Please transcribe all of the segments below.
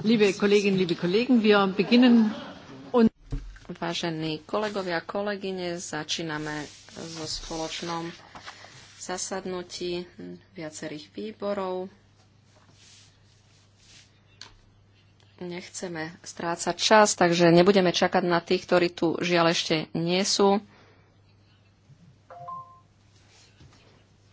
Liebe Kolleginnen, liebe Kollegen, wir beginnen Vážení kolegovia, kolegyne, začíname so spoločnom zasadnutí viacerých výborov. Nechceme strácať čas, takže nebudeme čakať na tých, ktorí tu žiaľ ešte nie sú.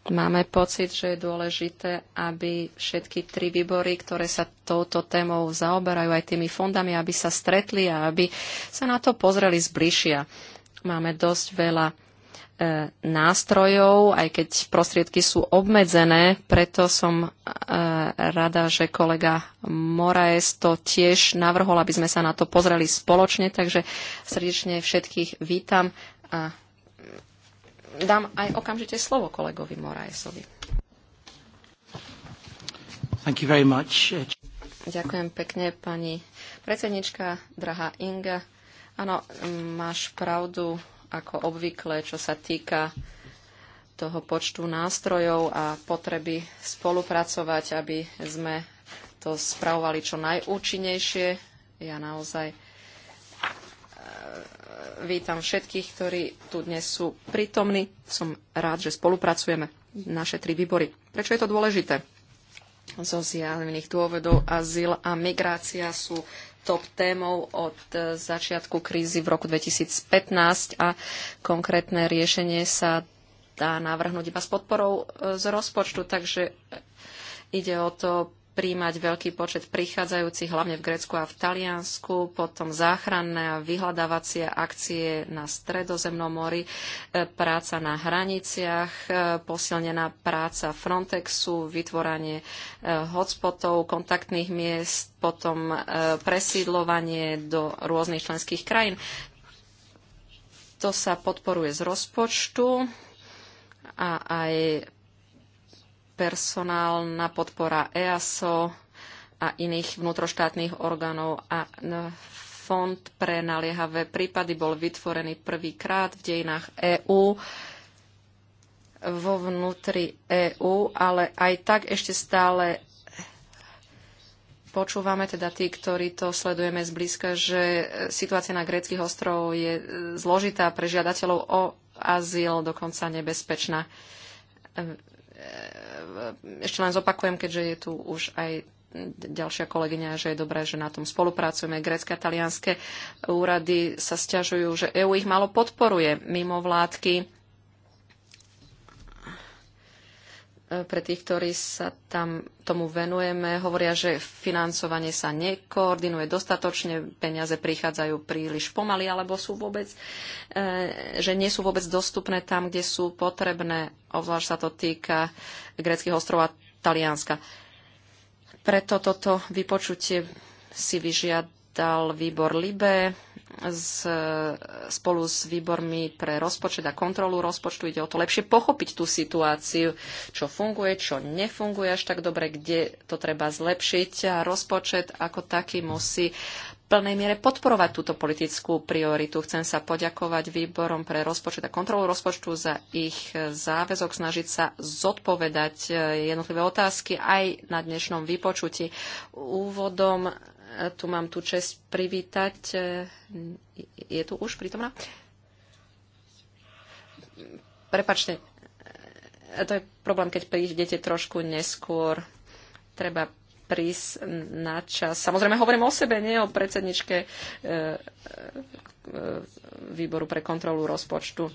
Máme pocit, že je dôležité, aby všetky tri výbory, ktoré sa touto témou zaoberajú aj tými fondami, aby sa stretli a aby sa na to pozreli zbližšia. Máme dosť veľa e, nástrojov, aj keď prostriedky sú obmedzené, preto som e, rada, že kolega Moraes to tiež navrhol, aby sme sa na to pozreli spoločne, takže srdečne všetkých vítam a dám aj okamžite slovo kolegovi Moraesovi. Thank you very much. Ďakujem pekne, pani predsednička, drahá Inga. Áno, máš pravdu, ako obvykle, čo sa týka toho počtu nástrojov a potreby spolupracovať, aby sme to spravovali čo najúčinnejšie. Ja naozaj vítam všetkých, ktorí tu dnes sú prítomní. Som rád, že spolupracujeme naše tri výbory. Prečo je to dôležité? Zo zjavných dôvodov azyl a migrácia sú top témou od e, začiatku krízy v roku 2015 a konkrétne riešenie sa dá navrhnúť iba s podporou e, z rozpočtu, takže e, ide o to príjmať veľký počet prichádzajúcich, hlavne v Grécku a v Taliansku, potom záchranné a vyhľadávacie akcie na Stredozemnom mori, e, práca na hraniciach, e, posilnená práca Frontexu, vytvoranie e, hotspotov, kontaktných miest, potom presídlovanie do rôznych členských krajín. To sa podporuje z rozpočtu a aj personálna podpora EASO a iných vnútroštátnych orgánov a Fond pre naliehavé prípady bol vytvorený prvýkrát v dejinách EÚ vo vnútri EÚ, ale aj tak ešte stále počúvame, teda tí, ktorí to sledujeme zblízka, že situácia na gréckých ostrovoch je zložitá pre žiadateľov o azyl, dokonca nebezpečná ešte len zopakujem, keďže je tu už aj ďalšia kolegyňa, že je dobré, že na tom spolupracujeme. Grécké a talianské úrady sa stiažujú, že EÚ ich malo podporuje mimo vládky E, pre tých, ktorí sa tam tomu venujeme, hovoria, že financovanie sa nekoordinuje dostatočne, peniaze prichádzajú príliš pomaly, alebo sú vôbec, e, že nie sú vôbec dostupné tam, kde sú potrebné. Obzvlášť sa to týka greckých ostrov a Talianska. Preto toto vypočutie si vyžiadal výbor Libe s, spolu s výbormi pre rozpočet a kontrolu rozpočtu. Ide o to lepšie pochopiť tú situáciu, čo funguje, čo nefunguje až tak dobre, kde to treba zlepšiť. A rozpočet ako taký musí plnej miere podporovať túto politickú prioritu. Chcem sa poďakovať výborom pre rozpočet a kontrolu rozpočtu za ich záväzok snažiť sa zodpovedať eh, jednotlivé otázky aj na dnešnom vypočutí. Úvodom tu mám tu čest privítať. E, je tu už prítomná? Prepačte, e, to je problém, keď prídete trošku neskôr. Treba prísť na čas. Samozrejme, hovorím o sebe, nie o predsedničke e, výboru pre kontrolu rozpočtu.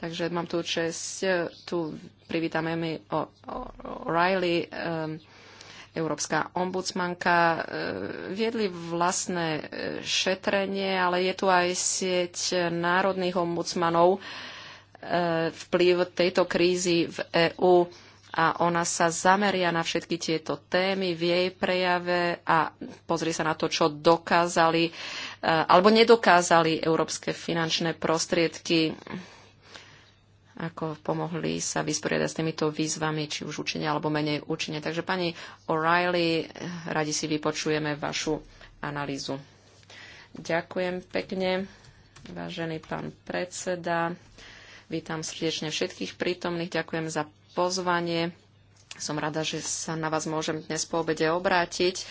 Takže mám tu čest, tu privítame mi Riley. um, Európska ombudsmanka e, viedli vlastné e, šetrenie, ale je tu aj sieť národných ombudsmanov, e, vplyv tejto krízy v EÚ a ona sa zameria na všetky tieto témy v jej prejave a pozrie sa na to, čo dokázali alebo nedokázali európske finančné prostriedky ako pomohli sa vysporiadať s týmito výzvami, či už učenia alebo menej účinne. Takže pani O'Reilly, radi si vypočujeme vašu analýzu. Ďakujem pekne, vážený pán predseda. Vítam srdečne všetkých prítomných. Ďakujem za pozvanie. Som rada, že sa na vás môžem dnes po obede obrátiť.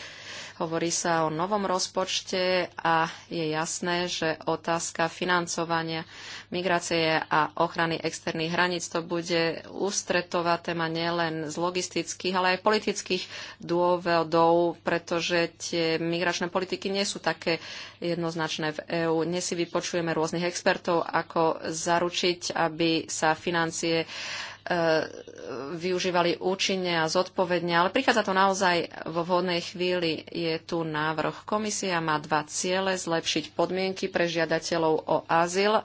Hovorí sa o novom rozpočte a je jasné, že otázka financovania migrácie a ochrany externých hraníc to bude ústretová téma nielen z logistických, ale aj politických dôvodov, pretože tie migračné politiky nie sú také jednoznačné v EÚ. Dnes si vypočujeme rôznych expertov, ako zaručiť, aby sa financie E, využívali účinne a zodpovedne, ale prichádza to naozaj vo vhodnej chvíli. Je tu návrh. Komisia má dva ciele. Zlepšiť podmienky pre žiadateľov o azyl e,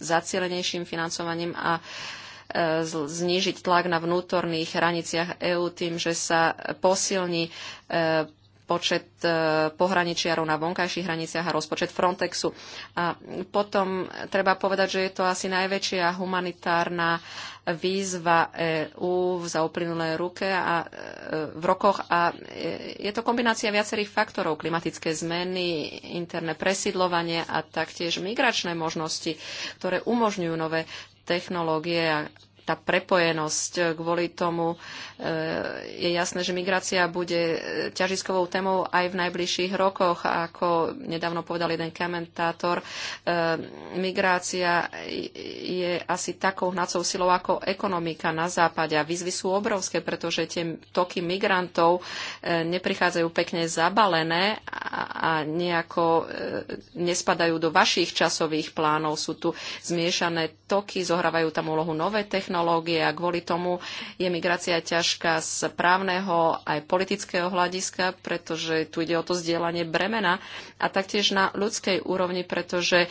zacielenejším financovaním a e, znížiť tlak na vnútorných hraniciach EÚ tým, že sa posilní počet pohraničiarov na vonkajších hraniciach a rozpočet Frontexu. A potom treba povedať, že je to asi najväčšia humanitárna výzva EÚ za uplynulé ruke a, e, v rokoch a e, je to kombinácia viacerých faktorov, klimatické zmeny, interné presidlovanie a taktiež migračné možnosti, ktoré umožňujú nové technológie a tá prepojenosť kvôli tomu. E, je jasné, že migrácia bude e, ťažiskovou témou aj v najbližších rokoch. Ako nedávno povedal jeden komentátor, e, migrácia je asi takou hnacou silou ako ekonomika na západe. A výzvy sú obrovské, pretože tie toky migrantov neprichádzajú pekne zabalené a nejako nespadajú do vašich časových plánov. Sú tu zmiešané toky, zohrávajú tam úlohu nové technológie, technológie a kvôli tomu je migrácia ťažká z právneho aj politického hľadiska, pretože tu ide o to zdieľanie bremena a taktiež na ľudskej úrovni, pretože e,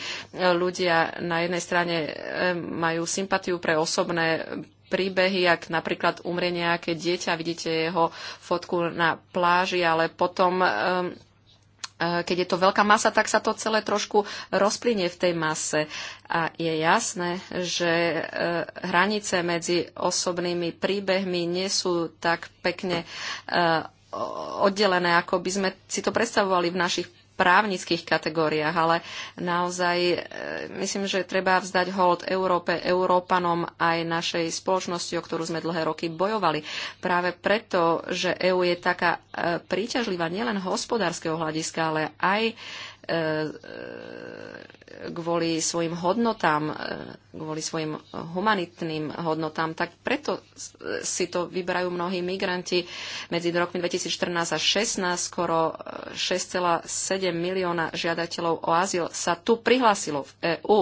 ľudia na jednej strane e, majú sympatiu pre osobné príbehy, ak napríklad umrie nejaké dieťa, vidíte jeho fotku na pláži, ale potom um, keď je to veľká masa, tak sa to celé trošku rozplynie v tej mase. A je jasné, že e, hranice medzi osobnými príbehmi nie sú tak pekne e, oddelené, ako by sme si to predstavovali v našich právnických kategóriách, ale naozaj e, myslím, že treba vzdať hold Európe, Európanom aj našej spoločnosti, o ktorú sme dlhé roky bojovali. Práve preto, že EÚ je taká e, príťažlivá nielen hospodárskeho hľadiska, ale aj e, kvôli svojim hodnotám, e, kvôli svojim humanitným hodnotám, tak preto si to vyberajú mnohí migranti. Medzi rokmi 2014 a 2016 skoro 6,7 e, milióna žiadateľov o azyl sa tu prihlásilo v EÚ.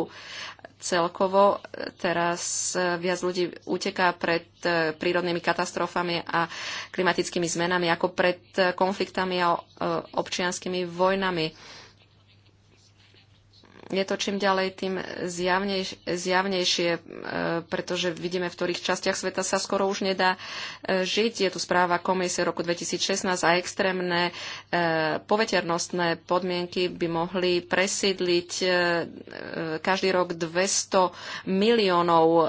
Celkovo e, teraz viac ľudí uteká pred prírodnými katastrofami a klimatickými zmenami ako pred konfliktami a občianskými vojnami je to čím ďalej tým zjavnejš- zjavnejšie, e, pretože vidíme, v ktorých častiach sveta sa skoro už nedá e, žiť. Je tu správa komisie roku 2016 a extrémne e, poveternostné podmienky by mohli presídliť e, e každý rok 200 miliónov e,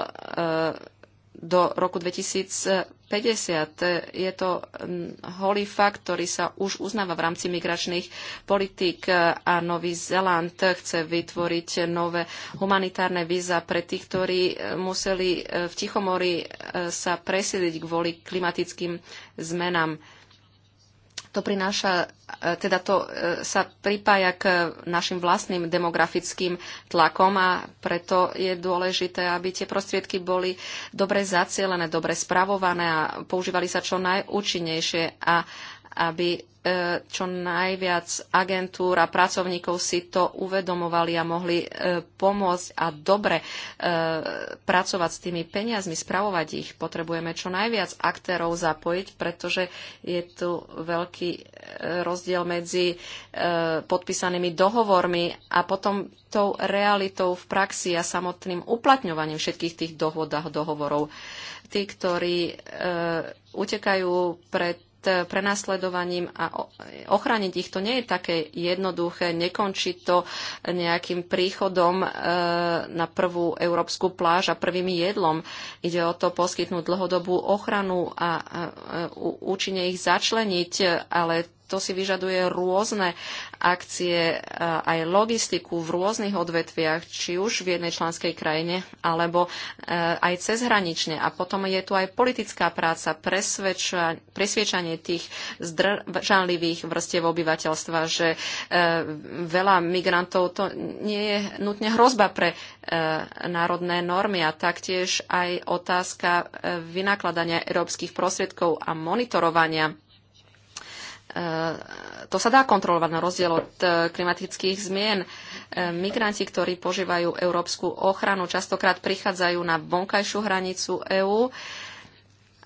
do roku 2050 50. Eh, je to mm, holý fakt, ktorý sa už uznáva v rámci migračných politík eh, a Nový Zeland chce vytvoriť nové humanitárne víza pre tých, ktorí eh, museli v Tichomori sa presiediť kvôli klimatickým zmenám. To prináša, e, teda to e, sa pripája k našim vlastným demografickým tlakom a preto je dôležité, aby tie prostriedky boli dobre zacielené, dobre spravované a používali sa čo najúčinnejšie a aby E, čo najviac agentúr a pracovníkov si to uvedomovali a mohli e, pomôcť a dobre e, pracovať s tými peniazmi, spravovať ich. Potrebujeme čo najviac aktérov zapojiť, pretože je tu veľký rozdiel medzi podpísanými dohovormi a potom tou realitou v praxi a samotným uplatňovaním všetkých tých dohod a dohovorov. Tí, ktorí utekajú pred prenasledovaním a ochrániť ich to nie je také jednoduché. Nekončí to nejakým príchodom e, na prvú európsku pláž a prvým jedlom. Ide o to poskytnúť dlhodobú ochranu a e, účinne ich začleniť, ale to si vyžaduje rôzne akcie, e, aj logistiku v rôznych odvetviach, či už v jednej členskej krajine, alebo e, aj cezhranične. A potom je tu aj politická práca, presviečanie tých zdržanlivých vrstiev obyvateľstva, že e, veľa migrantov to nie je nutne hrozba pre národné normy a taktiež aj otázka vynakladania európskych prostriedkov a monitorovania Eh, to sa dá kontrolovať na rozdiel od eh, klimatických zmien. Eh, migranti, ktorí požívajú európsku ochranu, častokrát prichádzajú na vonkajšiu hranicu EÚ.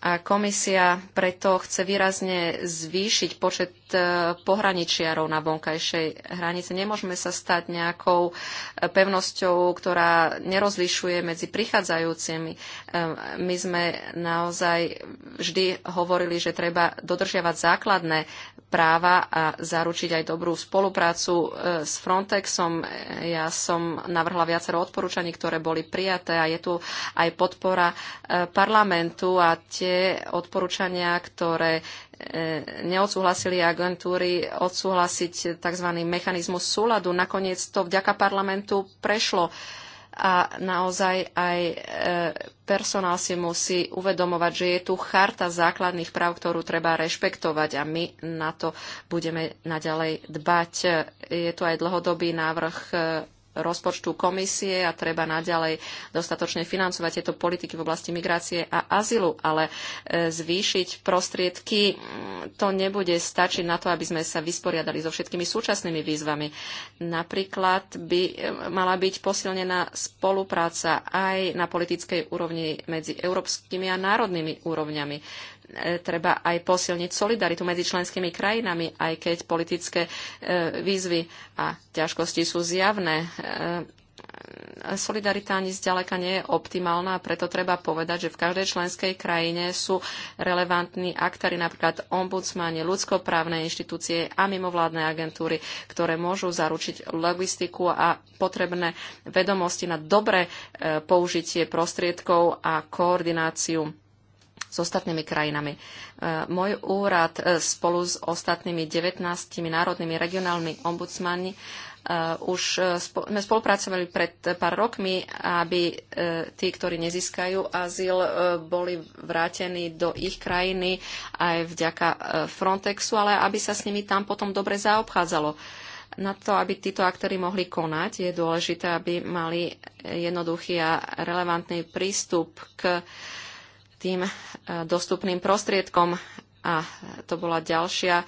A komisia preto chce výrazne zvýšiť počet E, pohraničiarov na vonkajšej hranici. Nemôžeme sa stať nejakou e, pevnosťou, ktorá nerozlišuje medzi prichádzajúcimi. E, my sme naozaj vždy hovorili, že treba dodržiavať základné práva a zaručiť aj dobrú spoluprácu s Frontexom. Ja som navrhla viacero odporúčaní, ktoré boli prijaté a je tu aj podpora parlamentu a tie odporúčania, ktoré E, neodsúhlasili agentúry odsúhlasiť tzv. mechanizmus súladu. Nakoniec to vďaka parlamentu prešlo a naozaj aj e, personál si musí uvedomovať, že je tu charta základných práv, ktorú treba rešpektovať a my na to budeme naďalej dbať. E, je tu aj dlhodobý návrh rozpočtu komisie a treba naďalej dostatočne financovať tieto politiky v oblasti migrácie a azylu, ale e, zvýšiť prostriedky to nebude stačiť na to, aby sme sa vysporiadali so všetkými súčasnými výzvami. Napríklad by e, mala byť posilnená spolupráca aj na politickej úrovni medzi európskymi a národnými úrovňami. E, treba aj posilniť solidaritu medzi členskými krajinami, aj keď politické e, výzvy a ťažkosti sú zjavné. E, solidarita ani zďaleka nie je optimálna a preto treba povedať, že v každej členskej krajine sú relevantní aktéry, napríklad ombudsmani, ľudskoprávne inštitúcie a mimovládne agentúry, ktoré môžu zaručiť logistiku a potrebné vedomosti na dobré použitie prostriedkov a koordináciu s ostatnými krajinami. E, môj úrad e, spolu s ostatnými 19 národnými regionálnymi ombudsmanmi e, už sme spolupracovali pred pár rokmi, aby tí, ktorí nezískajú azyl, boli vrátení do ich krajiny aj vďaka Frontexu, ale aby sa s nimi tam potom dobre zaobchádzalo na to, aby títo aktéry mohli konať, je dôležité, aby mali jednoduchý a relevantný prístup k tým e, dostupným prostriedkom. A to bola ďalšia e,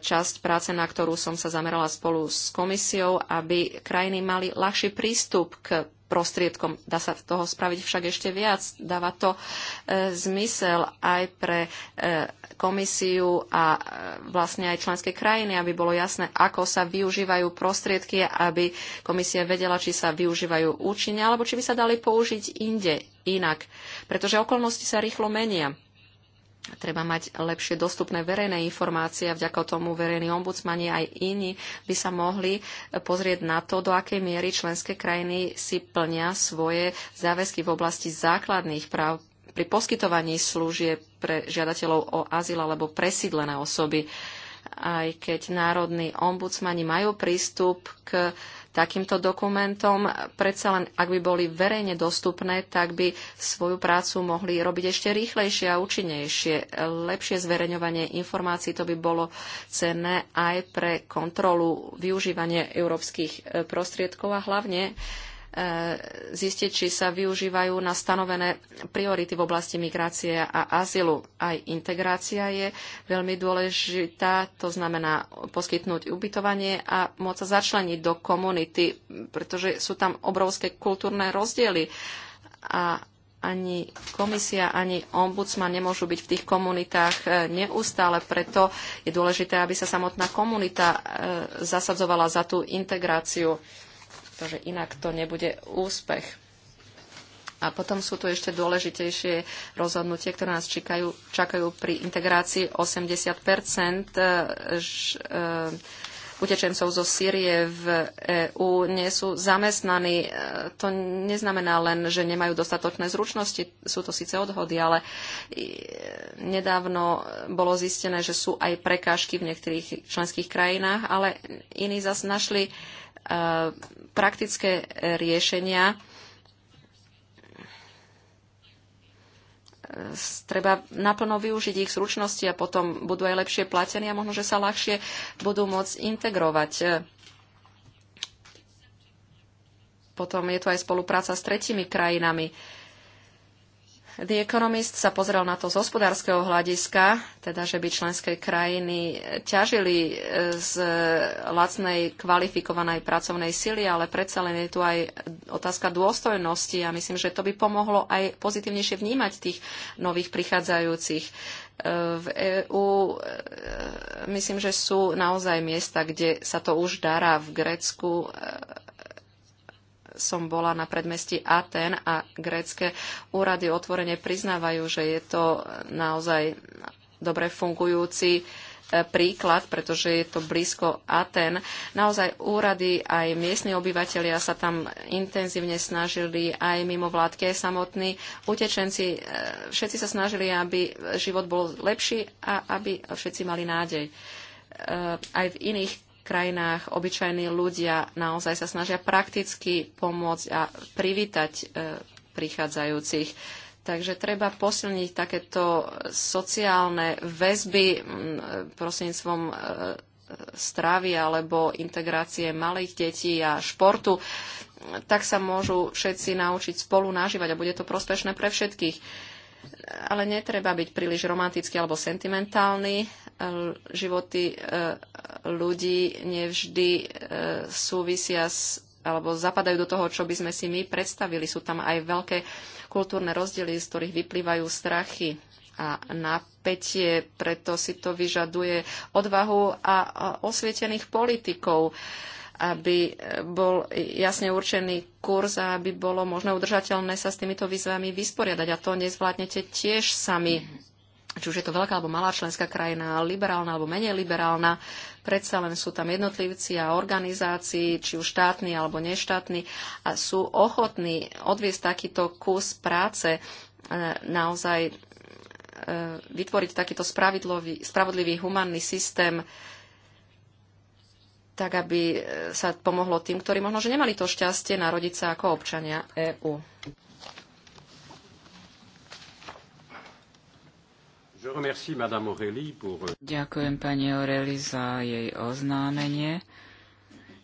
časť práce, na ktorú som sa zamerala spolu s komisiou, aby krajiny mali ľahší prístup k prostriedkom. Dá sa toho spraviť však ešte viac. Dáva to e, zmysel aj pre e, komisiu a e, vlastne aj členské krajiny, aby bolo jasné, ako sa využívajú prostriedky, aby komisia vedela, či sa využívajú účinne, alebo či by sa dali použiť inde, inak. Pretože okolnosti sa rýchlo menia. Treba mať lepšie dostupné verejné informácie a vďaka tomu verejní ombudsmani aj iní by sa mohli pozrieť na to, do akej miery členské krajiny si plnia svoje záväzky v oblasti základných práv pri poskytovaní služieb pre žiadateľov o azyl alebo presídlené osoby. Aj keď národní ombudsmani majú prístup k takýmto dokumentom, predsa len ak by boli verejne dostupné, tak by svoju prácu mohli robiť ešte rýchlejšie a účinnejšie. Lepšie zverejňovanie informácií to by bolo cenné aj pre kontrolu využívania európskych e, prostriedkov a hlavne zistiť, či sa využívajú na stanovené priority v oblasti migrácie a azylu. Aj integrácia je veľmi dôležitá, to znamená poskytnúť ubytovanie a môcť sa začleniť do komunity, pretože sú tam obrovské kultúrne rozdiely a ani komisia, ani ombudsman nemôžu byť v tých komunitách e, neustále, preto je dôležité, aby sa samotná komunita e, zasadzovala za tú integráciu pretože inak to nebude úspech. A potom sú tu ešte dôležitejšie rozhodnutie, ktoré nás čakajú, čakajú pri integrácii 80 e, e, utečencov zo Sýrie v EÚ nie sú zamestnaní. E, to neznamená len, že nemajú dostatočné zručnosti, sú to síce odhody, ale nedávno bolo zistené, že sú aj prekážky v niektorých členských krajinách, ale iní zase našli praktické riešenia treba naplno využiť ich zručnosti a potom budú aj lepšie platení a možno, že sa ľahšie budú môcť integrovať. Potom je tu aj spolupráca s tretimi krajinami. The Economist sa pozrel na to z hospodárskeho hľadiska, teda že by členské krajiny ťažili e, z lacnej kvalifikovanej pracovnej sily, ale predsa len je tu aj otázka dôstojnosti a myslím, že to by pomohlo aj pozitívnejšie vnímať tých nových prichádzajúcich. E, v EÚ e, myslím, že sú naozaj miesta, kde sa to už dará v Grécku som bola na predmestí Aten a grécké úrady otvorene priznávajú, že je to naozaj dobre fungujúci e, príklad, pretože je to blízko Aten. Naozaj úrady aj miestni obyvateľia sa tam intenzívne snažili, aj mimo vládky, aj samotní utečenci. E, všetci sa snažili, aby život bol lepší a aby všetci mali nádej. E, aj v iných krajinách obyčajní ľudia naozaj sa snažia prakticky pomôcť a privítať e, prichádzajúcich. Takže treba posilniť takéto sociálne väzby prostredníctvom e, stravy alebo integrácie malých detí a športu. Tak sa môžu všetci naučiť spolu nažívať a bude to prospešné pre všetkých ale netreba byť príliš romantický alebo sentimentálny. E, životy e, ľudí nevždy e, súvisia s, alebo zapadajú do toho, čo by sme si my predstavili. Sú tam aj veľké kultúrne rozdiely, z ktorých vyplývajú strachy a napätie, preto si to vyžaduje odvahu a osvietených politikov aby e, bol jasne určený kurz a aby bolo možno udržateľné sa s týmito výzvami vysporiadať. A to nezvládnete tiež sami. Či už je to veľká alebo malá členská krajina, liberálna alebo menej liberálna, predsa len sú tam jednotlivci a organizácii, či už štátni alebo neštátni, a sú ochotní odviesť takýto kus práce e, naozaj e, vytvoriť takýto spravodlivý, spravodlivý humanný systém tak aby e, sa pomohlo tým, ktorí možno, že nemali to šťastie narodiť sa ako občania EÚ. Euh, Ďakujem pani Aureli za jej oznámenie,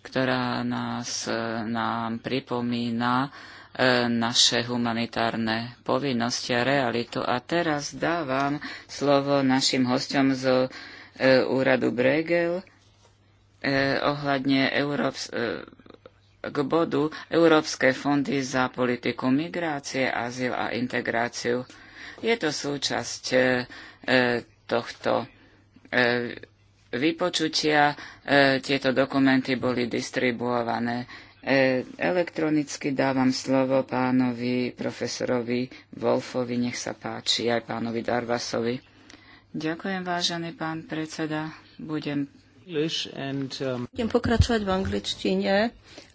ktorá nás, e, nám pripomína e, naše humanitárne povinnosti a realitu. A teraz dávam slovo našim hostom z úradu Bregel, E, ohľadne Európs- e, k bodu Európske fondy za politiku migrácie, azyl a integráciu. Je to súčasť e, tohto vypočutia. Tieto dokumenty boli distribuované elektronicky. Dávam slovo pánovi profesorovi Wolfovi, nech sa páči, aj pánovi Darvasovi. Ďakujem, vážený pán predseda. Budem budem um, pokračovať v angličtine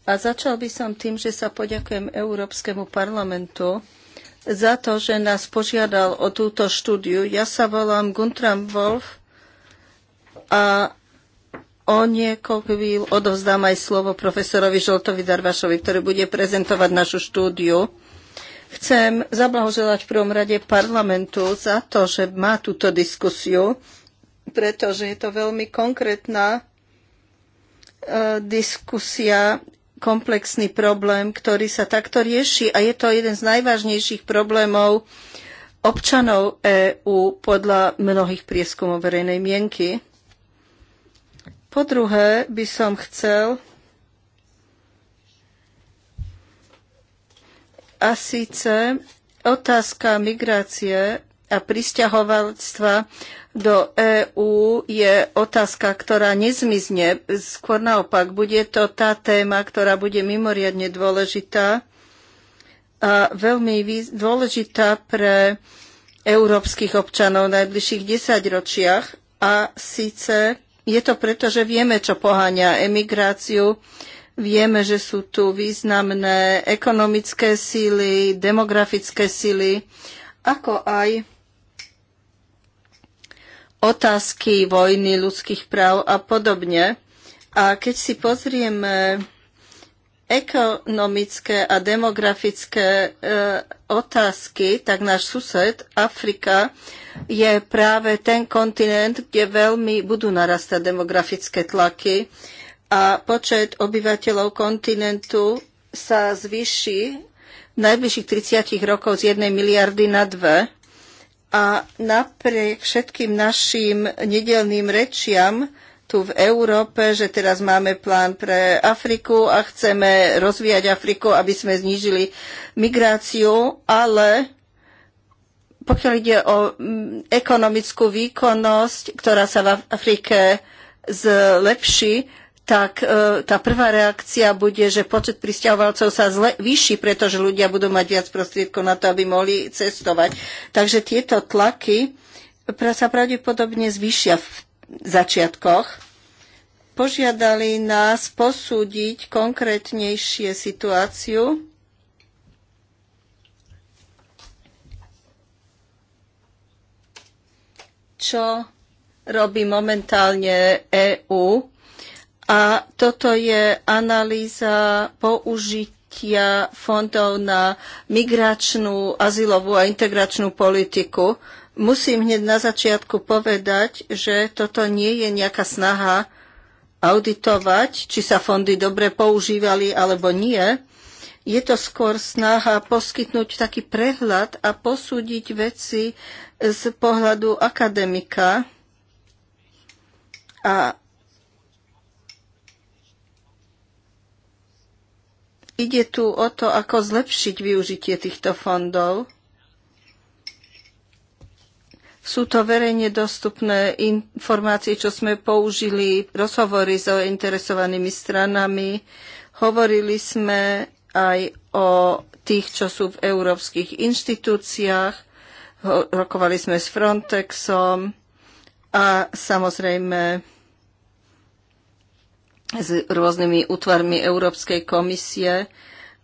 a začal by som tým, že sa poďakujem Európskemu parlamentu za to, že nás požiadal o túto štúdiu. Ja sa volám Guntram Wolf a o niekoľko chvíľ odovzdám aj slovo profesorovi Žoltovi Darvašovi, ktorý bude prezentovať našu štúdiu. Chcem zablahoželať v prvom rade parlamentu za to, že má túto diskusiu pretože je to veľmi konkrétna e, diskusia, komplexný problém, ktorý sa takto rieši a je to jeden z najvážnejších problémov občanov EÚ podľa mnohých prieskumov verejnej mienky. Po druhé by som chcel a síce otázka migrácie a pristahovalstva do EÚ je otázka, ktorá nezmizne. Skôr naopak, bude to tá téma, ktorá bude mimoriadne dôležitá a veľmi dôležitá pre európskych občanov v najbližších desaťročiach. A síce je to preto, že vieme, čo poháňa emigráciu, vieme, že sú tu významné ekonomické síly, demografické síly, ako aj otázky vojny, ľudských práv a podobne. A keď si pozrieme ekonomické a demografické e, otázky, tak náš sused, Afrika, je práve ten kontinent, kde veľmi budú narastať demografické tlaky a počet obyvateľov kontinentu sa zvýši v najbližších 30 rokov z 1 miliardy na 2. A napriek všetkým našim nedelným rečiam tu v Európe, že teraz máme plán pre Afriku a chceme rozvíjať Afriku, aby sme znížili migráciu, ale pokiaľ ide o mm, ekonomickú výkonnosť, ktorá sa v Afrike zlepší, tak e, tá prvá reakcia bude, že počet pristahovalcov sa zle, vyšší, pretože ľudia budú mať viac prostriedkov na to, aby mohli cestovať. Takže tieto tlaky sa pravdepodobne zvýšia v začiatkoch. Požiadali nás posúdiť konkrétnejšie situáciu. Čo robí momentálne EÚ a toto je analýza použitia fondov na migračnú, azylovú a integračnú politiku. Musím hneď na začiatku povedať, že toto nie je nejaká snaha auditovať, či sa fondy dobre používali alebo nie. Je to skôr snaha poskytnúť taký prehľad a posúdiť veci z pohľadu akademika a Ide tu o to, ako zlepšiť využitie týchto fondov. Sú to verejne dostupné informácie, čo sme použili, rozhovory so interesovanými stranami. Hovorili sme aj o tých, čo sú v európskych inštitúciách. Rokovali sme s Frontexom a samozrejme s rôznymi útvarmi Európskej komisie,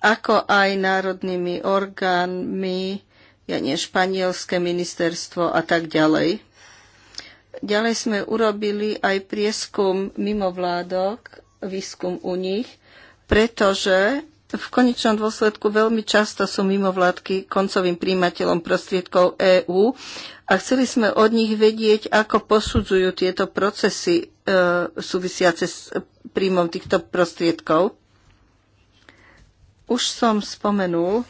ako aj národnými orgánmi, ja nie, španielské ministerstvo a tak ďalej. Ďalej sme urobili aj prieskum mimo vládok, výskum u nich, pretože v konečnom dôsledku veľmi často sú mimovládky koncovým príjimateľom prostriedkov EÚ a chceli sme od nich vedieť, ako posudzujú tieto procesy e, súvisiace s príjmom týchto prostriedkov. Už som spomenul,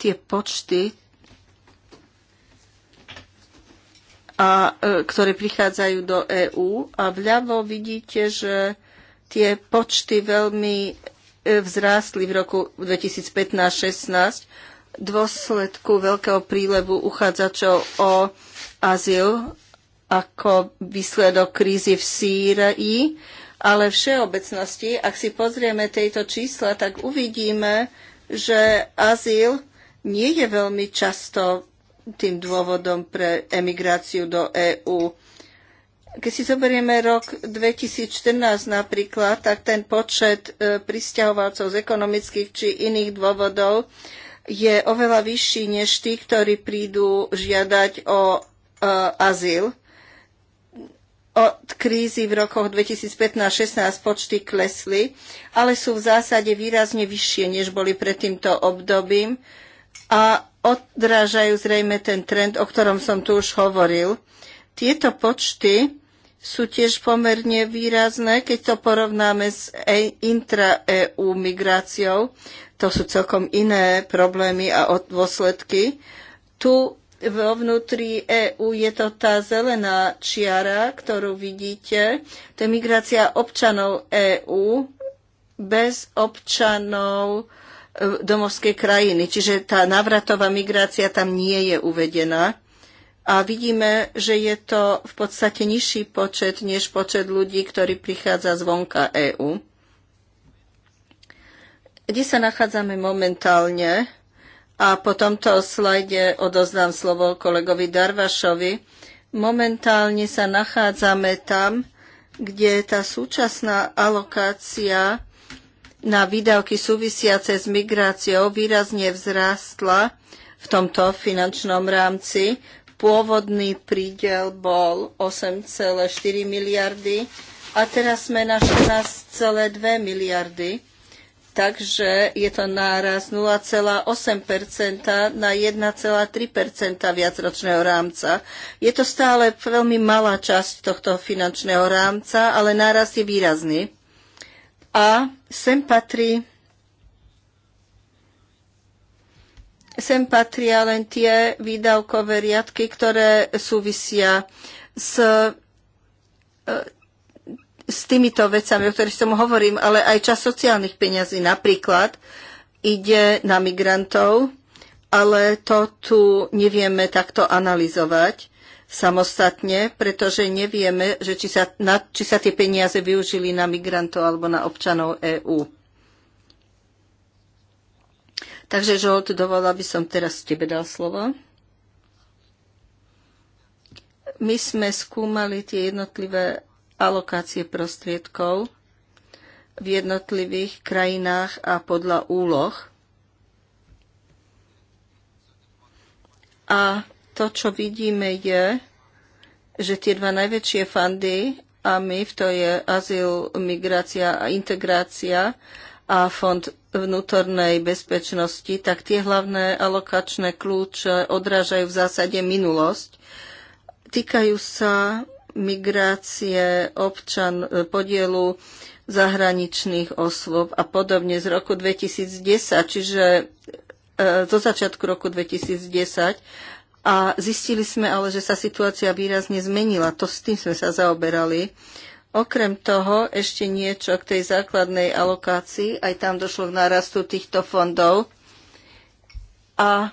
tie počty, a, e, ktoré prichádzajú do EÚ. A vľavo vidíte, že tie počty veľmi vzrástli v roku 2015-16 dôsledku veľkého prílevu uchádzačov o azyl ako výsledok krízy v Sýrii, ale všeobecnosti, ak si pozrieme tieto čísla, tak uvidíme, že azyl nie je veľmi často tým dôvodom pre emigráciu do EÚ. Keď si zoberieme rok 2014 napríklad, tak ten počet e, pristahovalcov z ekonomických či iných dôvodov je oveľa vyšší než tí, ktorí prídu žiadať o e, azyl. Od krízy v rokoch 2015-16 počty klesli, ale sú v zásade výrazne vyššie, než boli pred týmto obdobím a odrážajú zrejme ten trend, o ktorom som tu už hovoril. Tieto počty sú tiež pomerne výrazné, keď to porovnáme s e- intra-EU migráciou. To sú celkom iné problémy a dôsledky. Tu vo vnútri EÚ je to tá zelená čiara, ktorú vidíte. To je migrácia občanov EÚ bez občanov e, domovskej krajiny. Čiže tá navratová migrácia tam nie je uvedená. A vidíme, že je to v podstate nižší počet než počet ľudí, ktorí prichádza zvonka EÚ. Kde sa nachádzame momentálne? A po tomto slajde odozdám slovo kolegovi Darvašovi. Momentálne sa nachádzame tam, kde tá súčasná alokácia na výdavky súvisiace s migráciou výrazne vzrástla v tomto finančnom rámci. Pôvodný prídel bol 8,4 miliardy a teraz sme na 16,2 miliardy. Takže je to náraz 0,8% na 1,3% viacročného rámca. Je to stále veľmi malá časť tohto finančného rámca, ale náraz je výrazný. A sem patrí Sem patria len tie výdavkové riadky, ktoré súvisia s, e, s týmito vecami, o ktorých som hovorím, ale aj čas sociálnych peňazí napríklad ide na migrantov, ale to tu nevieme takto analyzovať samostatne, pretože nevieme, že či, sa, na, či sa tie peniaze využili na migrantov alebo na občanov EÚ. Takže, Žolt, dovolila by som teraz tebe dal slovo. My sme skúmali tie jednotlivé alokácie prostriedkov v jednotlivých krajinách a podľa úloh. A to, čo vidíme, je, že tie dva najväčšie fandy a my, to je azyl, migrácia a integrácia, a Fond vnútornej bezpečnosti, tak tie hlavné alokačné kľúče odrážajú v zásade minulosť. Týkajú sa migrácie občan e, podielu zahraničných osôb a podobne z roku 2010, čiže do e, začiatku roku 2010. A zistili sme ale, že sa situácia výrazne zmenila. To s tým sme sa zaoberali. Okrem toho ešte niečo k tej základnej alokácii, aj tam došlo k nárastu týchto fondov. A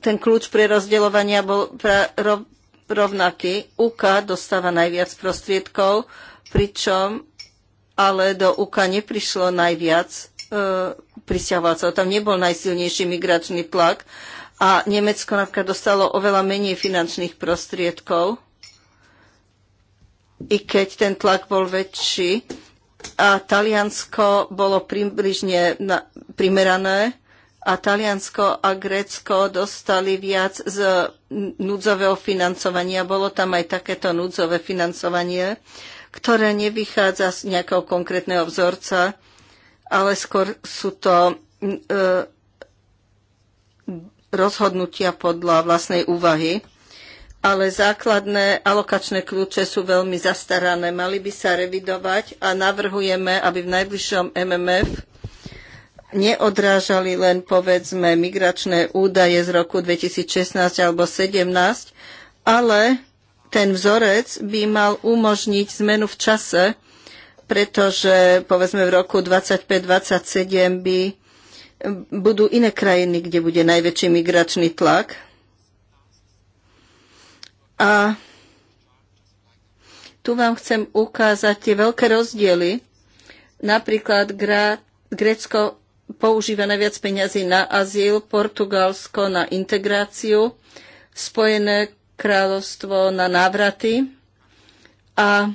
ten kľúč pre rozdeľovania bol pra, rov, rovnaký. UK dostáva najviac prostriedkov, pričom ale do UK neprišlo najviac e, pristahovalcov. Tam nebol najsilnejší migračný tlak a Nemecko napríklad dostalo oveľa menej finančných prostriedkov i keď ten tlak bol väčší. A Taliansko bolo približne primerané a Taliansko a Grécko dostali viac z núdzového financovania. Bolo tam aj takéto núdzové financovanie, ktoré nevychádza z nejakého konkrétneho vzorca, ale skôr sú to mm, e, rozhodnutia podľa vlastnej úvahy ale základné alokačné kľúče sú veľmi zastarané. Mali by sa revidovať a navrhujeme, aby v najbližšom MMF neodrážali len povedzme migračné údaje z roku 2016 alebo 2017, ale ten vzorec by mal umožniť zmenu v čase, pretože povedzme v roku 2025-2027 by budú iné krajiny, kde bude najväčší migračný tlak a tu vám chcem ukázať tie veľké rozdiely. Napríklad Gra- Grécko používa najviac peniazy na azyl, Portugalsko na integráciu, Spojené kráľovstvo na návraty a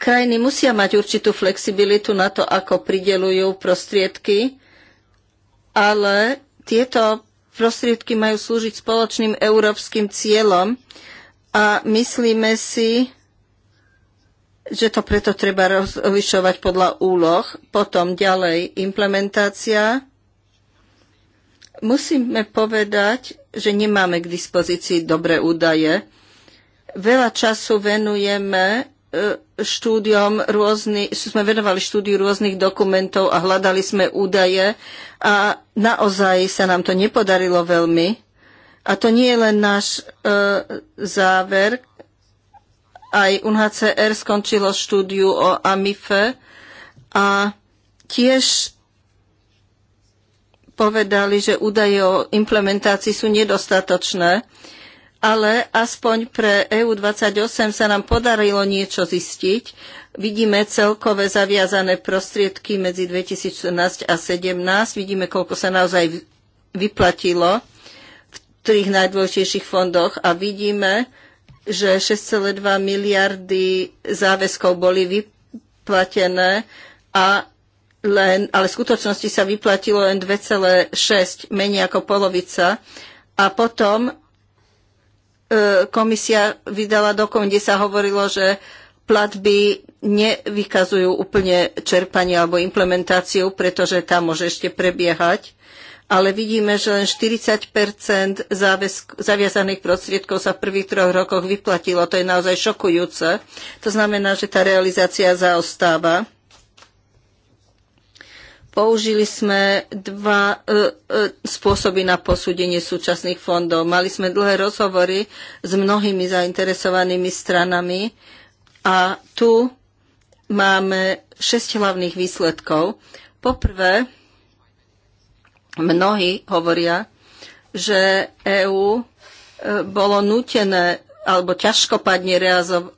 krajiny musia mať určitú flexibilitu na to, ako pridelujú prostriedky, ale tieto prostriedky majú slúžiť spoločným európskym cieľom a myslíme si, že to preto treba rozlišovať podľa úloh. Potom ďalej implementácia. Musíme povedať, že nemáme k dispozícii dobré údaje. Veľa času venujeme E, štúdiom rôzny, sme venovali štúdiu rôznych dokumentov a hľadali sme údaje a naozaj sa nám to nepodarilo veľmi. A to nie je len náš e, záver. Aj UNHCR skončilo štúdiu o AMIFE a tiež povedali, že údaje o implementácii sú nedostatočné. E, ale aspoň pre EU28 sa nám podarilo niečo zistiť. Vidíme celkové zaviazané prostriedky medzi 2014 a 2017. Vidíme, koľko sa naozaj vyplatilo v tých najdôležitejších fondoch a vidíme, že 6,2 miliardy záväzkov boli vyplatené a len, ale v skutočnosti sa vyplatilo len 2,6, menej ako polovica. A potom E, komisia vydala dokon, kde sa hovorilo, že platby nevykazujú úplne čerpanie alebo implementáciu, pretože tam môže ešte prebiehať. Ale vidíme, že len 40 zaviazaných prostriedkov sa v prvých troch rokoch vyplatilo. To je naozaj šokujúce. To znamená, že tá realizácia zaostáva. Použili sme dva e, e, spôsoby na posúdenie súčasných fondov. Mali sme dlhé rozhovory s mnohými zainteresovanými stranami a tu máme šesť hlavných výsledkov. Poprvé, mnohí hovoria, že EÚ e, bolo nutené alebo ťažkopadne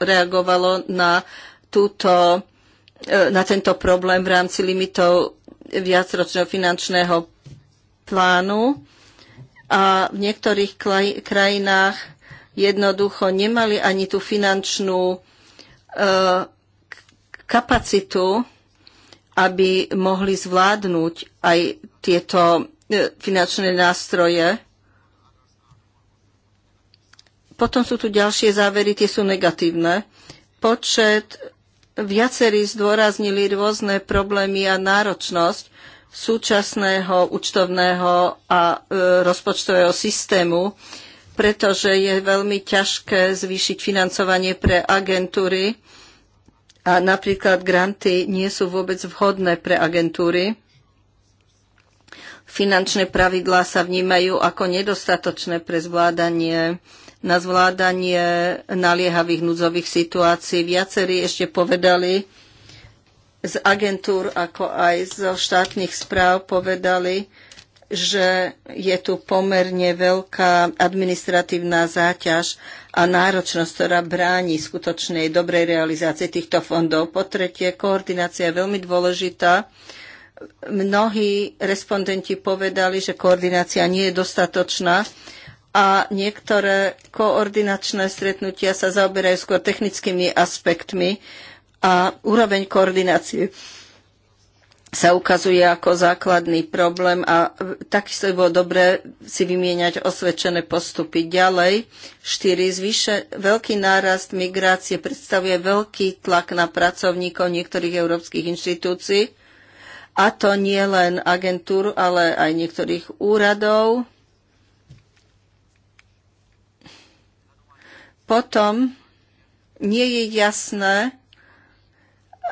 reagovalo na, túto, e, na tento problém v rámci limitov viacročného finančného plánu a v niektorých krajinách jednoducho nemali ani tú finančnú e, kapacitu, aby mohli zvládnuť aj tieto e, finančné nástroje. Potom sú tu ďalšie závery, tie sú negatívne. Počet Viacerí zdôraznili rôzne problémy a náročnosť súčasného účtovného a e, rozpočtového systému, pretože je veľmi ťažké zvýšiť financovanie pre agentúry a napríklad granty nie sú vôbec vhodné pre agentúry. Finančné pravidlá sa vnímajú ako nedostatočné pre zvládanie na zvládanie naliehavých núdzových situácií. Viacerí ešte povedali z agentúr, ako aj zo štátnych správ povedali, že je tu pomerne veľká administratívna záťaž a náročnosť, ktorá bráni skutočnej dobrej realizácie týchto fondov. Po tretie, koordinácia je veľmi dôležitá. Mnohí respondenti povedali, že koordinácia nie je dostatočná a niektoré koordinačné stretnutia sa zaoberajú skôr technickými aspektmi a úroveň koordinácie sa ukazuje ako základný problém a takisto by bolo dobre si vymieňať osvedčené postupy. Ďalej, 4. Zvyše, veľký nárast migrácie predstavuje veľký tlak na pracovníkov niektorých európskych inštitúcií, a to nie len agentúr, ale aj niektorých úradov, Potom nie je jasné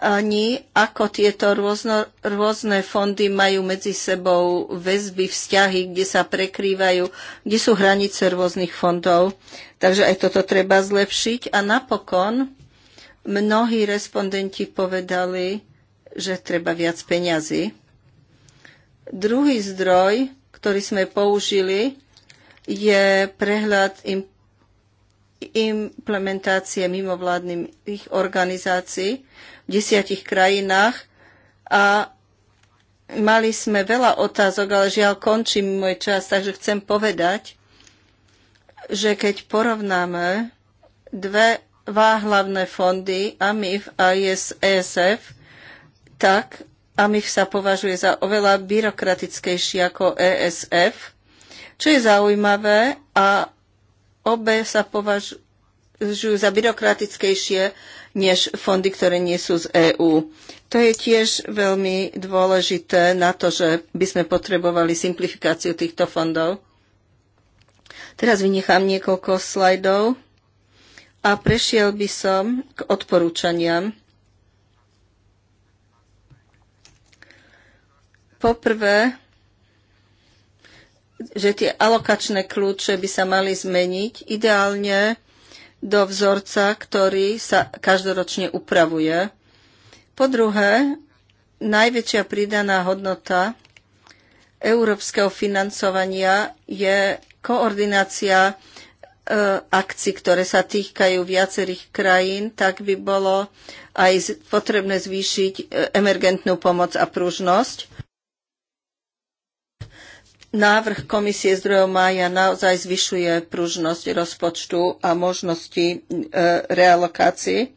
ani, ako tieto rôzno, rôzne fondy majú medzi sebou väzby, vzťahy, kde sa prekrývajú, kde sú hranice rôznych fondov. Takže aj toto treba zlepšiť. A napokon mnohí respondenti povedali, že treba viac peňazí. Druhý zdroj, ktorý sme použili, je prehľad im implementácie mimovládnych organizácií v desiatich krajinách a mali sme veľa otázok, ale žiaľ končím môj čas, takže chcem povedať, že keď porovnáme dve dva hlavné fondy, AMIF a ESF, tak AMIF sa považuje za oveľa byrokratickejší ako ESF, čo je zaujímavé a Obe sa považujú za byrokratickejšie než fondy, ktoré nie sú z EÚ. To je tiež veľmi dôležité na to, že by sme potrebovali simplifikáciu týchto fondov. Teraz vynechám niekoľko slajdov a prešiel by som k odporúčaniam. Poprvé, že tie alokačné kľúče by sa mali zmeniť ideálne do vzorca, ktorý sa každoročne upravuje. Po druhé, najväčšia pridaná hodnota európskeho financovania je koordinácia e, akcií, ktoré sa týkajú viacerých krajín, tak by bolo aj potrebné zvýšiť e, emergentnú pomoc a pružnosť. Návrh komisie z 2. mája naozaj zvyšuje pružnosť rozpočtu a možnosti e, realokácií.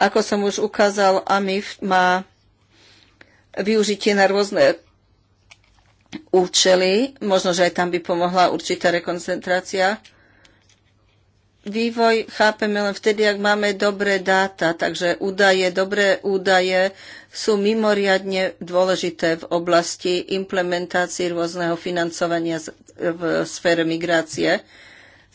Ako som už ukázal, AMIF má využitie na rôzne účely. Možno, že aj tam by pomohla určitá rekoncentrácia vývoj chápeme len vtedy, ak máme dobré dáta, takže údaje, dobré údaje sú mimoriadne dôležité v oblasti implementácie rôzneho financovania v sfére migrácie.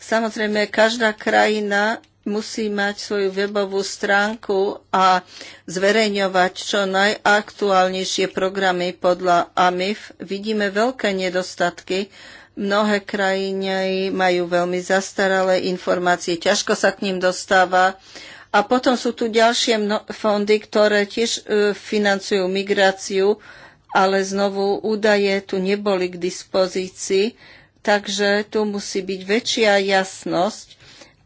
Samozrejme, každá krajina musí mať svoju webovú stránku a zverejňovať čo najaktuálnejšie programy podľa AMIF. Vidíme veľké nedostatky Mnohé krajiny majú veľmi zastaralé informácie, ťažko sa k ním dostáva. A potom sú tu ďalšie fondy, ktoré tiež e, financujú migráciu, ale znovu údaje tu neboli k dispozícii, takže tu musí byť väčšia jasnosť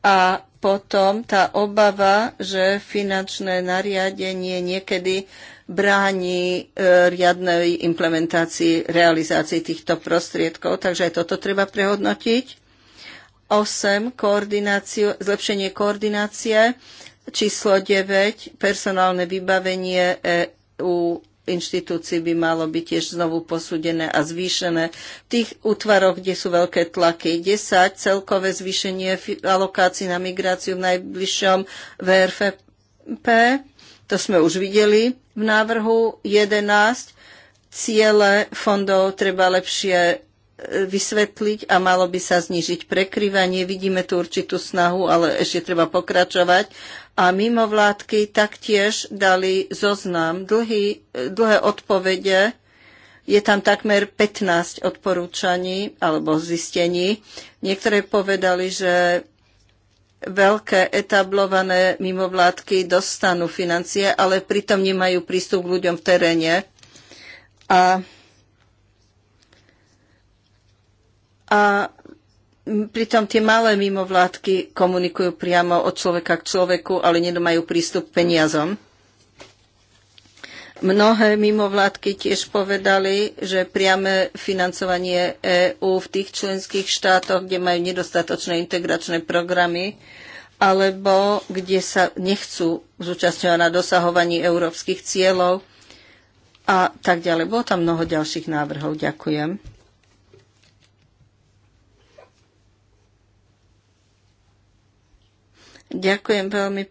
a potom tá obava, že finančné nariadenie niekedy bráni e, riadnej implementácii, realizácii týchto prostriedkov, takže aj toto treba prehodnotiť. 8. Koordináciu, zlepšenie koordinácie. Číslo 9. Personálne vybavenie EU inštitúcií by malo byť tiež znovu posúdené a zvýšené v tých útvaroch, kde sú veľké tlaky. 10. Celkové zvýšenie alokácií na migráciu v najbližšom VRFP. To sme už videli. V návrhu 11 ciele fondov treba lepšie e, vysvetliť a malo by sa znižiť prekryvanie. Vidíme tu určitú snahu, ale ešte treba pokračovať. A mimovládky taktiež dali zoznam dlhý, e, dlhé odpovede. Je tam takmer 15 odporúčaní alebo zistení. Niektoré povedali, že veľké etablované mimovládky dostanú financie, ale pritom nemajú prístup k ľuďom v teréne. A, a pritom tie malé mimovládky komunikujú priamo od človeka k človeku, ale nemajú prístup k peniazom. Mnohé mimovládky tiež povedali, že priame financovanie EÚ v tých členských štátoch, kde majú nedostatočné integračné programy, alebo kde sa nechcú zúčastňovať na dosahovaní európskych cieľov a tak ďalej. Bolo tam mnoho ďalších návrhov. Ďakujem. Ďakujem veľmi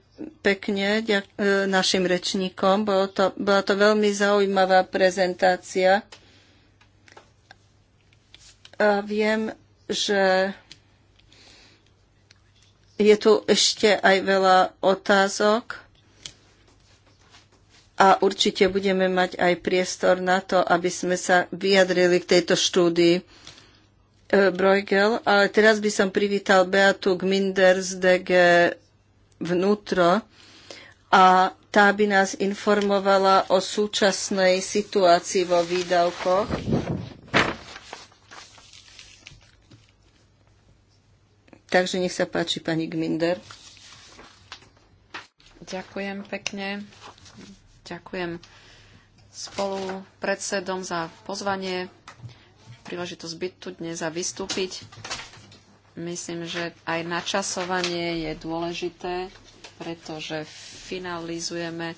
pekne e, našim rečníkom. Bolo to, bola to veľmi zaujímavá prezentácia. A viem, že je tu ešte aj veľa otázok a určite budeme mať aj priestor na to, aby sme sa vyjadrili k tejto štúdii. E, Bruegel, ale teraz by som privítal Beatu Gminder z DG vnútro a tá by nás informovala o súčasnej situácii vo výdavkoch. Takže nech sa páči, pani Gminder. Ďakujem pekne. Ďakujem spolu predsedom za pozvanie, príležitosť byť tu dnes a vystúpiť. Myslím, že aj načasovanie je dôležité, pretože finalizujeme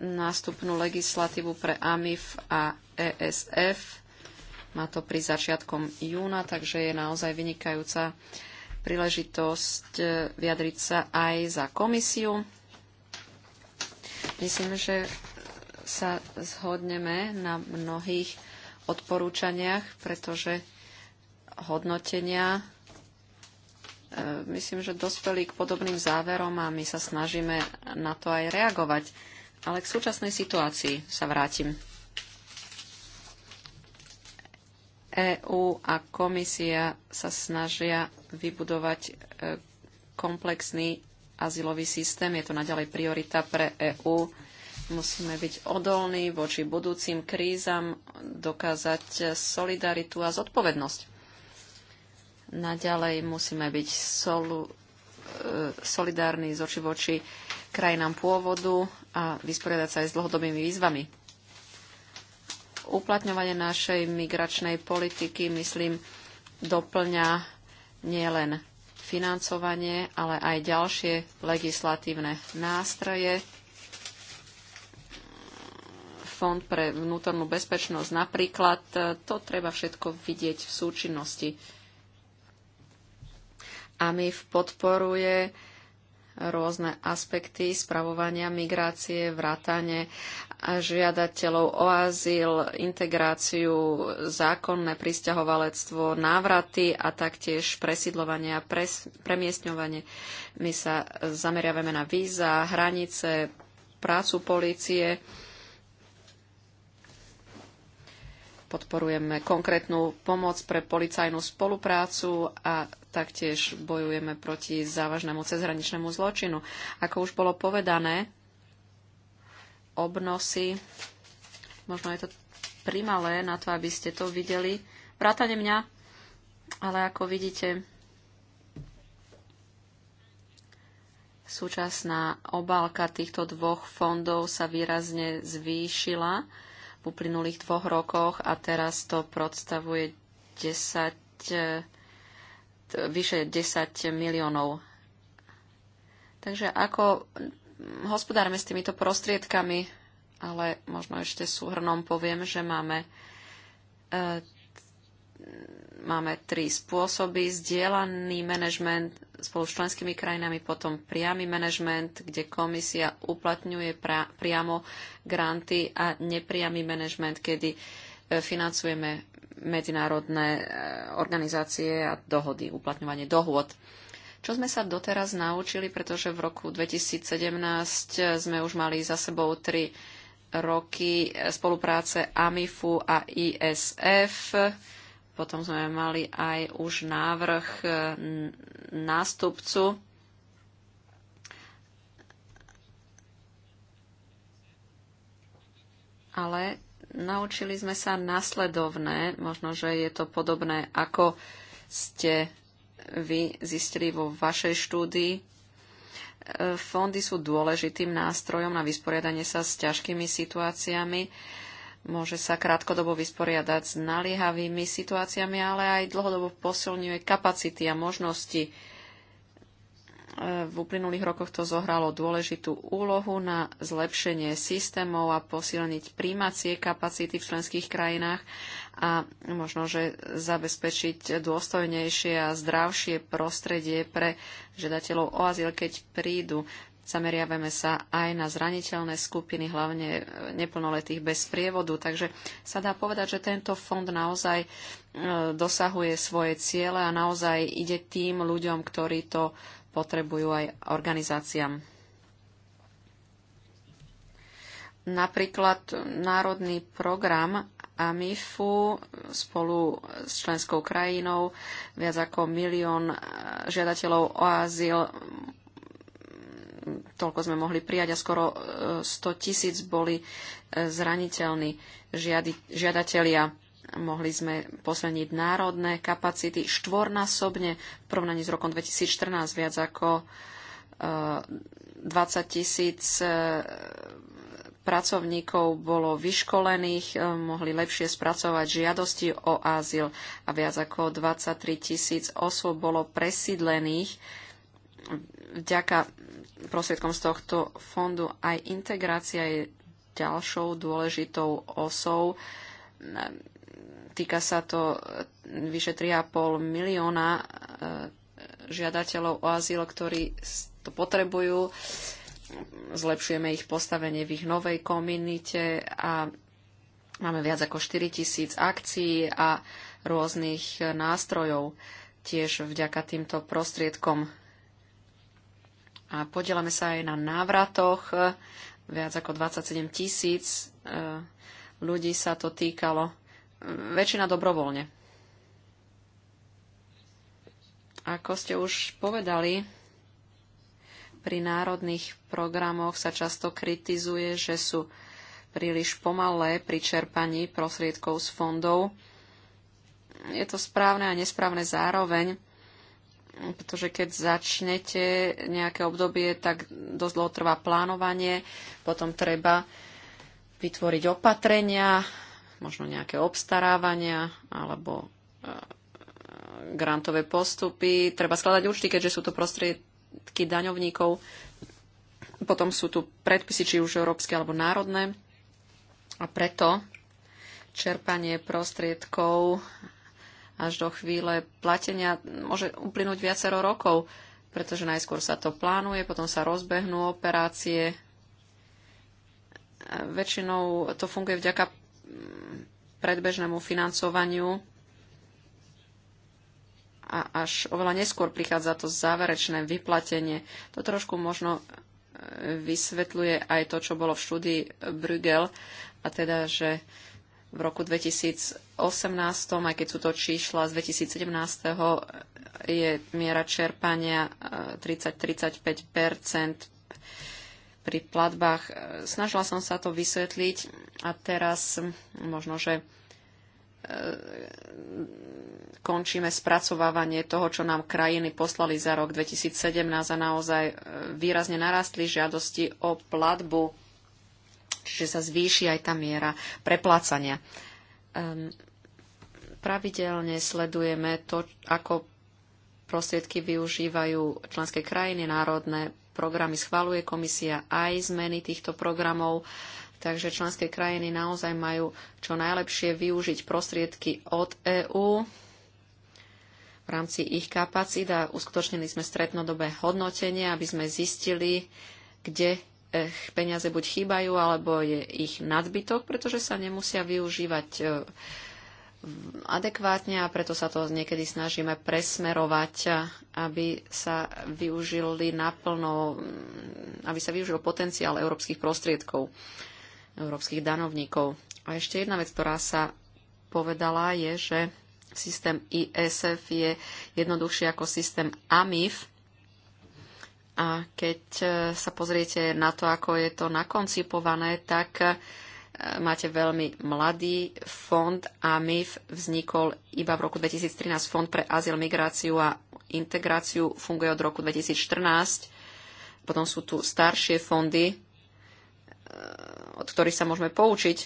nástupnú legislatívu pre AMIF a ESF. E Má to pri začiatkom júna, takže je naozaj vynikajúca príležitosť eh, vyjadriť sa aj za komisiu. Myslím, že sa zhodneme na mnohých odporúčaniach, pretože hodnotenia e, myslím, že dospeli k podobným záverom a my sa snažíme na to aj reagovať. Ale k súčasnej situácii sa vrátim. EÚ a komisia sa snažia vybudovať e, komplexný azylový systém. Je to naďalej priorita pre EÚ. Musíme byť odolní voči budúcim krízam, dokázať solidaritu a zodpovednosť. Naďalej musíme byť solu, e, solidárni z oči oči krajinám pôvodu a vysporiadať sa aj s dlhodobými výzvami. Uplatňovanie našej migračnej politiky, myslím, doplňa nielen financovanie, ale aj ďalšie legislatívne nástroje. Fond pre vnútornú bezpečnosť napríklad, e, to treba všetko vidieť v súčinnosti AMIF podporuje rôzne aspekty spravovania migrácie, vrátane žiadateľov o azyl, integráciu, zákonné pristahovalectvo, návraty a taktiež presidlovanie a pres, premiestňovanie. My sa zameriavame na víza, hranice, prácu policie. Podporujeme konkrétnu pomoc pre policajnú spoluprácu a Taktiež bojujeme proti závažnému cezhraničnému zločinu. Ako už bolo povedané, obnosy, možno je to primalé na to, aby ste to videli, vrátane mňa, ale ako vidíte, súčasná obálka týchto dvoch fondov sa výrazne zvýšila v uplynulých dvoch rokoch a teraz to predstavuje 10 vyše 10 miliónov. Takže ako hospodárme s týmito prostriedkami, ale možno ešte súhrnom poviem, že máme, e, máme tri spôsoby. Zdielaný manažment spolu s členskými krajinami, potom priamy manažment, kde komisia uplatňuje pra, priamo granty a nepriamy manažment, kedy e, financujeme medzinárodné e, organizácie a dohody, uplatňovanie dohôd. Čo sme sa doteraz naučili, pretože v roku 2017 sme už mali za sebou tri roky spolupráce AMIFu a ISF. Potom sme mali aj už návrh e, nástupcu ale Naučili sme sa nasledovné, možno, že je to podobné, ako ste vy zistili vo vašej štúdii. E, fondy sú dôležitým nástrojom na vysporiadanie sa s ťažkými situáciami. Môže sa krátkodobo vysporiadať s naliehavými situáciami, ale aj dlhodobo posilňuje kapacity a možnosti v uplynulých rokoch to zohralo dôležitú úlohu na zlepšenie systémov a posilniť príjmacie kapacity v členských krajinách a možno, že zabezpečiť dôstojnejšie a zdravšie prostredie pre žiadateľov o azyl, keď prídu. Zameriavame sa aj na zraniteľné skupiny, hlavne neplnoletých bez prievodu. Takže sa dá povedať, že tento fond naozaj e, dosahuje svoje ciele a naozaj ide tým ľuďom, ktorí to potrebujú aj organizáciám. Napríklad národný program AMIFu spolu s členskou krajinou viac ako milión eh, žiadateľov o azyl toľko sme mohli prijať a skoro 100 eh, tisíc boli eh, zraniteľní žiadatelia. Mohli sme posilniť národné kapacity štvornásobne v porovnaní s rokom 2014 viac ako 20 eh, tisíc eh, pracovníkov bolo vyškolených, eh, mohli lepšie spracovať žiadosti o azyl a viac ako 23 tisíc osôb bolo presídlených vďaka prosvedkom z tohto fondu. Aj integrácia je ďalšou dôležitou osou Týka sa to e, vyše 3,5 milióna e, žiadateľov o azyl, ktorí to potrebujú. Zlepšujeme ich postavenie v ich novej komunite a máme viac ako 4 tisíc akcií a rôznych e, nástrojov tiež vďaka týmto prostriedkom. A podielame sa aj na návratoch. Viac ako 27 tisíc ľudí sa to týkalo väčšina dobrovoľne. Ako ste už povedali, pri národných programoch sa často kritizuje, že sú príliš pomalé pri čerpaní prostriedkov z fondov. Je to správne a nesprávne zároveň, pretože keď začnete nejaké obdobie, tak dosť dlho trvá plánovanie, potom treba vytvoriť opatrenia, možno nejaké obstarávania alebo eh, grantové postupy. Treba skladať účty, keďže sú to prostriedky daňovníkov. Potom sú tu predpisy, či už európske alebo národné. A preto čerpanie prostriedkov až do chvíle platenia môže uplynúť viacero rokov, pretože najskôr sa to plánuje, potom sa rozbehnú operácie. Väčšinou to funguje vďaka predbežnému financovaniu a až oveľa neskôr prichádza to záverečné vyplatenie. To trošku možno e, vysvetľuje aj to, čo bolo v štúdii Bruegel, a teda, že v roku 2018, aj keď sú to čísla z 2017, je miera čerpania 30-35 e, pri platbách. E, Snažila som sa to vysvetliť a teraz možno, že e, končíme spracovávanie toho, čo nám krajiny poslali za rok 2017 a naozaj e, výrazne narastli žiadosti o platbu, čiže sa zvýši aj tá miera preplácania. Ehm, pravidelne sledujeme to, ako prostriedky využívajú členské krajiny, národné programy schváluje komisia aj zmeny týchto programov. Takže členské krajiny naozaj majú čo najlepšie využiť prostriedky od EÚ v rámci ich kapacít a uskutočnili sme stretnodobé hodnotenie, aby sme zistili, kde eh, peniaze buď chýbajú, alebo je ich nadbytok, pretože sa nemusia využívať eh, adekvátne a preto sa to niekedy snažíme presmerovať, aby sa využili naplno, aby sa využil potenciál európskych prostriedkov, európskych danovníkov. A ešte jedna vec, ktorá sa povedala, je, že systém ISF je jednoduchší ako systém AMIF. A keď sa pozriete na to, ako je to nakoncipované, tak máte veľmi mladý fond a MIF vznikol iba v roku 2013. Fond pre azyl, migráciu a integráciu funguje od roku 2014. Potom sú tu staršie fondy, e, od ktorých sa môžeme poučiť.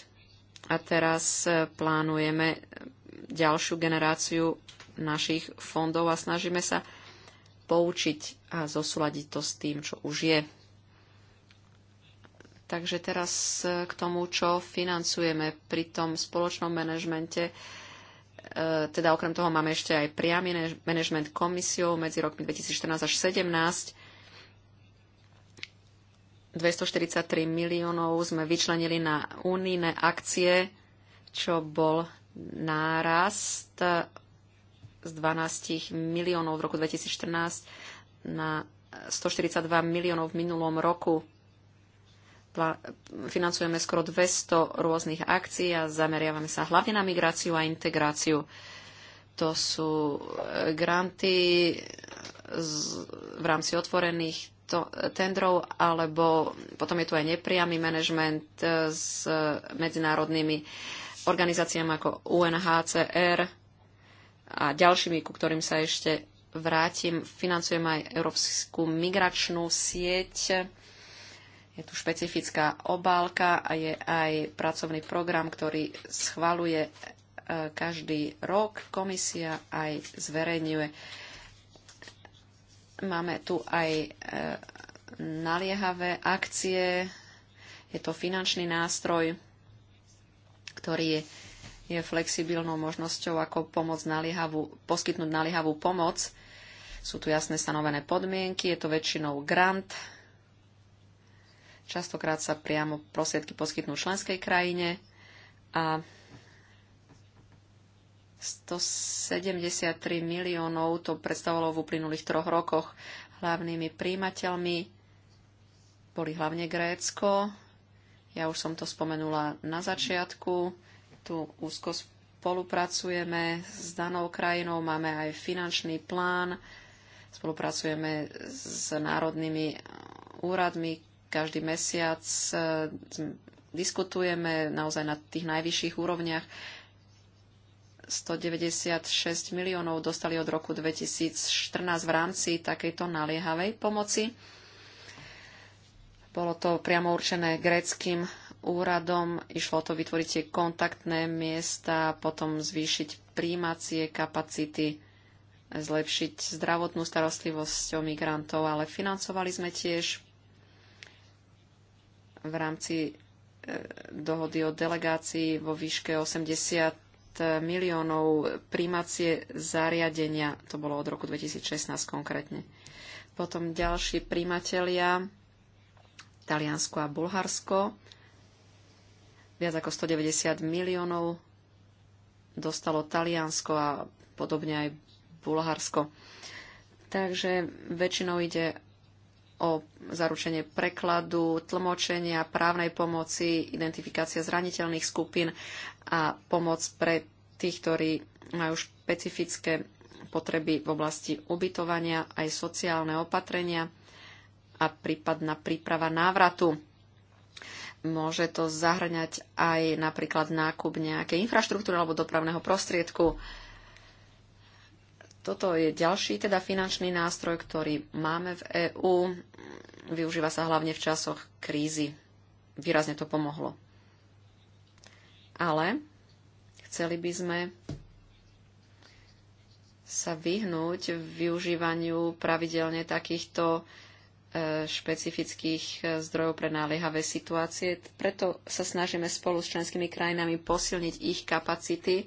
A teraz e, plánujeme ďalšiu generáciu našich fondov a snažíme sa poučiť a zosúľadiť to s tým, čo už je. Takže teraz e, k tomu, čo financujeme pri tom spoločnom manažmente. E, teda okrem toho máme ešte aj priamy manažment komisiou medzi rokmi 2014 až 2017. 243 miliónov sme vyčlenili na unijné akcie, čo bol nárast e, z 12 miliónov v roku 2014 na 142 miliónov v minulom roku financujeme skoro 200 rôznych akcií a zameriavame sa hlavne na migráciu a integráciu. To sú e, granty z, v rámci otvorených to, tendrov, alebo potom je tu aj nepriamy manažment e, s medzinárodnými organizáciami ako UNHCR a ďalšími, ku ktorým sa ešte vrátim. Financujem aj Európsku migračnú sieť je tu špecifická obálka a je aj pracovný program, ktorý schvaluje e, každý rok. Komisia aj zverejňuje. Máme tu aj e, naliehavé akcie. Je to finančný nástroj, ktorý je, je flexibilnou možnosťou, ako pomoc naliehavú, poskytnúť naliehavú pomoc. Sú tu jasne stanovené podmienky, je to väčšinou grant, Častokrát sa priamo prosiedky poskytnú členskej krajine a 173 miliónov to predstavovalo v uplynulých troch rokoch. Hlavnými príjimateľmi boli hlavne Grécko. Ja už som to spomenula na začiatku. Tu úzko spolupracujeme s danou krajinou, máme aj finančný plán, spolupracujeme s národnými úradmi, každý mesiac e, diskutujeme naozaj na tých najvyšších úrovniach. 196 miliónov dostali od roku 2014 v rámci takejto naliehavej pomoci. Bolo to priamo určené gréckým úradom. Išlo o to vytvoriť tie kontaktné miesta, potom zvýšiť príjmacie kapacity, zlepšiť zdravotnú starostlivosť o migrantov, ale financovali sme tiež v rámci e, dohody o delegácii vo výške 80 miliónov príjmacie zariadenia, to bolo od roku 2016 konkrétne. Potom ďalší príjmatelia, Taliansko a Bulharsko, viac ako 190 miliónov dostalo Taliansko a podobne aj Bulharsko. Takže väčšinou ide o zaručenie prekladu, tlmočenia, právnej pomoci, identifikácia zraniteľných skupín a pomoc pre tých, ktorí majú špecifické potreby v oblasti ubytovania, aj sociálne opatrenia a prípadná príprava návratu. Môže to zahrňať aj napríklad nákup nejakej infraštruktúry alebo dopravného prostriedku. Toto je ďalší teda finančný nástroj, ktorý máme v EÚ. Využíva sa hlavne v časoch krízy. Výrazne to pomohlo. Ale chceli by sme sa vyhnúť využívaniu pravidelne takýchto e, špecifických e, zdrojov pre naliehavé situácie. Preto sa snažíme spolu s členskými krajinami posilniť ich kapacity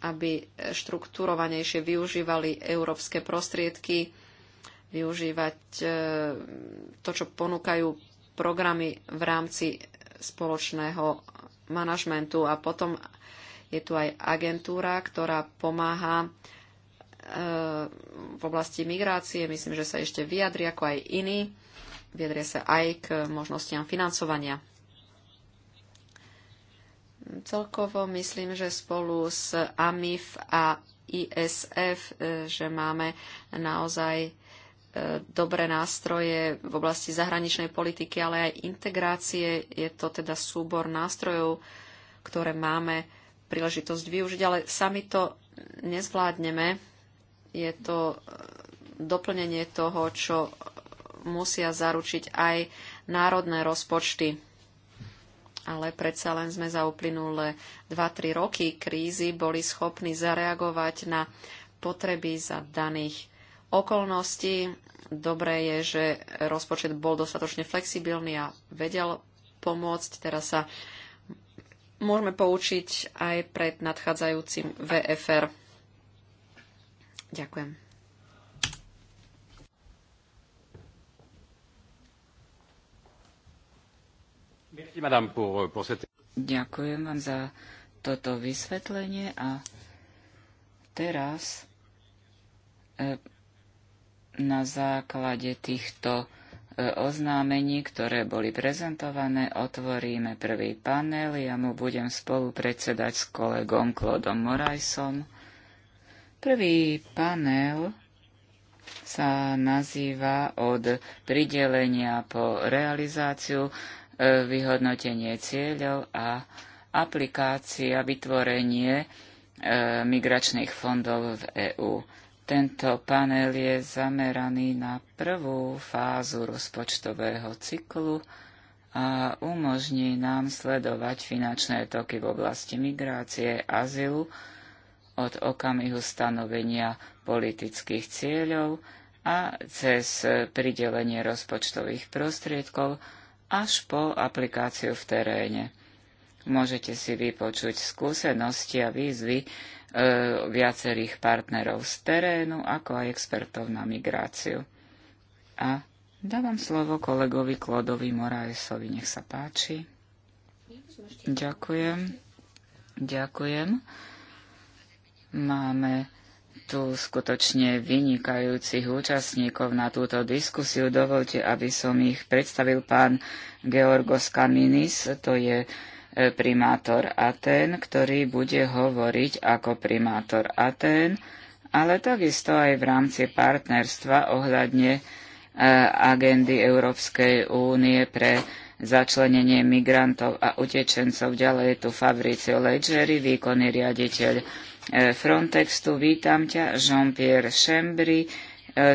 aby štruktúrovanejšie využívali európske prostriedky, využívať e, to, čo ponúkajú programy v rámci spoločného manažmentu. A potom je tu aj agentúra, ktorá pomáha e, v oblasti migrácie. Myslím, že sa ešte vyjadri ako aj iní. Vyjadria sa aj k možnostiam financovania. Celkovo myslím, že spolu s AMIF a ISF, e, že máme naozaj e, dobré nástroje v oblasti zahraničnej politiky, ale aj integrácie. Je to teda súbor nástrojov, ktoré máme príležitosť využiť, ale sami to nezvládneme. Je to e, doplnenie toho, čo musia zaručiť aj národné rozpočty ale predsa len sme za uplynulé 2-3 roky krízy boli schopní zareagovať na potreby za daných okolností. Dobré je, že rozpočet bol dostatočne flexibilný a vedel pomôcť. Teraz sa môžeme poučiť aj pred nadchádzajúcim VFR. Ďakujem. Euh, Ďakujem vám za toto vysvetlenie a teraz e, na základe týchto e, oznámení, ktoré boli prezentované, otvoríme prvý panel. Ja mu budem spolupredsedať s kolegom Klodom Morajsom. Prvý panel sa nazýva od pridelenia po realizáciu E, vyhodnotenie cieľov a aplikácia, vytvorenie e, migračných fondov v EÚ. Tento panel je zameraný na prvú fázu rozpočtového cyklu a umožní nám sledovať finančné toky v oblasti migrácie, azylu od okamihu stanovenia politických cieľov a cez pridelenie rozpočtových prostriedkov až po aplikáciu v teréne. Môžete si vypočuť skúsenosti a výzvy e, viacerých partnerov z terénu, ako aj expertov na migráciu. A dávam slovo kolegovi Klodovi Moraesovi. Nech sa páči. Ďakujem. Ďakujem. Máme tu skutočne vynikajúcich účastníkov na túto diskusiu. Dovolte, aby som ich predstavil pán Georgos Kaminis, to je e, primátor Aten, ktorý bude hovoriť ako primátor Aten, ale takisto aj v rámci partnerstva ohľadne e, agendy Európskej únie pre začlenenie migrantov a utečencov. Ďalej je tu Fabricio Leggeri, výkonný riaditeľ E, Frontextu. Vítam ťa, Jean-Pierre Chembry, e,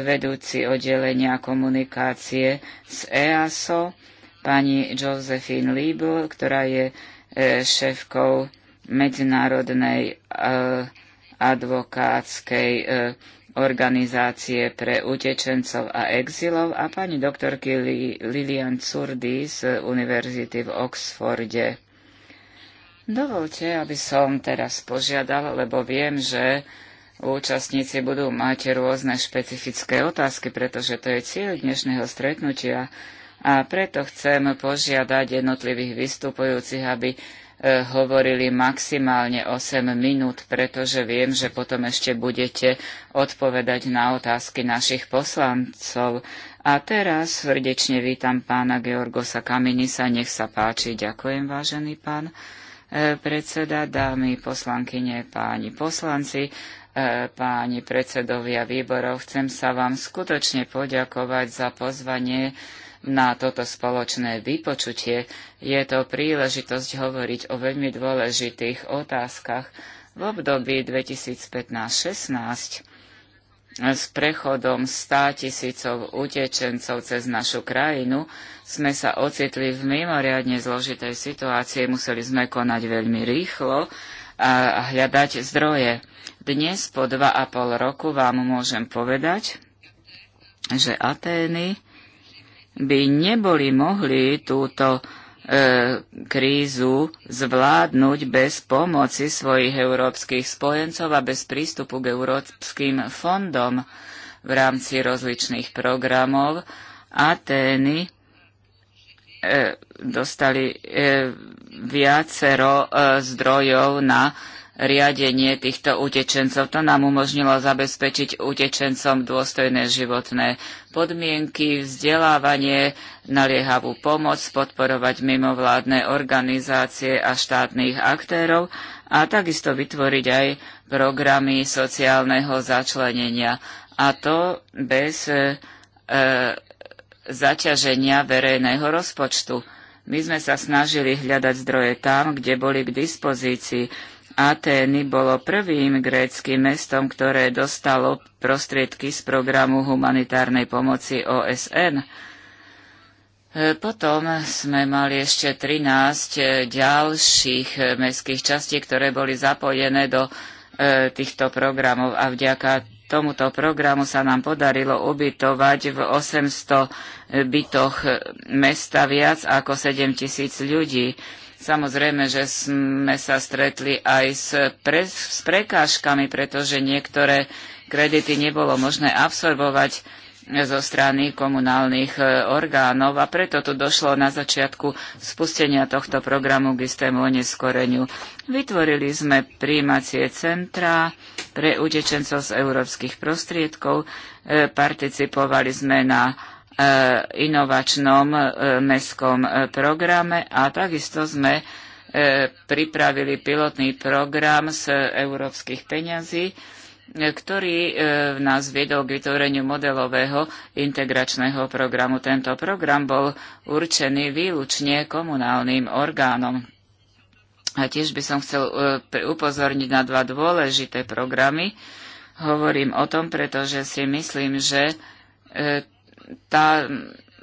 vedúci oddelenia komunikácie z EASO, pani Josephine Liebl, ktorá je e, šéfkou Medzinárodnej advokátskej organizácie pre utečencov a exilov a pani doktorky Lilian Curdy z Univerzity v Oxforde. Dovolte, aby som teraz požiadal, lebo viem, že účastníci budú mať rôzne špecifické otázky, pretože to je cieľ dnešného stretnutia a preto chcem požiadať jednotlivých vystupujúcich, aby e, hovorili maximálne 8 minút, pretože viem, že potom ešte budete odpovedať na otázky našich poslancov. A teraz srdečne vítam pána Georgosa Kaminisa. Nech sa páči. Ďakujem, vážený pán. E, predseda, dámy poslankyne, páni poslanci, e, páni predsedovia výborov, chcem sa vám skutočne poďakovať za pozvanie na toto spoločné vypočutie. Je to príležitosť hovoriť o veľmi dôležitých otázkach v období 2015-16 s prechodom 100 tisícov utečencov cez našu krajinu sme sa ocitli v mimoriadne zložitej situácii. Museli sme konať veľmi rýchlo a hľadať zdroje. Dnes po dva a pol roku vám môžem povedať, že Atény by neboli mohli túto E, krízu zvládnuť bez pomoci svojich európskych spojencov a bez prístupu k európskym fondom v rámci rozličných programov. Atény e, dostali e, viacero zdrojov na riadenie týchto utečencov. To nám umožnilo zabezpečiť utečencom dôstojné životné podmienky, vzdelávanie, naliehavú pomoc, podporovať mimovládne organizácie a štátnych aktérov a takisto vytvoriť aj programy sociálneho začlenenia. A to bez e, e zaťaženia verejného rozpočtu. My sme sa snažili hľadať zdroje tam, kde boli k dispozícii Atény bolo prvým gréckým mestom, ktoré dostalo prostriedky z programu humanitárnej pomoci OSN. Potom sme mali ešte 13 ďalších mestských častí, ktoré boli zapojené do e, týchto programov a vďaka tomuto programu sa nám podarilo ubytovať v 800 bytoch mesta viac ako 7 tisíc ľudí. Samozrejme, že sme sa stretli aj s, pre, s prekážkami, pretože niektoré kredity nebolo možné absorbovať zo strany komunálnych e, orgánov a preto tu došlo na začiatku spustenia tohto programu k istému oneskoreniu. Vytvorili sme príjmacie centra pre utečencov z európskych prostriedkov, e, participovali sme na Eh, inovačnom eh, mestskom eh, programe a takisto sme pripravili pilotný program z európskych peňazí, ktorý nás viedol k vytvoreniu modelového integračného programu. Tento program bol určený výlučne komunálnym orgánom. A tiež by som chcel upozorniť na dva dôležité programy. Hovorím o tom, pretože si myslím, že tá,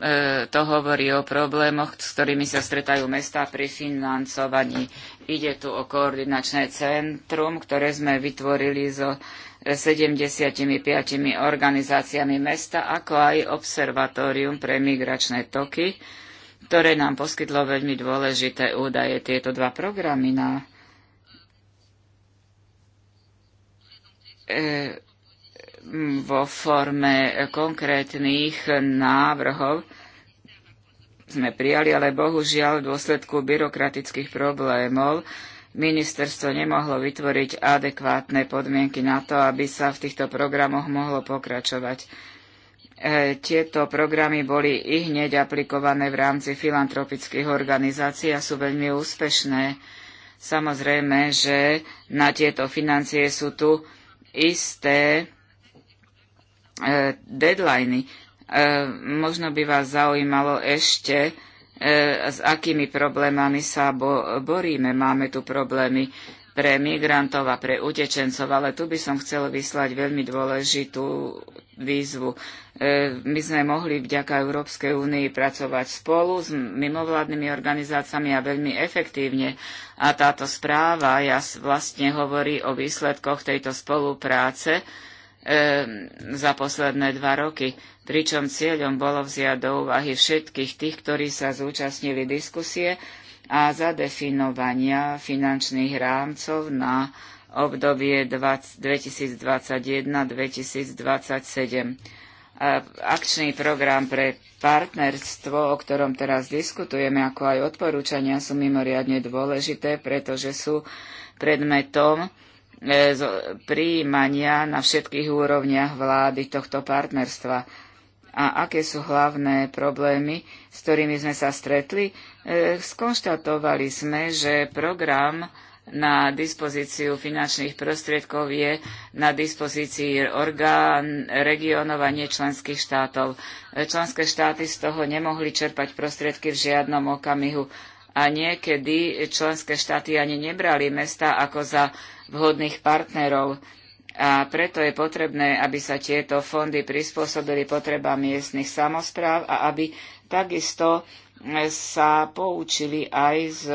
e, to hovorí o problémoch, s ktorými sa stretajú mesta pri financovaní. Ide tu o koordinačné centrum, ktoré sme vytvorili so 75 organizáciami mesta, ako aj observatórium pre migračné toky, ktoré nám poskytlo veľmi dôležité údaje. Tieto dva programy na e, vo forme konkrétnych návrhov sme prijali, ale bohužiaľ v dôsledku byrokratických problémov ministerstvo nemohlo vytvoriť adekvátne podmienky na to, aby sa v týchto programoch mohlo pokračovať. E, tieto programy boli i hneď aplikované v rámci filantropických organizácií a sú veľmi úspešné. Samozrejme, že na tieto financie sú tu isté E, deadliny. E, možno by vás zaujímalo ešte, e, s akými problémami sa boríme. Máme tu problémy pre migrantov a pre utečencov, ale tu by som chcel vyslať veľmi dôležitú výzvu. My sme mohli vďaka Európskej únii pracovať spolu s mimovládnymi organizáciami a veľmi efektívne. A táto správa ja vlastne hovorí o výsledkoch tejto spolupráce za posledné dva roky, pričom cieľom bolo vziať do úvahy všetkých tých, ktorí sa zúčastnili diskusie a zadefinovania finančných rámcov na obdobie 2021-2027. Akčný program pre partnerstvo, o ktorom teraz diskutujeme, ako aj odporúčania sú mimoriadne dôležité, pretože sú predmetom E, príjmania na všetkých úrovniach vlády tohto partnerstva. A aké sú hlavné problémy, s ktorými sme sa stretli? E, skonštatovali sme, že program na dispozíciu finančných prostriedkov je na dispozícii orgán regionov a nečlenských štátov. E, členské štáty z toho nemohli čerpať prostriedky v žiadnom okamihu a niekedy členské štáty ani nebrali mesta ako za vhodných partnerov. A preto je potrebné, aby sa tieto fondy prispôsobili potrebám miestnych samozpráv a aby takisto sa poučili aj z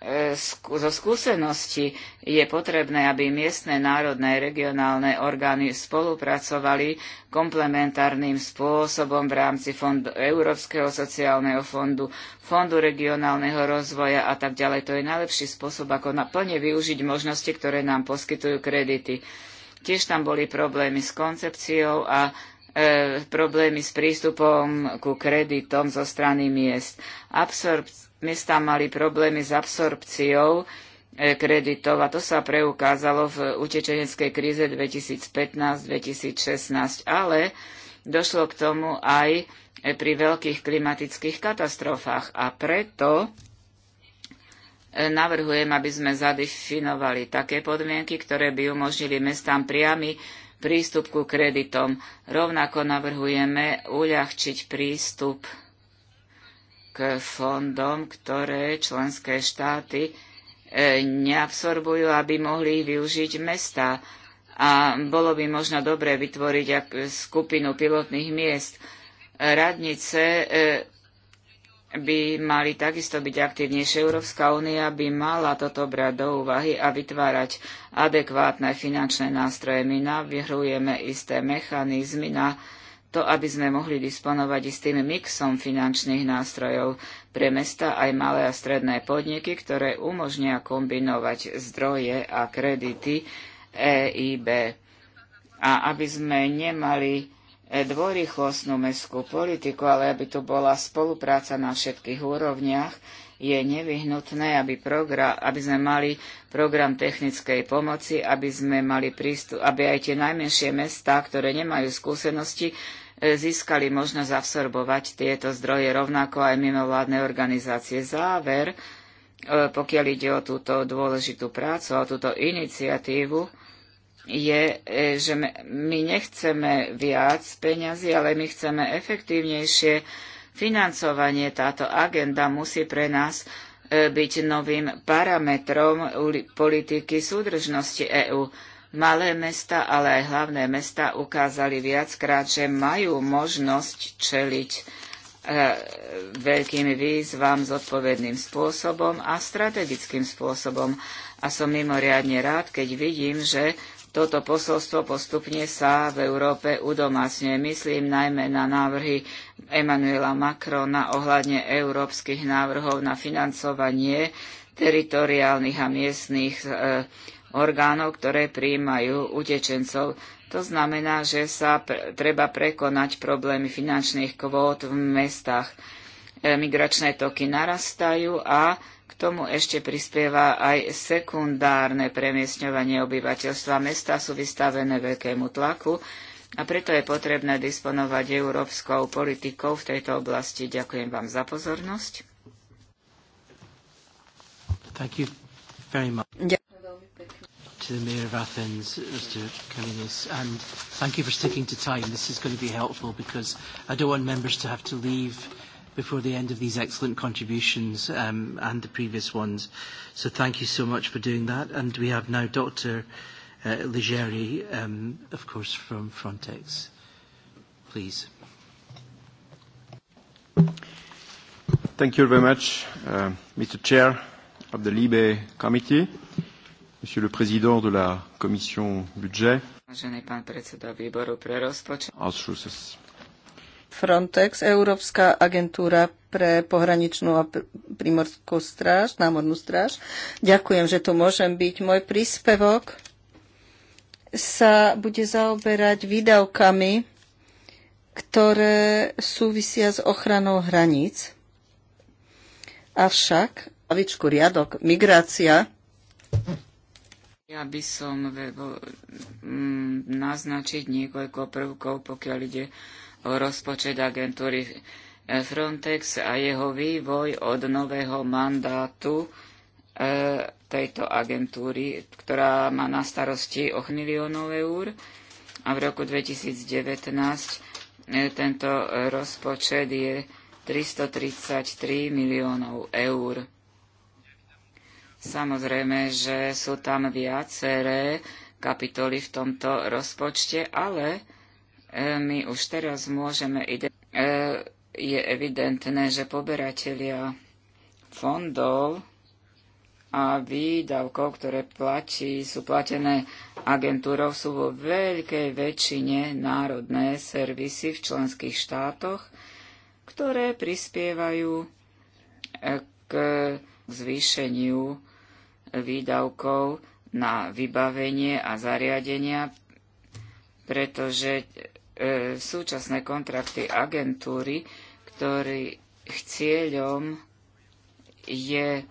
E, zo skúsenosti je potrebné, aby miestne, národné, regionálne orgány spolupracovali komplementárnym spôsobom v rámci fondu, Európskeho sociálneho fondu, Fondu regionálneho rozvoja a tak ďalej. To je najlepší spôsob, ako plne využiť možnosti, ktoré nám poskytujú kredity. Tiež tam boli problémy s koncepciou a e, problémy s prístupom ku kreditom zo strany miest. Absorpcia mesta mali problémy s absorpciou e, kreditov a to sa preukázalo v utečeneckej kríze 2015-2016, ale došlo k tomu aj pri veľkých klimatických katastrofách a preto e, navrhujem, aby sme zadefinovali také podmienky, ktoré by umožnili mestám priamy prístup ku kreditom. Rovnako navrhujeme uľahčiť prístup k fondom, ktoré členské štáty e, neabsorbujú, aby mohli ich využiť mesta. A bolo by možno dobre vytvoriť skupinu pilotných miest. Radnice e, by mali takisto byť aktívnejšie. Európska únia by mala toto brať do úvahy a vytvárať adekvátne finančné nástroje. My navrhujeme isté mechanizmy na to, aby sme mohli disponovať istým mixom finančných nástrojov pre mesta aj malé a stredné podniky, ktoré umožnia kombinovať zdroje a kredity EIB. A aby sme nemali dvorýchlostnú mestskú politiku, ale aby tu bola spolupráca na všetkých úrovniach, je nevyhnutné, aby, program, aby sme mali program technickej pomoci, aby sme mali prístup, aby aj tie najmenšie mestá, ktoré nemajú skúsenosti, získali možnosť absorbovať tieto zdroje, rovnako aj mimovládne organizácie. Záver, e, pokiaľ ide o túto dôležitú prácu a o túto iniciatívu, je, e, že my nechceme viac peňazí, ale my chceme efektívnejšie financovanie. Táto agenda musí pre nás e, byť novým parametrom politiky súdržnosti EÚ Malé mesta, ale aj hlavné mesta ukázali viackrát, že majú možnosť čeliť e, veľkým výzvam zodpovedným spôsobom a strategickým spôsobom. A som mimoriadne rád, keď vidím, že toto posolstvo postupne sa v Európe udomácňuje. Myslím najmä na návrhy Emanuela Macrona ohľadne európskych návrhov na financovanie teritoriálnych a miestnych e, orgánov, ktoré prijímajú utečencov. To znamená, že sa pr- treba prekonať problémy finančných kvót v mestách. E, migračné toky narastajú a k tomu ešte prispieva aj sekundárne premiesňovanie obyvateľstva. Mesta sú vystavené veľkému tlaku a preto je potrebné disponovať európskou politikou v tejto oblasti. Ďakujem vám za pozornosť. Thank you very much. To the Mayor of Athens, Mr. Kaminis, and thank you for sticking to time. This is going to be helpful because I don't want members to have to leave before the end of these excellent contributions um, and the previous ones. So thank you so much for doing that. And we have now Dr. Uh, Ligeri, um, of course, from Frontex. Please. Thank you very much, uh, Mr. Chair of the Libe Committee. Monsieur le Président de la Commission budget. Vážený pán predseda výboru pre rozpočet. Frontex, Európska agentúra pre pohraničnú a primorskú stráž, námornú stráž. Ďakujem, že tu môžem byť. Môj príspevok sa bude zaoberať výdavkami, ktoré súvisia s ochranou hraníc. Avšak, avičku riadok, migrácia, ja by som mm, naznačiť niekoľko prvkov, pokiaľ ide o rozpočet agentúry e, Frontex a jeho vývoj od nového mandátu e, tejto agentúry, ktorá má na starosti 8 miliónov eur a v roku 2019 e, tento rozpočet je 333 miliónov eur. Samozrejme, že sú tam viaceré kapitoly v tomto rozpočte, ale e, my už teraz môžeme ide, e, je evidentné, že poberatelia fondov a výdavkov, ktoré platí, sú platené agentúrov, sú vo veľkej väčšine národné servisy v členských štátoch, ktoré prispievajú e, k zvýšeniu výdavkov na vybavenie a zariadenia, pretože e, súčasné kontrakty agentúry, ktorých cieľom je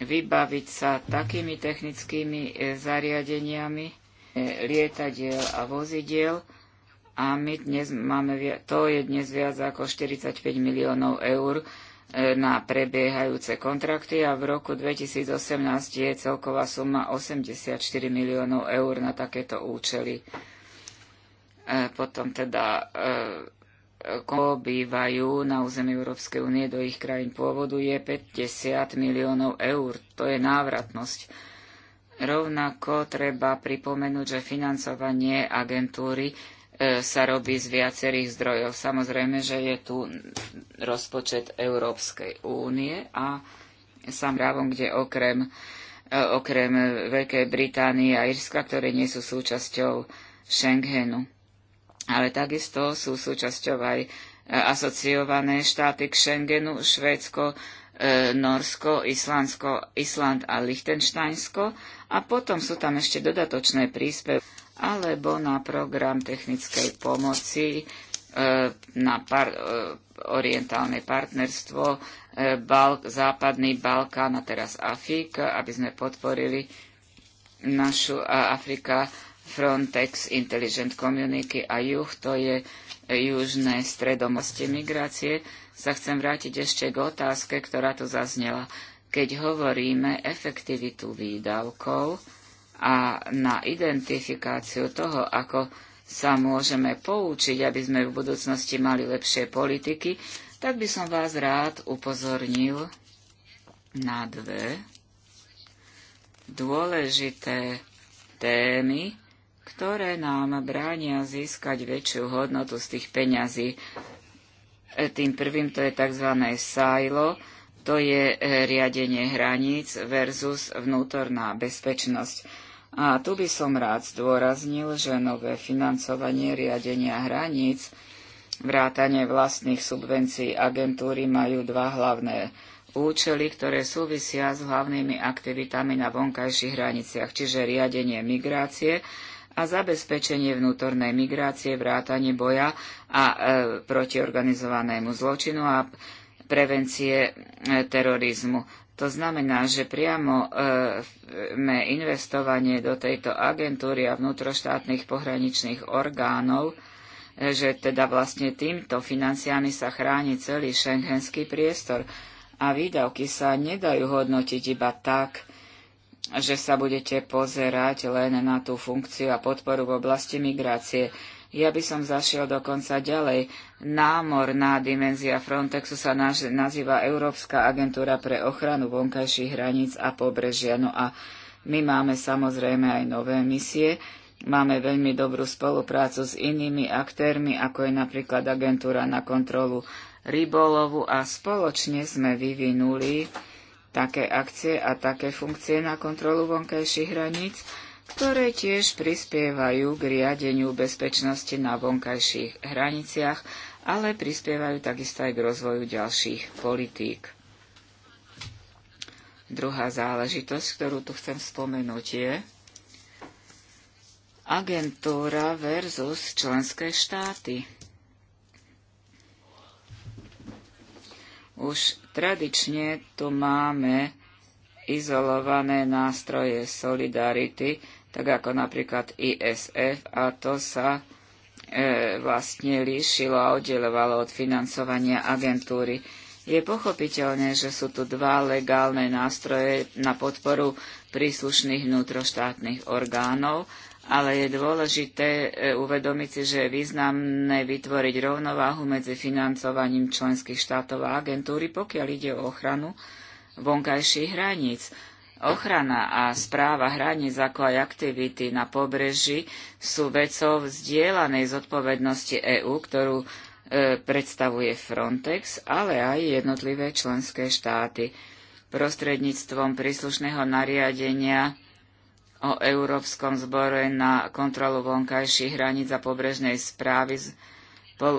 vybaviť sa takými technickými e, zariadeniami e, lietadiel a vozidiel, a my dnes máme, to je dnes viac ako 45 miliónov eur, na prebiehajúce kontrakty a v roku 2018 je celková suma 84 miliónov eur na takéto účely. E, potom teda e, bývajú na území Európskej únie do ich krajín pôvodu je 50 miliónov eur. To je návratnosť. Rovnako treba pripomenúť, že financovanie agentúry sa robí z viacerých zdrojov. Samozrejme, že je tu rozpočet Európskej únie a sám právom, kde okrem, e, okrem Veľkej Británie a Irska, ktoré nie sú súčasťou Schengenu. Ale takisto sú súčasťou aj e, asociované štáty k Schengenu, Švédsko, e, Norsko, Islandsko, Island a Lichtenštajnsko a potom sú tam ešte dodatočné príspevky alebo na program technickej pomoci, e, na par, e, orientálne partnerstvo, e, Bal, Západný Balkán a teraz Afrika, aby sme podporili našu Afrika Frontex Intelligent Community a juh, to je južné stredomosti migrácie, sa chcem vrátiť ešte k otázke, ktorá tu zaznela. Keď hovoríme efektivitu výdavkov, a na identifikáciu toho, ako sa môžeme poučiť, aby sme v budúcnosti mali lepšie politiky, tak by som vás rád upozornil na dve dôležité témy, ktoré nám bránia získať väčšiu hodnotu z tých peňazí. E, tým prvým to je tzv. silo, to je e, riadenie hraníc versus vnútorná bezpečnosť. A tu by som rád zdôraznil, že nové financovanie riadenia hraníc, vrátanie vlastných subvencií agentúry majú dva hlavné účely, ktoré súvisia s hlavnými aktivitami na vonkajších hraniciach, čiže riadenie migrácie a zabezpečenie vnútornej migrácie, vrátanie boja a e, proti organizovanému zločinu a prevencie e, terorizmu. To znamená, že priamo e, investovanie do tejto agentúry a vnútroštátnych pohraničných orgánov, e, že teda vlastne týmto financiami sa chráni celý šengenský priestor a výdavky sa nedajú hodnotiť iba tak, že sa budete pozerať len na tú funkciu a podporu v oblasti migrácie. Ja by som zašiel dokonca ďalej. Námorná dimenzia Frontexu sa nazýva Európska agentúra pre ochranu vonkajších hraníc a pobrežia. No a my máme samozrejme aj nové misie. Máme veľmi dobrú spoluprácu s inými aktérmi, ako je napríklad agentúra na kontrolu rybolovu a spoločne sme vyvinuli také akcie a také funkcie na kontrolu vonkajších hraníc ktoré tiež prispievajú k riadeniu bezpečnosti na vonkajších hraniciach, ale prispievajú takisto aj k rozvoju ďalších politík. Druhá záležitosť, ktorú tu chcem spomenúť, je agentúra versus členské štáty. Už tradične tu máme izolované nástroje solidarity, tak ako napríklad ISF a to sa e, vlastne líšilo a oddelovalo od financovania agentúry. Je pochopiteľné, že sú tu dva legálne nástroje na podporu príslušných vnútroštátnych orgánov, ale je dôležité e, uvedomiť si, že je významné vytvoriť rovnováhu medzi financovaním členských štátov a agentúry, pokiaľ ide o ochranu vonkajších hraníc. Ochrana a správa hraníc ako aj aktivity na pobreží sú vecou vzdielanej zodpovednosti EÚ, ktorú e, predstavuje Frontex, ale aj jednotlivé členské štáty. Prostredníctvom príslušného nariadenia o Európskom zbore na kontrolu vonkajších hraníc a pobrežnej správy z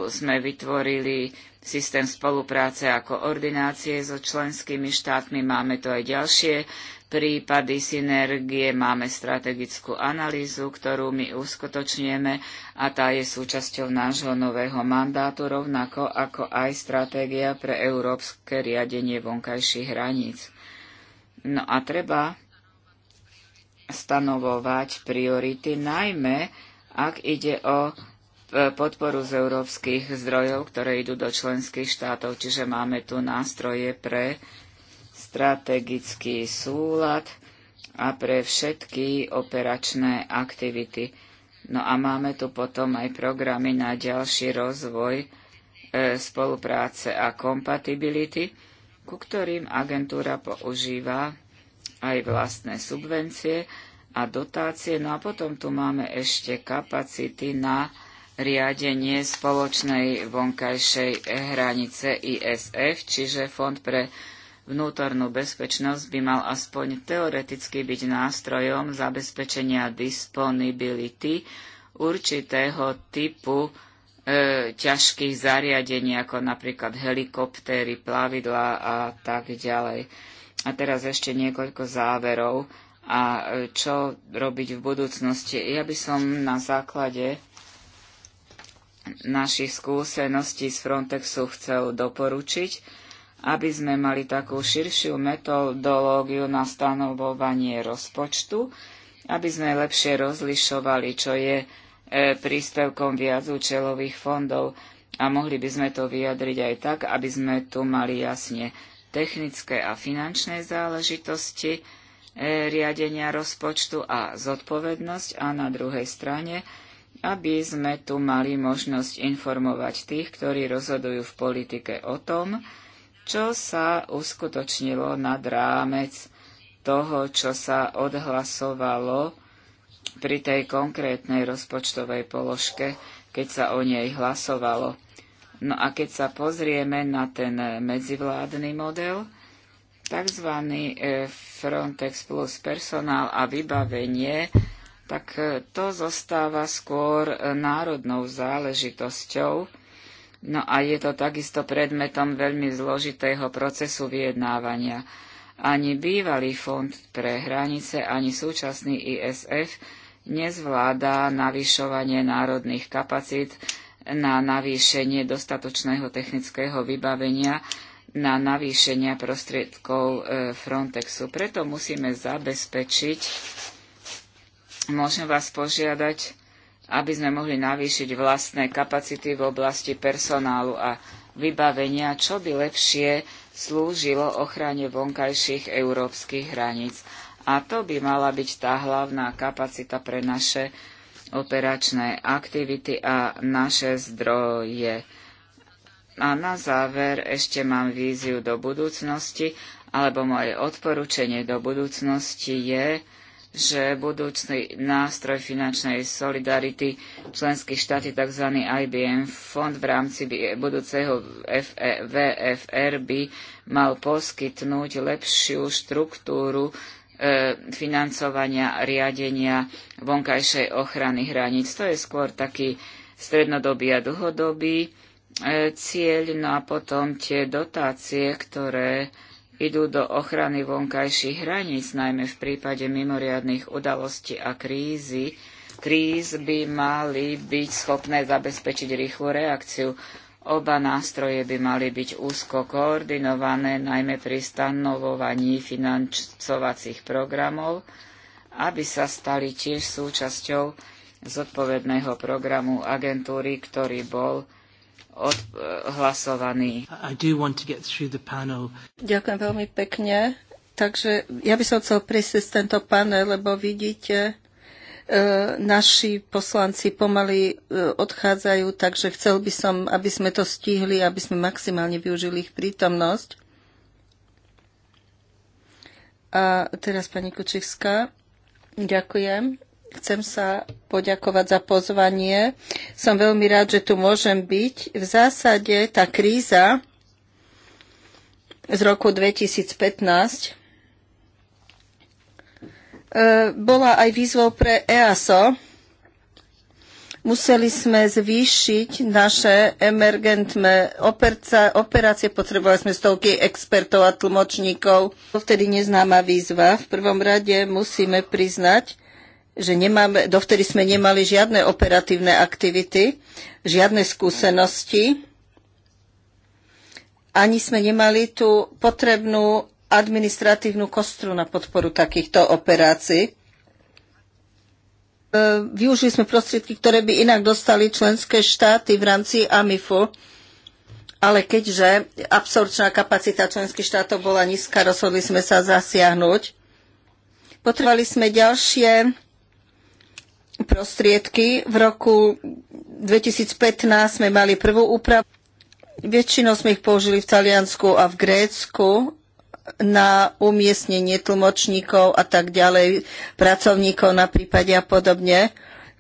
sme vytvorili systém spolupráce a koordinácie so členskými štátmi. Máme tu aj ďalšie prípady synergie, máme strategickú analýzu, ktorú my uskutočníme a tá je súčasťou nášho nového mandátu, rovnako ako aj stratégia pre európske riadenie vonkajších hraníc. No a treba stanovovať priority, najmä ak ide o podporu z európskych zdrojov, ktoré idú do členských štátov. Čiže máme tu nástroje pre strategický súlad a pre všetky operačné aktivity. No a máme tu potom aj programy na ďalší rozvoj e, spolupráce a kompatibility, ku ktorým agentúra používa aj vlastné subvencie a dotácie. No a potom tu máme ešte kapacity na riadenie spoločnej vonkajšej hranice ISF, čiže Fond pre vnútornú bezpečnosť by mal aspoň teoreticky byť nástrojom zabezpečenia disponibility určitého typu e, ťažkých zariadení, ako napríklad helikoptéry, plavidlá a tak ďalej. A teraz ešte niekoľko záverov a e, čo robiť v budúcnosti. Ja by som na základe našich skúseností z Frontexu chcel doporučiť, aby sme mali takú širšiu metodológiu na stanovovanie rozpočtu, aby sme lepšie rozlišovali, čo je e, príspevkom účelových fondov a mohli by sme to vyjadriť aj tak, aby sme tu mali jasne technické a finančné záležitosti e, riadenia rozpočtu a zodpovednosť a na druhej strane aby sme tu mali možnosť informovať tých, ktorí rozhodujú v politike o tom, čo sa uskutočnilo nad rámec toho, čo sa odhlasovalo pri tej konkrétnej rozpočtovej položke, keď sa o nej hlasovalo. No a keď sa pozrieme na ten medzivládny model, takzvaný eh, Frontex plus personál a vybavenie tak e, to zostáva skôr e, národnou záležitosťou, No a je to takisto predmetom veľmi zložitého procesu vyjednávania. Ani bývalý fond pre hranice, ani súčasný ISF nezvládá navyšovanie národných kapacít na navýšenie dostatočného technického vybavenia, na navýšenia prostriedkov e, Frontexu. Preto musíme zabezpečiť môžem vás požiadať, aby sme mohli navýšiť vlastné kapacity v oblasti personálu a vybavenia, čo by lepšie slúžilo ochrane vonkajších európskych hraníc. A to by mala byť tá hlavná kapacita pre naše operačné aktivity a naše zdroje. A na záver ešte mám víziu do budúcnosti, alebo moje odporúčanie do budúcnosti je, že budúci nástroj finančnej solidarity členských štáty, tzv. IBM fond v rámci budúceho e- VFR by mal poskytnúť lepšiu štruktúru e, financovania riadenia vonkajšej ochrany hraníc. To je skôr taký strednodobý a dlhodobý e, cieľ, no a potom tie dotácie, ktoré idú do ochrany vonkajších hraníc, najmä v prípade mimoriadných udalostí a krízy, kríz by mali byť schopné zabezpečiť rýchlu reakciu. Oba nástroje by mali byť úzko koordinované, najmä pri stanovovaní financovacích programov, aby sa stali tiež súčasťou zodpovedného programu agentúry, ktorý bol odhlasovaný. Ďakujem veľmi pekne. Takže ja by som chcel prejsť cez tento panel, lebo vidíte, e, naši poslanci pomaly e, odchádzajú, takže chcel by som, aby sme to stihli, aby sme maximálne využili ich prítomnosť. A teraz pani Kučivská. Ďakujem. Chcem sa poďakovať za pozvanie. Som veľmi rád, že tu môžem byť. V zásade tá kríza z roku 2015 e, bola aj výzvou pre EASO. Museli sme zvýšiť naše emergentné operácie, potrebovali sme stovky expertov a tlmočníkov. To vtedy neznáma výzva. V prvom rade musíme priznať, že nemáme, dovtedy sme nemali žiadne operatívne aktivity, žiadne skúsenosti, ani sme nemali tú potrebnú administratívnu kostru na podporu takýchto operácií. E, využili sme prostriedky, ktoré by inak dostali členské štáty v rámci AMIFu, ale keďže absorpčná kapacita členských štátov bola nízka, rozhodli sme sa zasiahnuť. Potrebovali sme ďalšie prostriedky. V roku 2015 sme mali prvú úpravu. Väčšinou sme ich použili v Taliansku a v Grécku na umiestnenie tlmočníkov a tak ďalej, pracovníkov na prípade a podobne.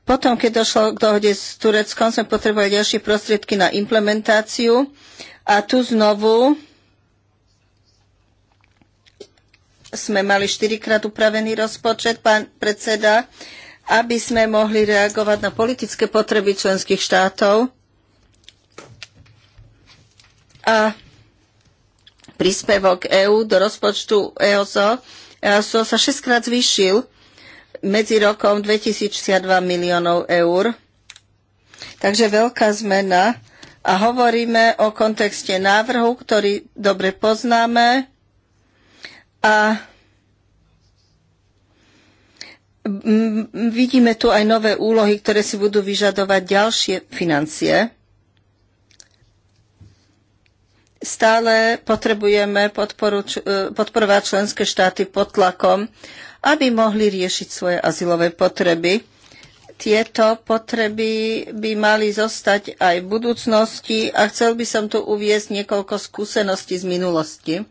Potom, keď došlo k dohode s Tureckom, sme potrebovali ďalšie prostriedky na implementáciu a tu znovu sme mali štyrikrát upravený rozpočet, pán predseda aby sme mohli reagovať na politické potreby členských štátov a príspevok EÚ do rozpočtu EOSO EASO sa šestkrát zvýšil medzi rokom 2002 miliónov eur. Takže veľká zmena a hovoríme o kontexte návrhu, ktorý dobre poznáme a vidíme tu aj nové úlohy, ktoré si budú vyžadovať ďalšie financie. Stále potrebujeme e, podporovať členské štáty pod tlakom, aby mohli riešiť svoje azylové potreby. Tieto potreby by mali zostať aj v budúcnosti a chcel by som tu uviezť niekoľko skúseností z minulosti.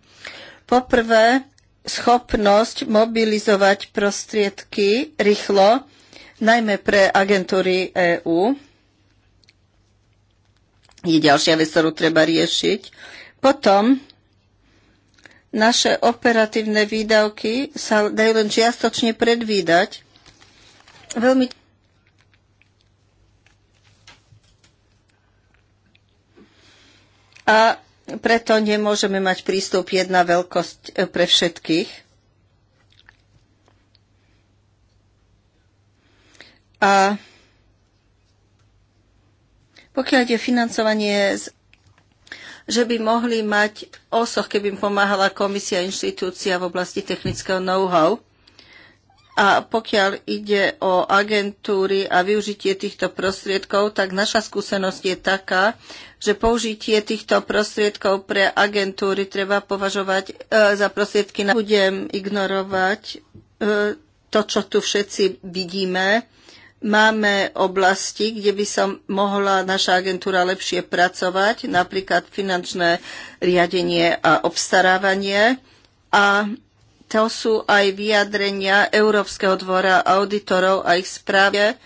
Poprvé, schopnosť mobilizovať prostriedky rýchlo, najmä pre agentúry EÚ. Je ďalšia vec, ktorú treba riešiť. Potom naše operatívne výdavky sa dajú len čiastočne predvídať. Veľmi a preto nemôžeme mať prístup jedna veľkosť e, pre všetkých. A pokiaľ je financovanie, že by mohli mať osoch, keby im pomáhala komisia inštitúcia v oblasti technického know-how, a pokiaľ ide o agentúry a využitie týchto prostriedkov, tak naša skúsenosť je taká, že použitie týchto prostriedkov pre agentúry treba považovať e, za prostriedky. Na... Budem ignorovať e, to, čo tu všetci vidíme. Máme oblasti, kde by sa mohla naša agentúra lepšie pracovať, napríklad finančné riadenie a obstarávanie. A to sú aj vyjadrenia Európskeho dvora auditorov a ich správe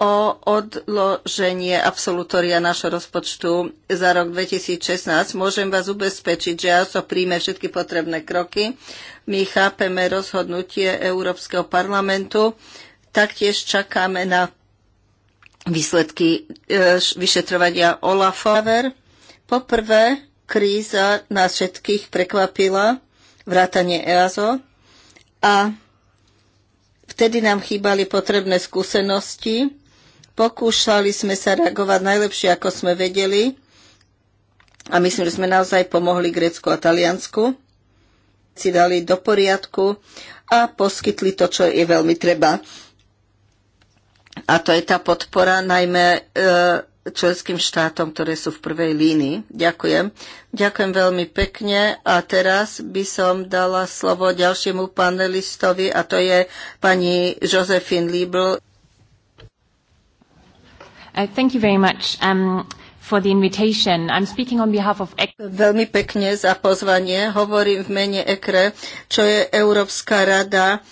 o odloženie absolutória našho rozpočtu za rok 2016. Môžem vás ubezpečiť, že ASO príjme všetky potrebné kroky. My chápeme rozhodnutie Európskeho parlamentu. Taktiež čakáme na výsledky e, vyšetrovania Olafa. Poprvé, kríza nás všetkých prekvapila vrátane EASO. A vtedy nám chýbali potrebné skúsenosti. Pokúšali sme sa reagovať najlepšie, ako sme vedeli. A myslím, že sme naozaj pomohli Grécku a Taliansku. Si dali do poriadku a poskytli to, čo je veľmi treba. A to je tá podpora najmä e, členským štátom, ktoré sú v prvej línii. Ďakujem. Ďakujem veľmi pekne a teraz by som dala slovo ďalšiemu panelistovi a to je pani Josephine Liebl. Uh, thank you very much. Um, for the invitation. I'm speaking on behalf of ECRE. Veľmi pekne za pozvanie. Hovorím v mene ECRE, čo je Európska rada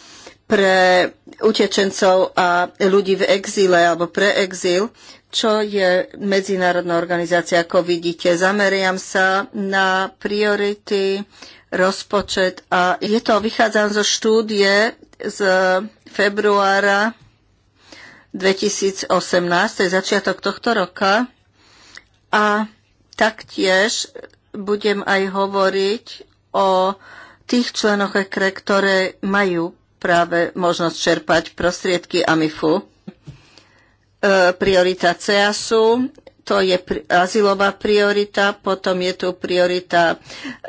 pre utečencov a ľudí v exíle alebo pre exíl čo je medzinárodná organizácia, ako vidíte. Zameriam sa na priority, rozpočet a je to, vychádzam zo štúdie z februára 2018, to je začiatok tohto roka a taktiež budem aj hovoriť o tých členoch EKRE, ktoré majú práve možnosť čerpať prostriedky AMIFu. E, priorita CEASu, to je azylová priorita, potom je tu priorita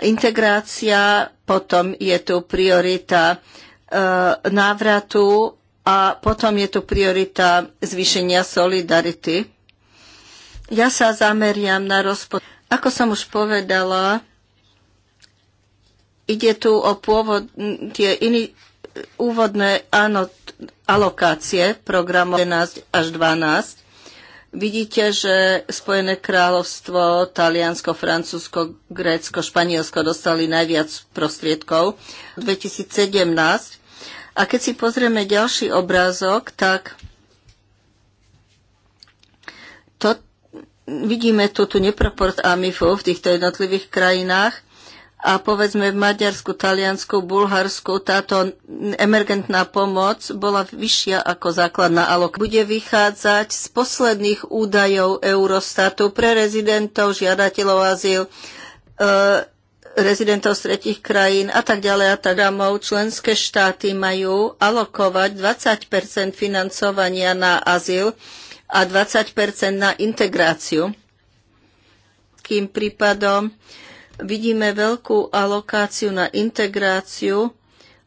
integrácia, potom je tu priorita e, návratu a potom je tu priorita zvýšenia solidarity. Ja sa zameriam na rozpočet. Ako som už povedala, ide tu o pôvod, tie iní, úvodné, áno, alokácie programov 11 až 12. Vidíte, že Spojené kráľovstvo, Taliansko, Francúzsko, Grécko, Španielsko dostali najviac prostriedkov 2017. A keď si pozrieme ďalší obrázok, tak to, vidíme tu tú neproport AMIFu v týchto jednotlivých krajinách a povedzme v Maďarsku, Taliansku, Bulharsku táto emergentná pomoc bola vyššia ako základná alok. Bude vychádzať z posledných údajov Eurostatu pre rezidentov, žiadateľov azyl, e, rezidentov z tretich krajín a tak ďalej a tak ďalej. Členské štáty majú alokovať 20 financovania na azyl a 20 na integráciu. Kým prípadom vidíme veľkú alokáciu na integráciu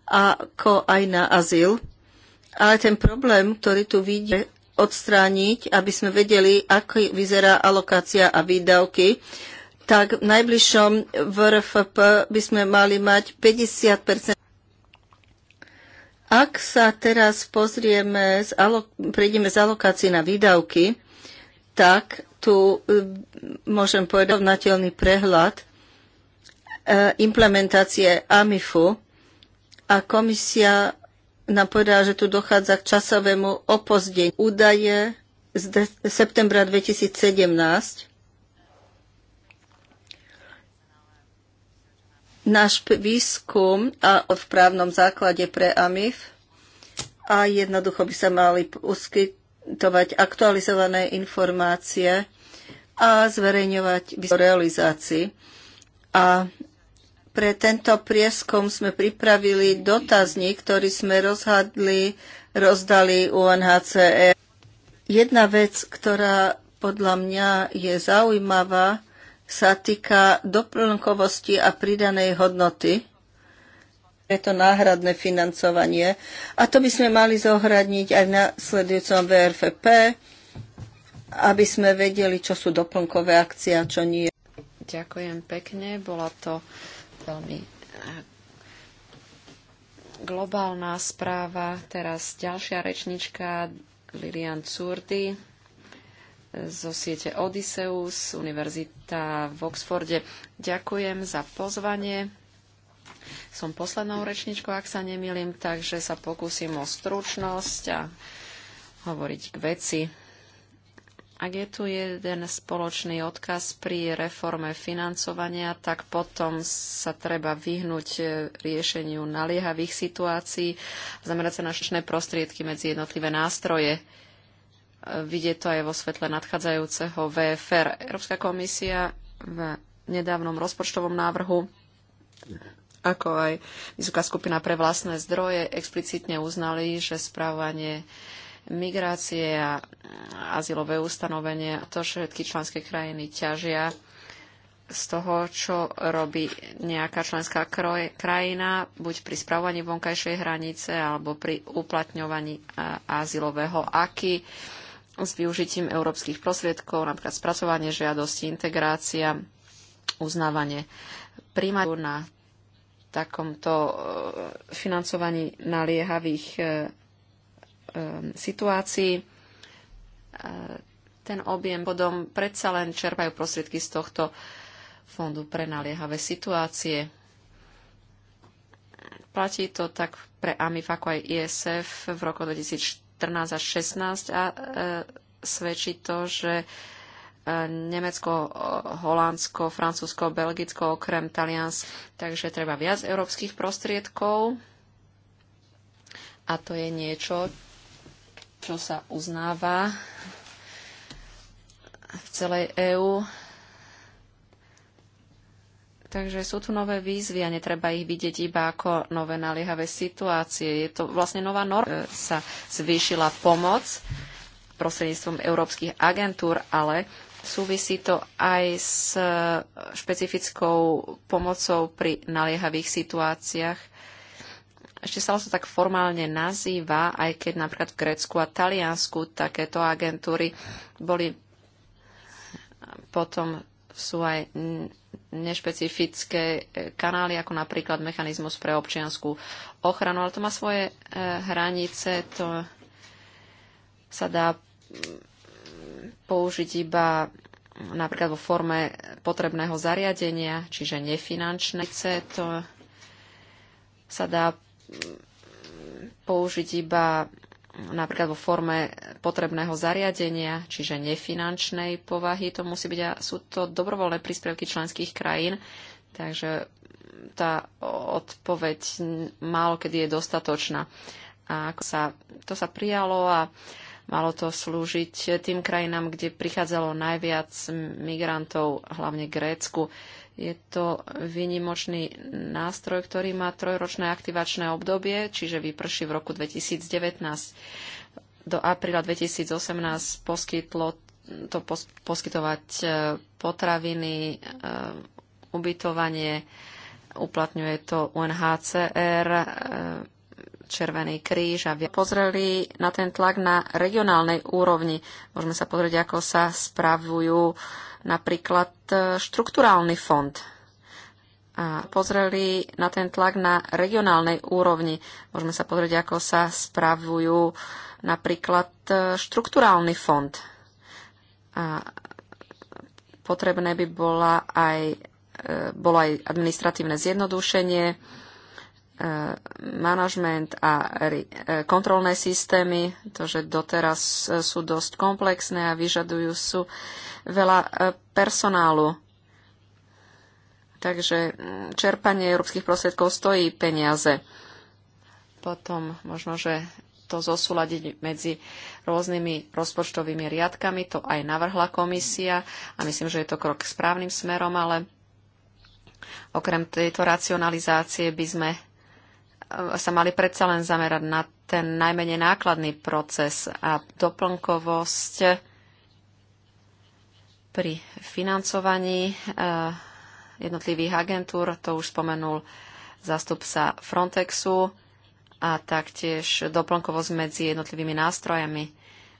ako aj na azyl. Ale ten problém, ktorý tu vidíme, odstrániť, aby sme vedeli, ako vyzerá alokácia a výdavky, tak v najbližšom VRFP by sme mali mať 50 Ak sa teraz pozrieme, z alok- prejdeme z alokácie na výdavky, tak tu e, môžem povedať rovnateľný prehľad E, implementácie AMIFu a komisia nám povedala, že tu dochádza k časovému opozdeniu. Údaje z septembra 2017 náš výskum a v právnom základe pre AMIF a jednoducho by sa mali uskytovať aktualizované informácie a zverejňovať realizácii. A pre tento prieskum sme pripravili dotazník, ktorý sme rozhadli, rozdali UNHCR. E. Jedna vec, ktorá podľa mňa je zaujímavá, sa týka doplnkovosti a pridanej hodnoty. Je to náhradné financovanie. A to by sme mali zohradniť aj v následujúcom VRFP, aby sme vedeli, čo sú doplnkové akcie a čo nie. Ďakujem pekne. Bola to veľmi eh, globálna správa. Teraz ďalšia rečnička Lilian Curdy eh, zo siete Odysseus, Univerzita v Oxforde. Ďakujem za pozvanie. Som poslednou rečničkou, ak sa nemýlim, takže sa pokúsim o stručnosť a hovoriť k veci. Ak je tu jeden spoločný odkaz pri reforme financovania, tak potom sa treba vyhnúť e, riešeniu naliehavých situácií, zamerať sa na šečné prostriedky medzi jednotlivé nástroje. E, vidie to aj vo svetle nadchádzajúceho VFR. Európska komisia v nedávnom rozpočtovom návrhu ako aj Vysoká skupina pre vlastné zdroje explicitne uznali, že správanie migrácie a azylové ustanovenie. To, že všetky členské krajiny ťažia z toho, čo robí nejaká členská krajina, buď pri spravovaní vonkajšej hranice alebo pri uplatňovaní azylového aky s využitím európskych prostriedkov, napríklad spracovanie žiadosti, integrácia, uznávanie príjmajú na takomto e, financovaní naliehavých e, Um, situácii. Uh, ten objem bodom predsa len čerpajú prostriedky z tohto fondu pre naliehavé situácie. Platí to tak pre AMIF ako aj ISF v roku 2014 až 2016 a e, svedčí to, že e, Nemecko, Holandsko, Francúzsko, Belgicko, okrem Talians, takže treba viac európskych prostriedkov a to je niečo, čo sa uznáva v celej EÚ. Takže sú tu nové výzvy a netreba ich vidieť iba ako nové naliehavé situácie. Je to vlastne nová norma. Sa zvýšila pomoc prostredníctvom európskych agentúr, ale súvisí to aj s špecifickou pomocou pri naliehavých situáciách ešte sa to tak formálne nazýva, aj keď napríklad v Grécku a Taliansku takéto agentúry boli potom sú aj nešpecifické e, kanály, ako napríklad mechanizmus pre občianskú ochranu, ale to má svoje e, hranice, to sa dá použiť iba napríklad vo forme potrebného zariadenia, čiže nefinančné, to sa dá použiť iba napríklad vo forme potrebného zariadenia, čiže nefinančnej povahy. To musí byť a sú to dobrovoľné príspevky členských krajín, takže tá odpoveď málo kedy je dostatočná. A ako sa, to sa prijalo a malo to slúžiť tým krajinám, kde prichádzalo najviac migrantov, hlavne Grécku. Je to výnimočný nástroj, ktorý má trojročné aktivačné obdobie, čiže vyprší v roku 2019. Do apríla 2018 poskytlo to pos- poskytovať e, potraviny, e, ubytovanie, uplatňuje to UNHCR, e, Červený kríž a pozreli na ten tlak na regionálnej úrovni. Môžeme sa pozrieť, ako sa spravujú napríklad e, štrukturálny fond. A pozreli na ten tlak na regionálnej úrovni. Môžeme sa pozrieť, ako sa spravujú napríklad e, štrukturálny fond. A potrebné by bola aj, e, bolo aj administratívne zjednodušenie, manažment a e, kontrolné systémy, to, že doteraz e, sú dosť komplexné a vyžadujú sú veľa e, personálu. Takže mm, čerpanie európskych prostriedkov stojí peniaze. Potom možno, že to zosúľadiť medzi rôznymi rozpočtovými riadkami, to aj navrhla komisia a myslím, že je to krok správnym smerom, ale okrem tejto racionalizácie by sme sa mali predsa len zamerať na ten najmenej nákladný proces a doplnkovosť pri financovaní eh, jednotlivých agentúr, to už spomenul zástupca Frontexu a taktiež doplnkovosť medzi jednotlivými nástrojami,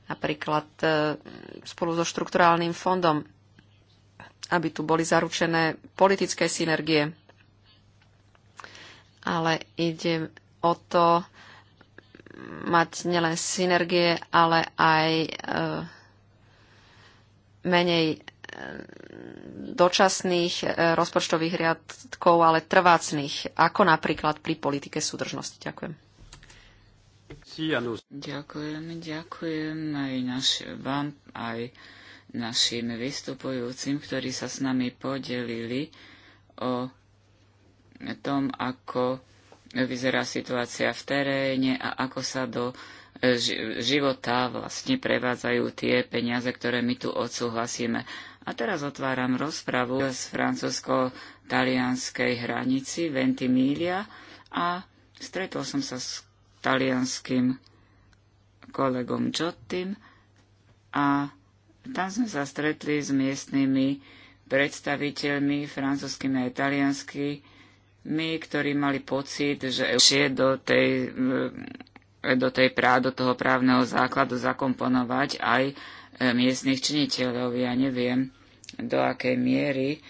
napríklad eh, spolu so štrukturálnym fondom, aby tu boli zaručené politické synergie ale ide o to mať nielen synergie, ale aj e, menej e, dočasných e, rozpočtových riadkov, ale trvácných, ako napríklad pri politike súdržnosti. Ďakujem. Ďakujem, ďakujem aj vám, aj našim vystupujúcim, ktorí sa s nami podelili o tom, ako vyzerá situácia v teréne a ako sa do e, života vlastne prevádzajú tie peniaze, ktoré my tu odsúhlasíme. A teraz otváram rozpravu z francúzsko-talianskej hranici Ventimiglia a stretol som sa s talianským kolegom Jottim a tam sme sa stretli s miestnymi predstaviteľmi francúzskými a italianskými my, ktorí mali pocit, že ešte do tej, e, do, tej prá, do toho právneho základu zakomponovať aj e, miestnych činiteľov, ja neviem, do akej miery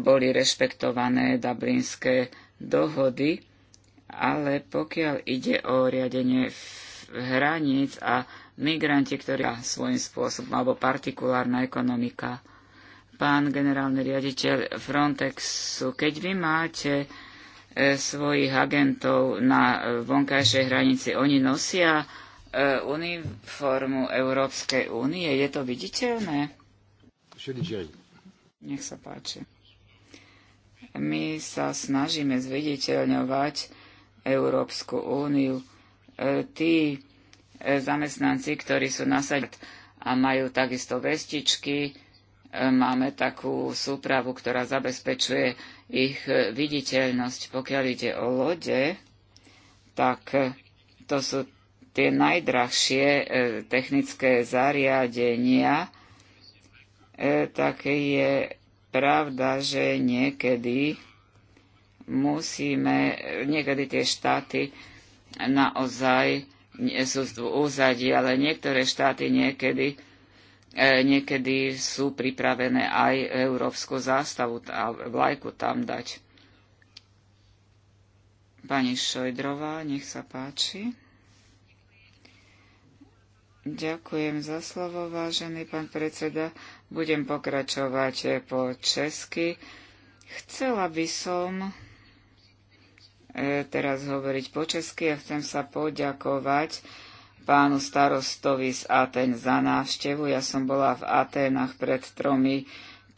boli rešpektované dublinské dohody, ale pokiaľ ide o riadenie hraníc a migranti, ktorí svojím spôsobom, alebo partikulárna ekonomika. Pán generálny riaditeľ Frontexu, keď vy máte E, svojich agentov na vonkajšej hranici. Oni nosia e, uniformu Európskej únie. Je to viditeľné? Nech sa páči. My sa snažíme zviditeľňovať Európsku úniu. E, tí zamestnanci, ktorí sú nasadení a majú takisto vestičky, máme takú súpravu, ktorá zabezpečuje ich viditeľnosť. Pokiaľ ide o lode, tak to sú tie najdrahšie e, technické zariadenia. E, tak je pravda, že niekedy musíme, niekedy tie štáty naozaj sú v úzadí, ale niektoré štáty niekedy E, niekedy sú pripravené aj európsku zástavu a vlajku tam dať. Pani Šojdrová, nech sa páči. Ďakujem za slovo, vážený pán predseda. Budem pokračovať e, po česky. Chcela by som e, teraz hovoriť po česky a chcem sa poďakovať pánu starostovi z Aten za návštevu. Ja som bola v Atenách pred tromi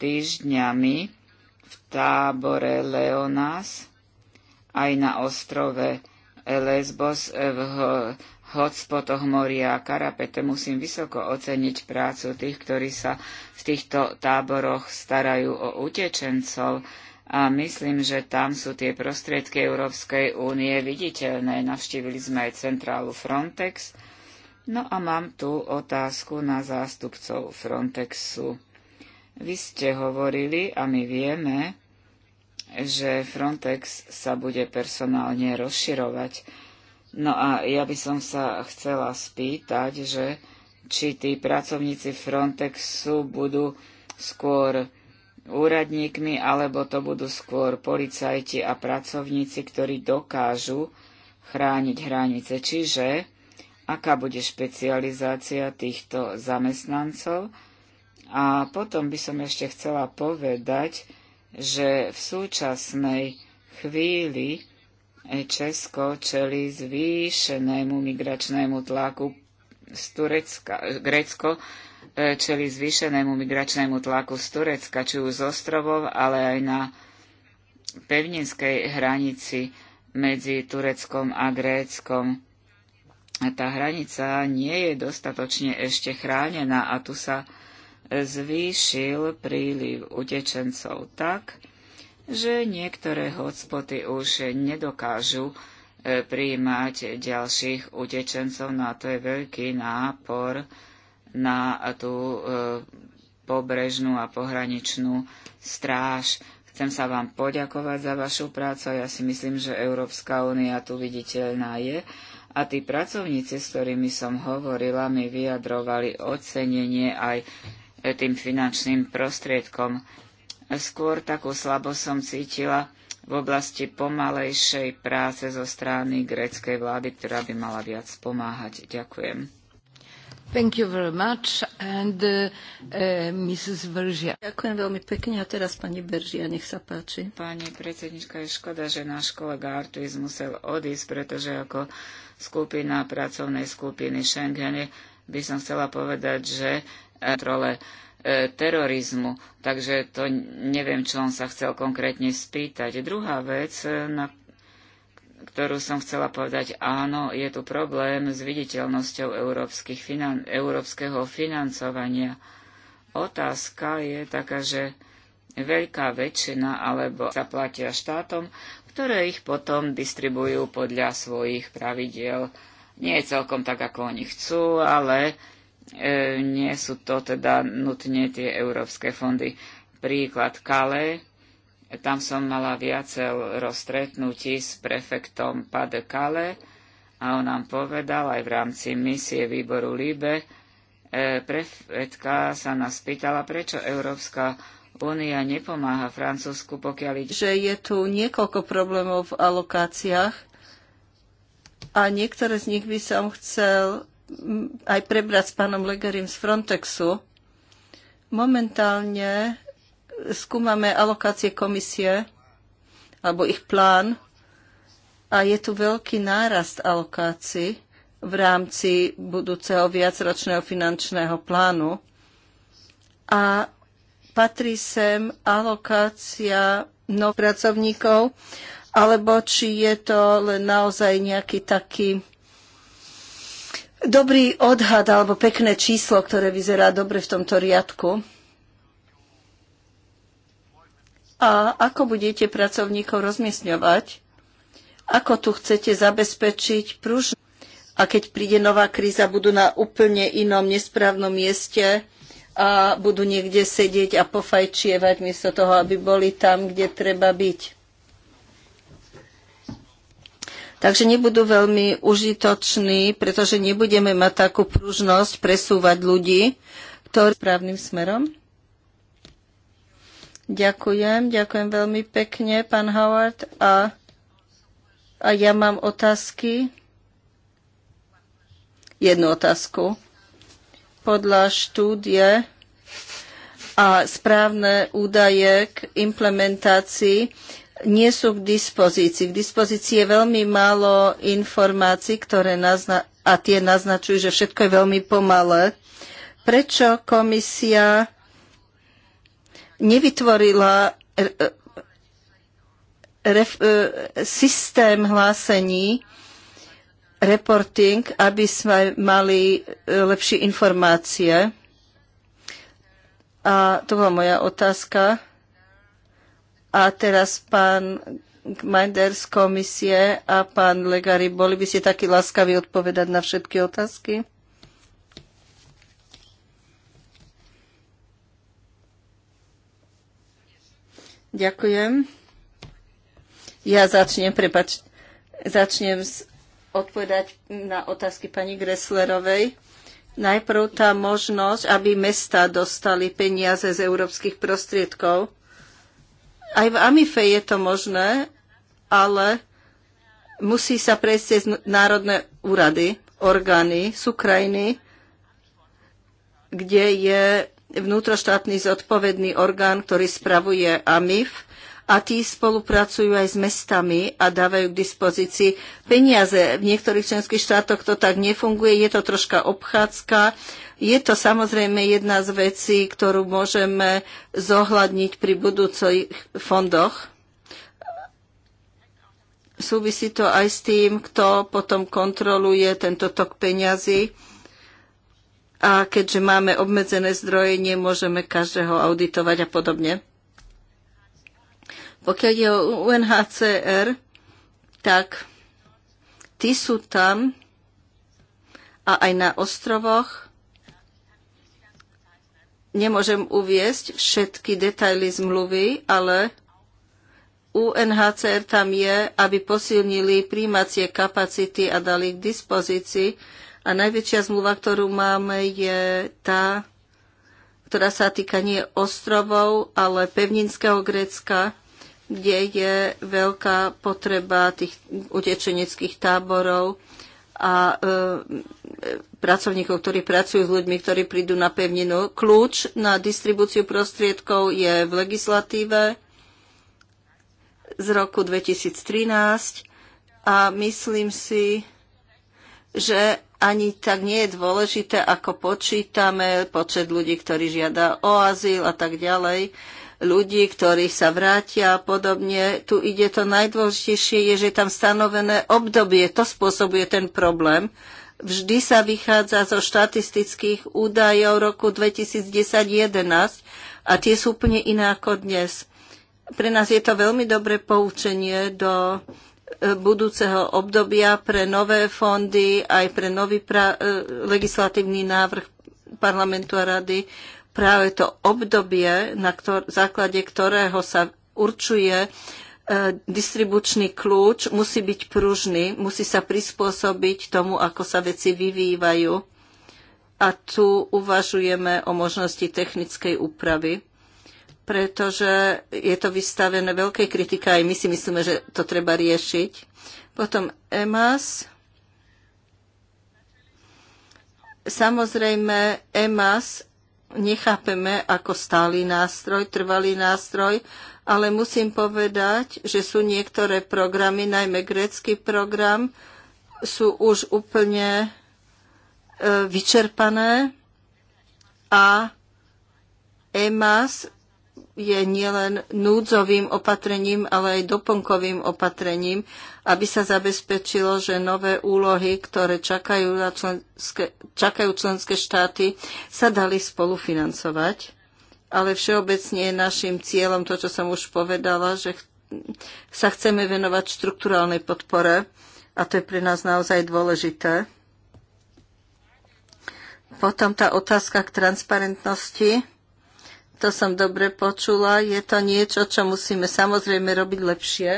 týždňami v tábore Leonas, aj na ostrove Lesbos v hotspotoch moria Karapete. Musím vysoko oceniť prácu tých, ktorí sa v týchto táboroch starajú o utečencov a myslím, že tam sú tie prostriedky Európskej únie viditeľné. Navštívili sme aj centrálu Frontex, No a mám tu otázku na zástupcov Frontexu. Vy ste hovorili a my vieme, že Frontex sa bude personálne rozširovať. No a ja by som sa chcela spýtať, že či tí pracovníci Frontexu budú skôr úradníkmi, alebo to budú skôr policajti a pracovníci, ktorí dokážu chrániť hranice. Čiže aká bude špecializácia týchto zamestnancov. A potom by som ešte chcela povedať, že v súčasnej chvíli Česko čeli zvýšenému migračnému tlaku z Turecka. Grécko e, čeli zvýšenému migračnému tlaku z Turecka, či už z ostrovov, ale aj na pevninskej hranici medzi Tureckom a Gréckom tá hranica nie je dostatočne ešte chránená a tu sa zvýšil príliv utečencov tak, že niektoré hotspoty už nedokážu e, prijímať ďalších utečencov, no a to je veľký nápor na tú e, pobrežnú a pohraničnú stráž. Chcem sa vám poďakovať za vašu prácu a ja si myslím, že Európska únia tu viditeľná je a tí pracovníci, s ktorými som hovorila, mi vyjadrovali ocenenie aj e, tým finančným prostriedkom. Skôr takú slabosť som cítila v oblasti pomalejšej práce zo strany gréckej vlády, ktorá by mala viac pomáhať. Ďakujem. Thank you very much. And, uh, uh, Mrs. Veržia. Ďakujem veľmi pekne. A teraz pani Beržia, nech sa páči. Pani predsednička, je škoda, že náš kolega Artuiz musel odísť, pretože ako uh, skupina pracovnej skupiny Schengene, by som chcela povedať, že kontrole eh, eh, terorizmu. Takže to neviem, čo on sa chcel konkrétne spýtať. Druhá vec, eh, na ktorú som chcela povedať, áno, je tu problém s viditeľnosťou finan- európskeho financovania. Otázka je taká, že veľká väčšina alebo sa platia štátom, ktoré ich potom distribujú podľa svojich pravidiel. Nie je celkom tak, ako oni chcú, ale e, nie sú to teda nutne tie európske fondy. Príklad Kale, tam som mala viacel rozstretnutí s prefektom Pade Kale a on nám povedal aj v rámci misie výboru Líbe, e, prefektka sa nás pýtala, prečo Európska Únia nepomáha Francúzsku, pokiaľ ide... Že je tu niekoľko problémov v alokáciách a niektoré z nich by som chcel aj prebrať s pánom Legerim z Frontexu. Momentálne skúmame alokácie komisie alebo ich plán a je tu veľký nárast alokácií v rámci budúceho viacročného finančného plánu. A patrí sem alokácia nových pracovníkov, alebo či je to len naozaj nejaký taký dobrý odhad alebo pekné číslo, ktoré vyzerá dobre v tomto riadku. A ako budete pracovníkov rozmiestňovať? Ako tu chcete zabezpečiť pružnosť? A keď príde nová kríza, budú na úplne inom nesprávnom mieste a budú niekde sedieť a pofajčievať miesto toho, aby boli tam, kde treba byť. Takže nebudú veľmi užitoční, pretože nebudeme mať takú pružnosť presúvať ľudí, ktorí správnym smerom. Ďakujem, ďakujem veľmi pekne, pán Howard. A, a ja mám otázky. Jednu otázku podľa štúdie a správne údaje k implementácii nie sú k dispozícii. K dispozícii je veľmi málo informácií, ktoré nazna- a tie naznačujú, že všetko je veľmi pomalé. Prečo komisia nevytvorila eh, eh, re- eh, systém hlásení reporting, aby sme mali e, lepšie informácie. A to bola moja otázka. A teraz pán Gmajder z komisie a pán Legari, boli by ste takí láskaví odpovedať na všetky otázky? Ďakujem. Ja začnem, prepač, začnem s odpovedať na otázky pani Greslerovej. Najprv tá možnosť, aby mesta dostali peniaze z európskych prostriedkov. Aj v AMIFE je to možné, ale musí sa prejsť cez národné úrady, orgány, sú krajiny, kde je vnútroštátny zodpovedný orgán, ktorý spravuje AMIF a tí spolupracujú aj s mestami a dávajú k dispozícii peniaze. V niektorých členských štátoch to tak nefunguje, je to troška obchádzka. Je to samozrejme jedna z vecí, ktorú môžeme zohľadniť pri budúcich fondoch. Súvisí to aj s tým, kto potom kontroluje tento tok peňazí. A keďže máme obmedzené zdroje, nemôžeme každého auditovať a podobne. Pokiaľ je o UNHCR, tak tí sú tam a aj na ostrovoch. Nemôžem uviesť všetky detaily zmluvy, ale UNHCR tam je, aby posilnili príjmacie kapacity a dali k dispozícii. A najväčšia zmluva, ktorú máme, je tá, ktorá sa týka nie ostrovov, ale pevninského Grécka kde je veľká potreba tých utečeneckých táborov a e, pracovníkov, ktorí pracujú s ľuďmi, ktorí prídu na pevninu. Kľúč na distribúciu prostriedkov je v legislatíve z roku 2013 a myslím si, že ani tak nie je dôležité, ako počítame počet ľudí, ktorí žiada o azyl a tak ďalej ľudí, ktorí sa vrátia a podobne. Tu ide to najdôležitejšie, je, že je tam stanovené obdobie, to spôsobuje ten problém. Vždy sa vychádza zo štatistických údajov roku 2010-2011 a tie sú úplne iné ako dnes. Pre nás je to veľmi dobré poučenie do e, budúceho obdobia pre nové fondy, aj pre nový pra- e, legislatívny návrh parlamentu a rady, práve to obdobie, na ktor- základe ktorého sa určuje e, distribučný kľúč musí byť pružný, musí sa prispôsobiť tomu, ako sa veci vyvývajú. A tu uvažujeme o možnosti technickej úpravy, pretože je to vystavené veľkej kritike, aj my si myslíme, že to treba riešiť. Potom EMAS. Samozrejme, EMAS nechápeme ako stály nástroj, trvalý nástroj, ale musím povedať, že sú niektoré programy, najmä grécky program, sú už úplne e, vyčerpané a EMAS je nielen núdzovým opatrením, ale aj doplnkovým opatrením, aby sa zabezpečilo, že nové úlohy, ktoré čakajú, na členské, čakajú členské štáty, sa dali spolufinancovať. Ale všeobecne je našim cieľom to, čo som už povedala, že sa chceme venovať štruktúrálnej podpore a to je pre nás naozaj dôležité. Potom tá otázka k transparentnosti. To som dobre počula. Je to niečo, čo musíme samozrejme robiť lepšie.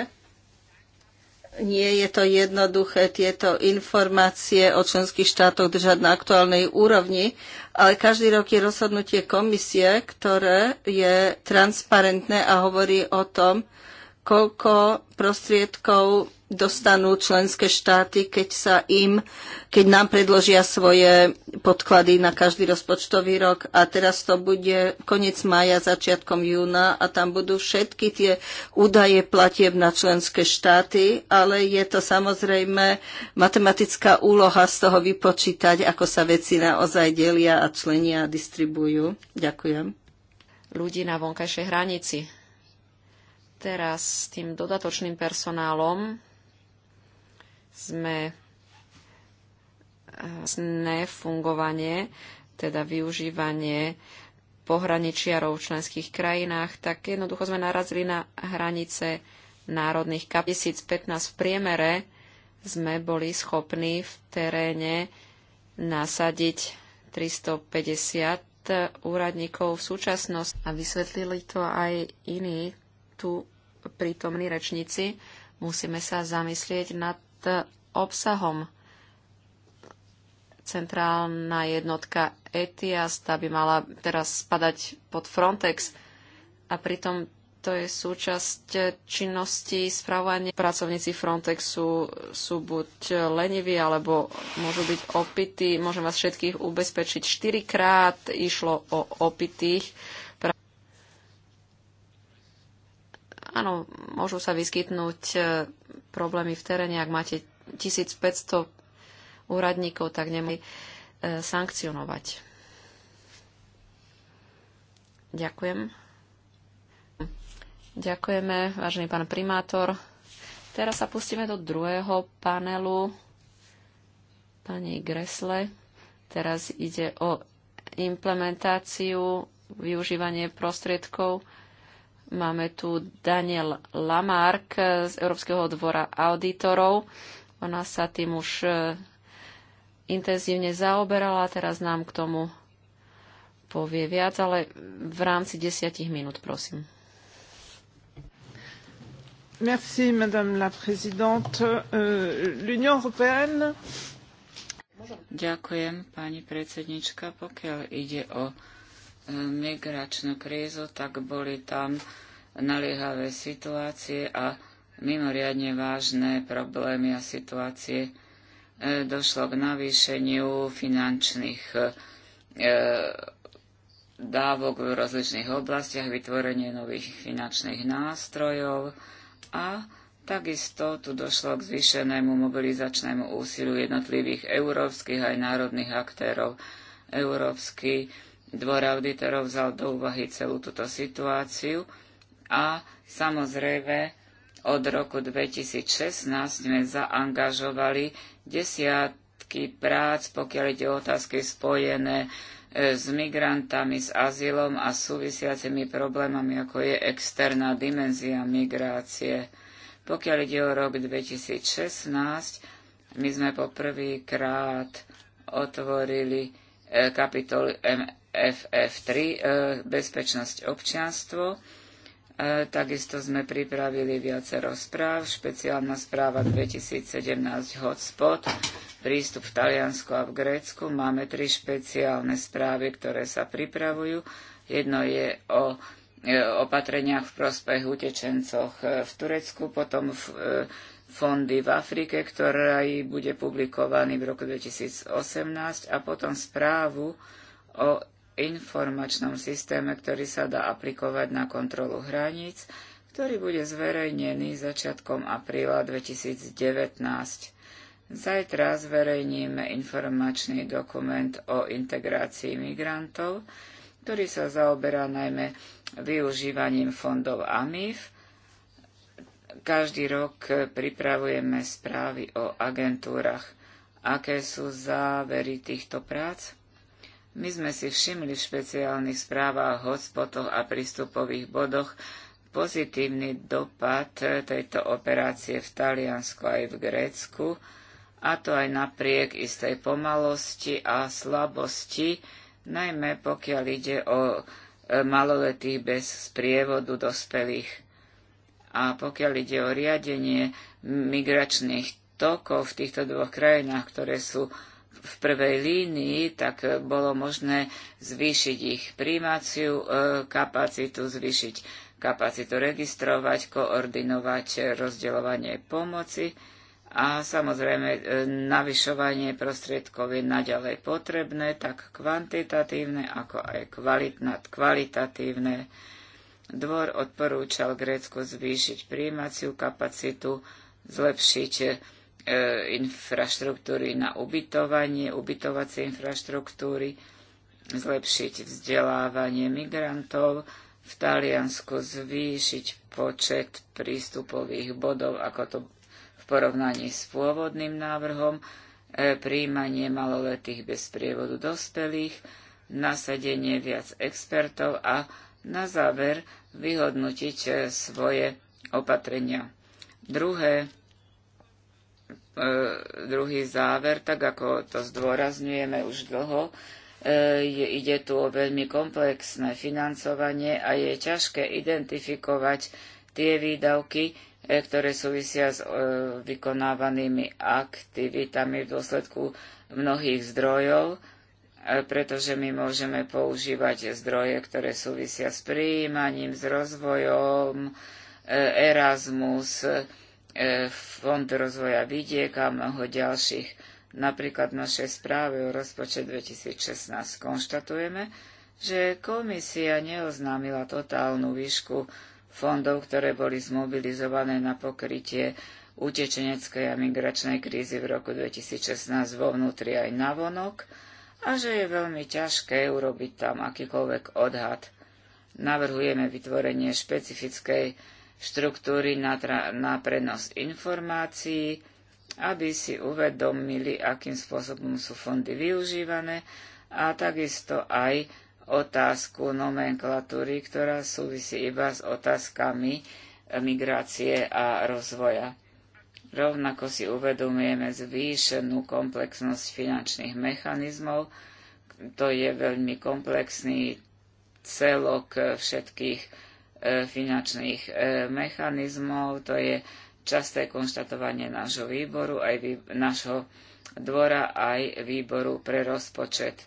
Nie je to jednoduché tieto informácie o členských štátoch držať na aktuálnej úrovni, ale každý rok je rozhodnutie komisie, ktoré je transparentné a hovorí o tom, koľko prostriedkov dostanú členské štáty, keď sa im, keď nám predložia svoje podklady na každý rozpočtový rok. A teraz to bude koniec mája, začiatkom júna a tam budú všetky tie údaje platieb na členské štáty, ale je to samozrejme matematická úloha z toho vypočítať, ako sa veci naozaj delia a členia a distribujú. Ďakujem. Ľudí na vonkajšej hranici. Teraz s tým dodatočným personálom sme e, sne fungovanie, teda využívanie pohraničiarov v členských krajinách, tak jednoducho sme narazili na hranice národných kap. 2015 v priemere sme boli schopní v teréne nasadiť 350 e, úradníkov v súčasnosti. A vysvetlili to aj iní tu prítomní rečníci. Musíme sa zamyslieť nad obsahom. Centrálna jednotka ETIAS, tá by mala teraz spadať pod Frontex a pritom to je súčasť činnosti správania. Pracovníci Frontexu sú buď leniví, alebo môžu byť opití. Môžem vás všetkých ubezpečiť. Štyrikrát išlo o opitých Áno, môžu sa vyskytnúť e, problémy v teréne, ak máte 1500 úradníkov, tak nemôžete e, sankcionovať. Ďakujem. Ďakujeme, vážený pán primátor. Teraz sa pustíme do druhého panelu pani Gresle. Teraz ide o implementáciu, využívanie prostriedkov Máme tu Daniel Lamark z Európskeho dvora auditorov. Ona sa tým už e, intenzívne zaoberala, teraz nám k tomu povie viac, ale v rámci desiatich minút, prosím. Merci, madame la présidente. Euh, L'Union européenne... Ďakujem, pani predsednička. Pokiaľ ide o migračnú krízu, tak boli tam naliehavé situácie a mimoriadne vážne problémy a situácie. E, došlo k navýšeniu finančných e, dávok v rozličných oblastiach, vytvorenie nových finančných nástrojov a takisto tu došlo k zvýšenému mobilizačnému úsiliu jednotlivých európskych aj národných aktérov. Európsky Dvor auditorov vzal do úvahy celú túto situáciu a samozrejme od roku 2016 sme zaangažovali desiatky prác, pokiaľ ide o otázky spojené e, s migrantami, s azylom a súvisiacimi problémami, ako je externá dimenzia migrácie. Pokiaľ ide o rok 2016, my sme poprvýkrát otvorili kapitoly MFF3 e, bezpečnosť občianstvo. E, takisto sme pripravili viacero správ, špeciálna správa 2017 hotspot, prístup v Taliansku a v Grécku. Máme tri špeciálne správy, ktoré sa pripravujú. Jedno je o e, opatreniach v prospech utečencoch v Turecku, potom v, fondy v Afrike, ktorý bude publikovaný v roku 2018 a potom správu o informačnom systéme, ktorý sa dá aplikovať na kontrolu hraníc, ktorý bude zverejnený začiatkom apríla 2019. Zajtra zverejníme informačný dokument o integrácii migrantov, ktorý sa zaoberá najmä využívaním fondov AMIF, každý rok pripravujeme správy o agentúrach. Aké sú závery týchto prác? My sme si všimli v špeciálnych správach, hotspotoch a prístupových bodoch pozitívny dopad tejto operácie v Taliansku aj v Grécku, a to aj napriek istej pomalosti a slabosti, najmä pokiaľ ide o maloletých bez sprievodu dospelých. A pokiaľ ide o riadenie migračných tokov v týchto dvoch krajinách, ktoré sú v prvej línii, tak bolo možné zvýšiť ich príjmaciu e, kapacitu, zvýšiť kapacitu registrovať, koordinovať rozdeľovanie pomoci a samozrejme e, navyšovanie prostriedkov je naďalej potrebné, tak kvantitatívne ako aj kvalitatívne Dvor odporúčal Grécku zvýšiť príjmaciu kapacitu, zlepšiť e, infraštruktúry na ubytovanie, ubytovacie infraštruktúry, zlepšiť vzdelávanie migrantov, v Taliansku zvýšiť počet prístupových bodov, ako to v porovnaní s pôvodným návrhom, e, príjmanie maloletých bez prievodu dospelých, nasadenie viac expertov a na záver vyhodnotiť eh, svoje opatrenia. Druhé, eh, druhý záver, tak ako to zdôrazňujeme už dlho, eh, ide tu o veľmi komplexné financovanie a je ťažké identifikovať tie výdavky, ktoré súvisia s vykonávanými aktivitami v dôsledku mnohých zdrojov, pretože my môžeme používať zdroje, ktoré súvisia s príjmaním, s rozvojom, e, Erasmus, e, Fond rozvoja vidieka a mnoho ďalších. Napríklad v našej správe o rozpočet 2016 konštatujeme, že komisia neoznámila totálnu výšku fondov, ktoré boli zmobilizované na pokrytie utečeneckej a migračnej krízy v roku 2016 vo vnútri aj navonok a že je veľmi ťažké urobiť tam akýkoľvek odhad. Navrhujeme vytvorenie špecifickej štruktúry na, na prenos informácií, aby si uvedomili, akým spôsobom sú fondy využívané a takisto aj otázku nomenklatúry, ktorá súvisí iba s otázkami migrácie a rozvoja. Rovnako si uvedomujeme zvýšenú komplexnosť finančných mechanizmov. To je veľmi komplexný celok všetkých e, finančných e, mechanizmov. To je časté konštatovanie nášho výboru, aj vý, nášho dvora, aj výboru pre rozpočet.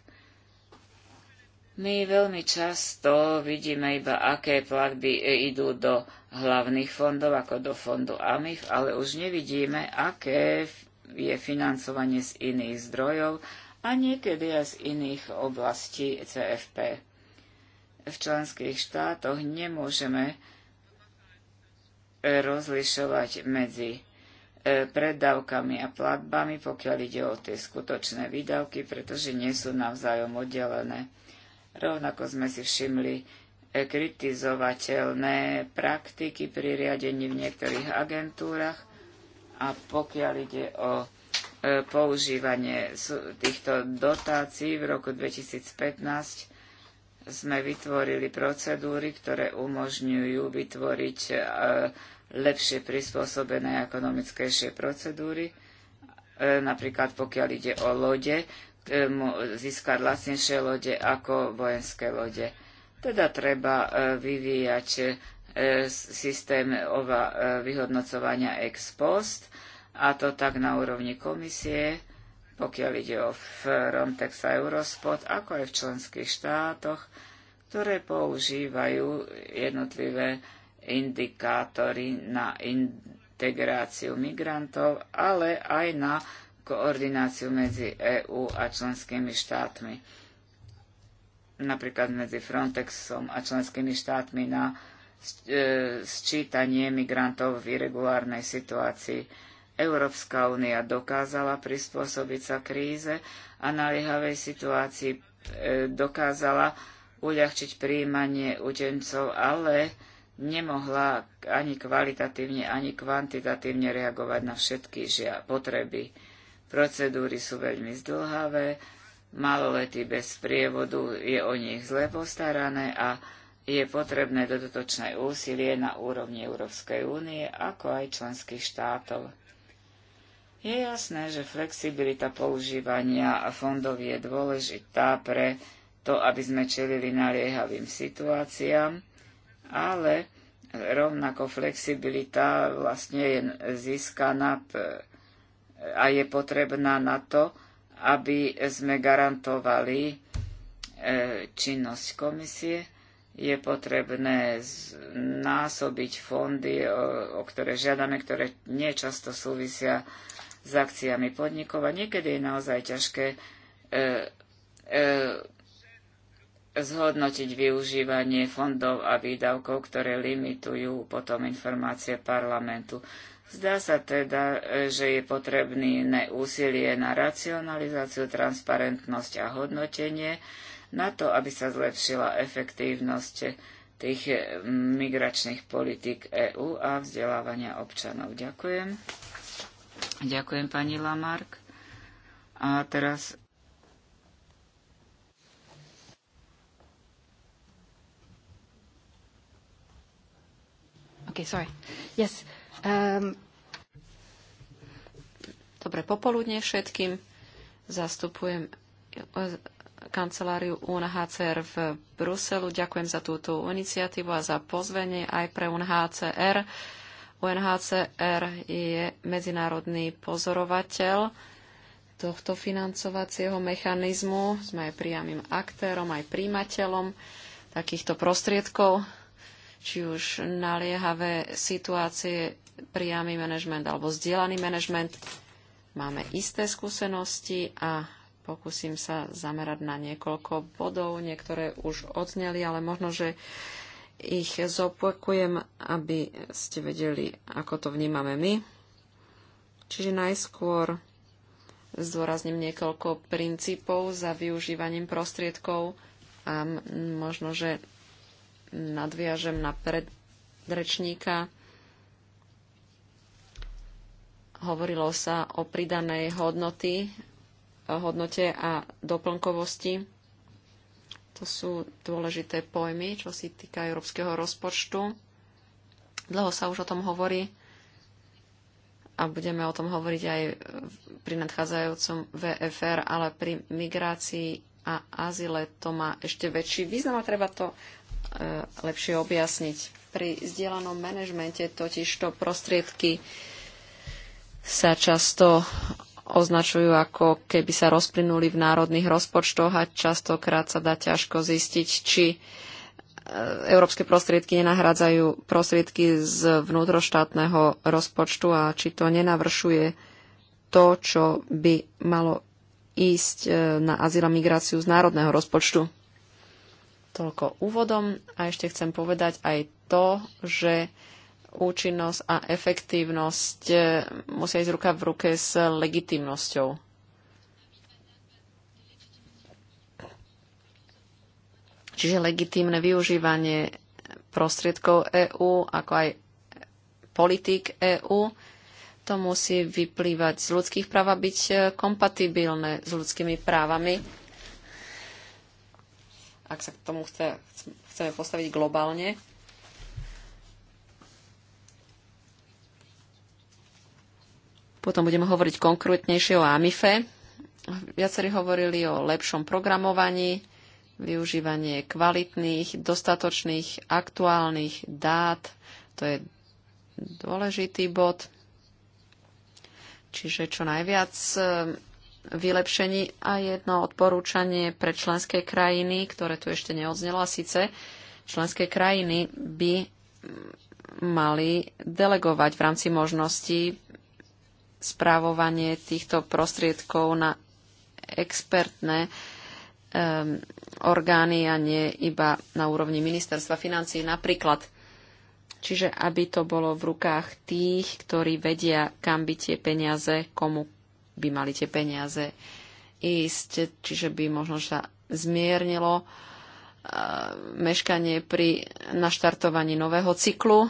My veľmi často vidíme iba, aké platby e, idú do hlavných fondov ako do fondu AMIF, ale už nevidíme, aké je financovanie z iných zdrojov a niekedy aj z iných oblastí CFP. V členských štátoch nemôžeme e, rozlišovať medzi e, predávkami a platbami, pokiaľ ide o tie skutočné výdavky, pretože nie sú navzájom oddelené. Rovnako sme si všimli kritizovateľné praktiky pri riadení v niektorých agentúrach a pokiaľ ide o e, používanie týchto dotácií v roku 2015 sme vytvorili procedúry, ktoré umožňujú vytvoriť e, lepšie prispôsobené ekonomickejšie procedúry, e, napríklad pokiaľ ide o lode, získať lacnejšie lode ako vojenské lode. Teda treba e, vyvíjať e, systém e, vyhodnocovania ex post a to tak na úrovni komisie, pokiaľ ide o Frontex a Eurospot, ako aj v členských štátoch, ktoré používajú jednotlivé indikátory na integráciu migrantov, ale aj na koordináciu medzi EÚ a členskými štátmi napríklad medzi Frontexom a členskými štátmi na e, sčítanie migrantov v irregulárnej situácii. Európska únia dokázala prispôsobiť sa kríze a naliehavej situácii e, dokázala uľahčiť príjmanie utencov, ale nemohla ani kvalitatívne, ani kvantitatívne reagovať na všetky potreby. Procedúry sú veľmi zdlhavé, maloletí bez sprievodu je o nich zle postarané a je potrebné dodatočné úsilie na úrovni Európskej únie, ako aj členských štátov. Je jasné, že flexibilita používania fondov je dôležitá pre to, aby sme čelili naliehavým situáciám, ale rovnako flexibilita vlastne je získaná a je potrebná na to, aby sme garantovali e, činnosť komisie, je potrebné násobiť fondy, o, ktoré žiadame, ktoré nečasto súvisia s akciami podnikov a niekedy je naozaj ťažké e, e, zhodnotiť využívanie fondov a výdavkov, ktoré limitujú potom informácie parlamentu. Zdá sa teda, že je potrebný úsilie na racionalizáciu, transparentnosť a hodnotenie, na to, aby sa zlepšila efektívnosť tých migračných politík EÚ a vzdelávania občanov. Ďakujem. Ďakujem, pani Lamark. A teraz Okay, sorry. Yes. Um, Dobre popoludne všetkým. Zastupujem eh, kanceláriu UNHCR v Bruselu. Ďakujem za túto iniciatívu a za pozvenie aj pre UNHCR. UNHCR je medzinárodný pozorovateľ tohto financovacieho mechanizmu. Sme aj priamým aktérom, aj príjimateľom takýchto prostriedkov, či už naliehavé situácie priamy manažment alebo zdieľaný manažment. Máme isté skúsenosti a pokúsim sa zamerať na niekoľko bodov. Niektoré už odzneli, ale možno, že ich zopakujem, aby ste vedeli, ako to vnímame my. Čiže najskôr zdôrazním niekoľko princípov za využívaním prostriedkov a možno, že nadviažem na predrečníka Hovorilo sa o pridanej hodnoty, hodnote a doplnkovosti. To sú dôležité pojmy, čo si týka európskeho rozpočtu. Dlho sa už o tom hovorí a budeme o tom hovoriť aj pri nadchádzajúcom VFR, ale pri migrácii a azile to má ešte väčší význam a treba to e, lepšie objasniť. Pri zdieľanom manažmente totiž to prostriedky sa často označujú ako keby sa rozplynuli v národných rozpočtoch a častokrát sa dá ťažko zistiť, či e, európske prostriedky nenahradzajú prostriedky z vnútroštátneho rozpočtu a či to nenavršuje to, čo by malo ísť e, na azyl a migráciu z národného rozpočtu. Toľko úvodom a ešte chcem povedať aj to, že účinnosť a efektívnosť e, musia ísť ruka v ruke s legitimnosťou. Čiže legitímne využívanie prostriedkov EÚ, ako aj politík EÚ, to musí vyplývať z ľudských práv a byť e, kompatibilné s ľudskými právami. Ak sa k tomu chce, chceme postaviť globálne, Potom budeme hovoriť konkrétnejšie o AMIFE. Viacerí hovorili o lepšom programovaní, využívanie kvalitných, dostatočných, aktuálnych dát. To je dôležitý bod. Čiže čo najviac e, vylepšení a jedno odporúčanie pre členské krajiny, ktoré tu ešte neodznelo, a síce členské krajiny by mali delegovať v rámci možností správovanie týchto prostriedkov na expertné um, orgány a nie iba na úrovni ministerstva financí napríklad. Čiže aby to bolo v rukách tých, ktorí vedia, kam by tie peniaze, komu by mali tie peniaze ísť, čiže by možno sa zmiernilo eh, meškanie pri naštartovaní nového cyklu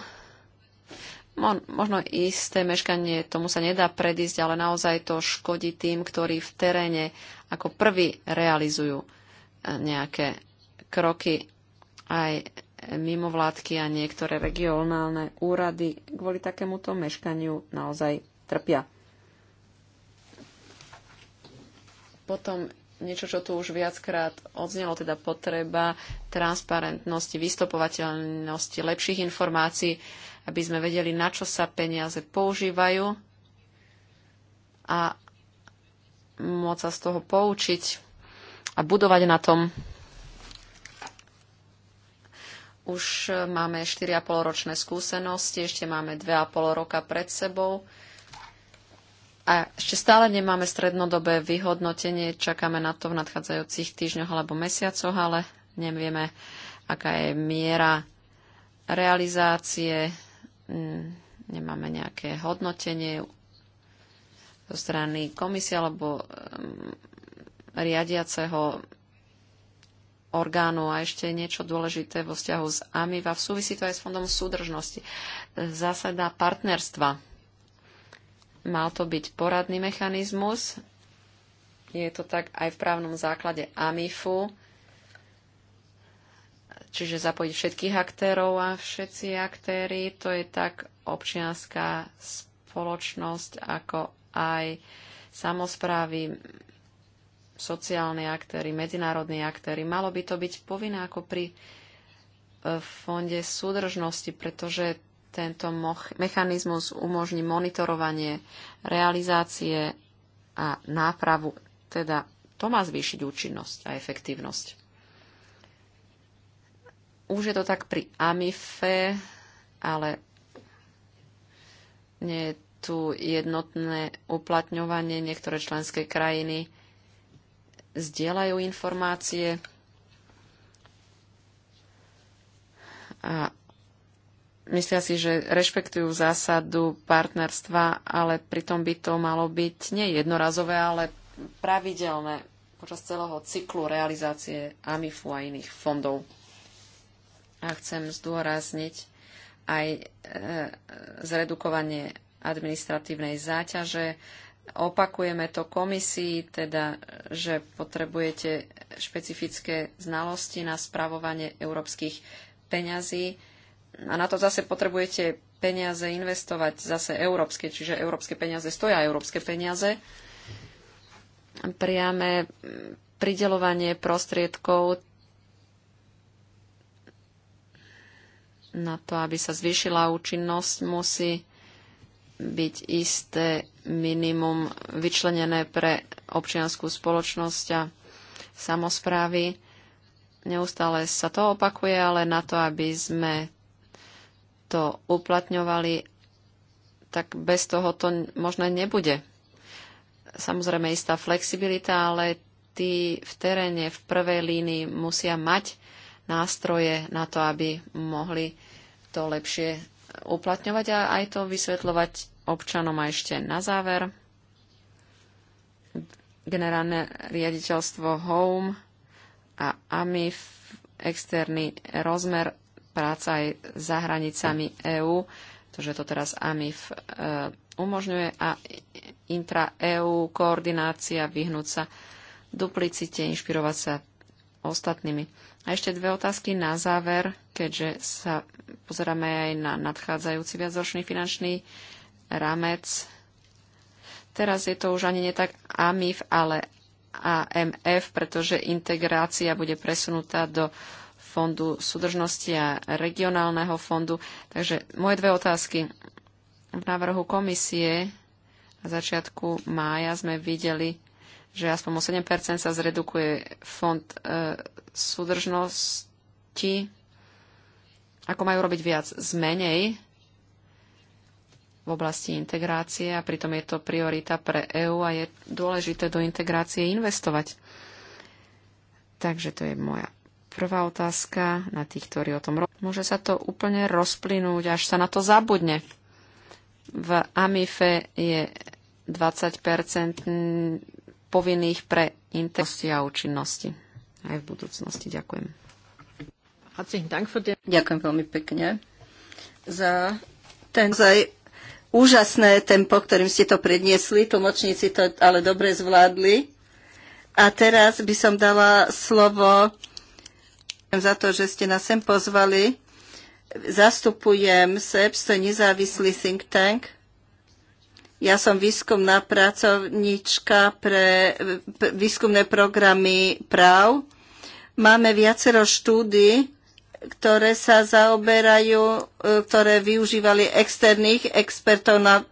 možno isté meškanie, tomu sa nedá predísť, ale naozaj to škodí tým, ktorí v teréne ako prvý realizujú e, nejaké kroky aj mimovládky a niektoré regionálne úrady kvôli takémuto meškaniu naozaj trpia. Potom niečo, čo tu už viackrát odznelo, teda potreba transparentnosti, vystopovateľnosti, lepších informácií aby sme vedeli, na čo sa peniaze používajú a môcť sa z toho poučiť a budovať na tom. Už máme 4,5 ročné skúsenosti, ešte máme 2,5 roka pred sebou. A ešte stále nemáme strednodobé vyhodnotenie, čakáme na to v nadchádzajúcich týždňoch alebo mesiacoch, ale nevieme, aká je miera realizácie Mm, nemáme nejaké hodnotenie zo strany komisie alebo mm, riadiaceho orgánu a ešte niečo dôležité vo vzťahu s AMIVA. V súvisí to aj s Fondom súdržnosti. Zásada partnerstva. Mal to byť poradný mechanizmus. Je to tak aj v právnom základe AMIFu. Čiže zapojiť všetkých aktérov a všetci aktéry, to je tak občianská spoločnosť, ako aj samozprávy, sociálni aktéry, medzinárodní aktéry. Malo by to byť povinné ako pri e, fonde súdržnosti, pretože tento mechanizmus umožní monitorovanie realizácie a nápravu. Teda to má zvýšiť účinnosť a efektívnosť. Už je to tak pri AMIFE, ale nie je tu jednotné uplatňovanie. Niektoré členské krajiny zdieľajú informácie a myslia si, že rešpektujú zásadu partnerstva, ale pritom by to malo byť nie jednorazové, ale pravidelné počas celého cyklu realizácie AMIFu a iných fondov a chcem zdôrazniť aj e, zredukovanie administratívnej záťaže. Opakujeme to komisii, teda, že potrebujete špecifické znalosti na spravovanie európskych peňazí a na to zase potrebujete peniaze investovať, zase európske, čiže európske peniaze stoja európske peniaze. Priame pridelovanie prostriedkov na to, aby sa zvýšila účinnosť, musí byť isté minimum vyčlenené pre občianskú spoločnosť a samozprávy. Neustále sa to opakuje, ale na to, aby sme to uplatňovali, tak bez toho to možné nebude. Samozrejme istá flexibilita, ale tí v teréne, v prvej línii musia mať nástroje na to, aby mohli to lepšie uplatňovať a aj to vysvetľovať občanom. A ešte na záver, generálne riaditeľstvo HOME a AMIF, externý rozmer, práca aj za hranicami EÚ, pretože to teraz AMIF e, umožňuje a intra eú koordinácia, vyhnúť sa duplicite, inšpirovať sa ostatnými. A ešte dve otázky na záver, keďže sa pozeráme aj na nadchádzajúci viacročný finančný ramec. Teraz je to už ani netak AMIF, ale AMF, pretože integrácia bude presunutá do fondu súdržnosti a regionálneho fondu. Takže moje dve otázky. V návrhu komisie na začiatku mája sme videli že aspoň o 7 sa zredukuje fond e, súdržnosti. Ako majú robiť viac z menej v oblasti integrácie a pritom je to priorita pre EÚ a je dôležité do integrácie investovať. Takže to je moja prvá otázka na tých, ktorí o tom rozumejú. Môže sa to úplne rozplynúť, až sa na to zabudne. V AMIFE je 20 povinných pre integrosť a účinnosti aj v budúcnosti. Ďakujem. Ďakujem veľmi pekne za ten zaj úžasné tempo, ktorým ste to predniesli. Tlmočníci to ale dobre zvládli. A teraz by som dala slovo za to, že ste nás sem pozvali. Zastupujem SEPS, to je nezávislý think tank ja som výskumná pracovníčka pre výskumné programy práv. Máme viacero štúdí, ktoré sa zaoberajú, e, ktoré využívali externých expertov na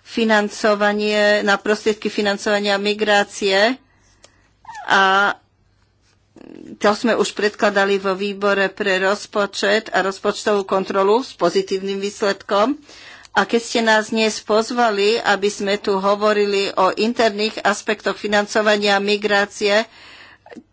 financovanie, na prostriedky financovania migrácie. A to sme už predkladali vo výbore pre rozpočet a rozpočtovú kontrolu s pozitívnym výsledkom. A keď ste nás dnes pozvali, aby sme tu hovorili o interných aspektoch financovania migrácie,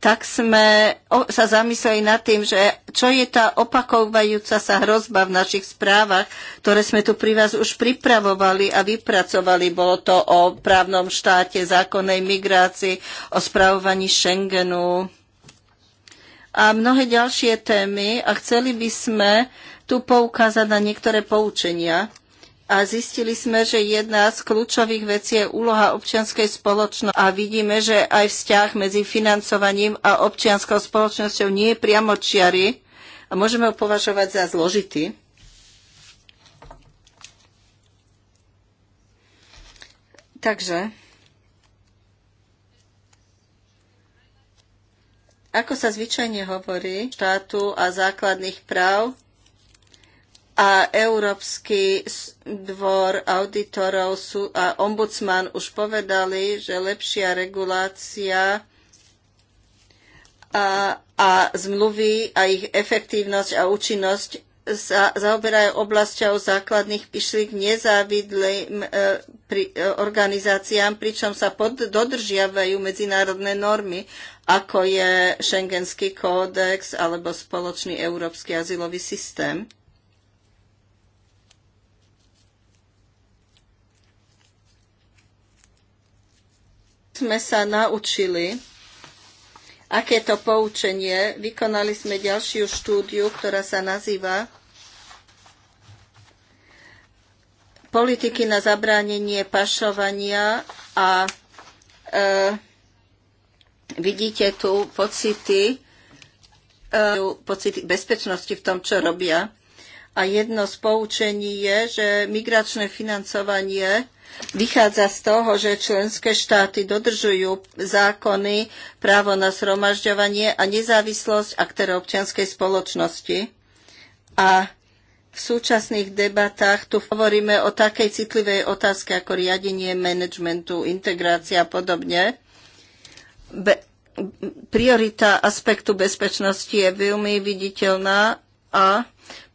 tak sme sa zamysleli nad tým, že čo je tá opakovajúca sa hrozba v našich správach, ktoré sme tu pri vás už pripravovali a vypracovali. Bolo to o právnom štáte, zákonnej migrácii, o spravovaní Schengenu a mnohé ďalšie témy a chceli by sme tu poukázať na niektoré poučenia, a zistili sme, že jedna z kľúčových vecí je úloha občianskej spoločnosti a vidíme, že aj vzťah medzi financovaním a občianskou spoločnosťou nie je priamo čiary a môžeme ho považovať za zložitý. Takže, ako sa zvyčajne hovorí, štátu a základných práv, a Európsky dvor auditorov sú, a ombudsman už povedali, že lepšia regulácia a, a zmluvy a ich efektívnosť a účinnosť sa zaoberajú oblasťou základných pyšlík nezávidlým e, pri, e, organizáciám, pričom sa pod, dodržiavajú medzinárodné normy, ako je Schengenský kódex alebo spoločný európsky azylový systém. sme sa naučili? Aké to poučenie? Vykonali sme ďalšiu štúdiu, ktorá sa nazýva politiky na zabránenie pašovania a e, vidíte tu pocity, e, pocity bezpečnosti v tom, čo robia. A jedno z poučení je, že migračné financovanie Vychádza z toho, že členské štáty dodržujú zákony, právo na zhromažďovanie a nezávislosť aktérov občianskej spoločnosti. A v súčasných debatách tu hovoríme o takej citlivej otázke ako riadenie managementu, integrácia a podobne. Be- priorita aspektu bezpečnosti je veľmi viditeľná a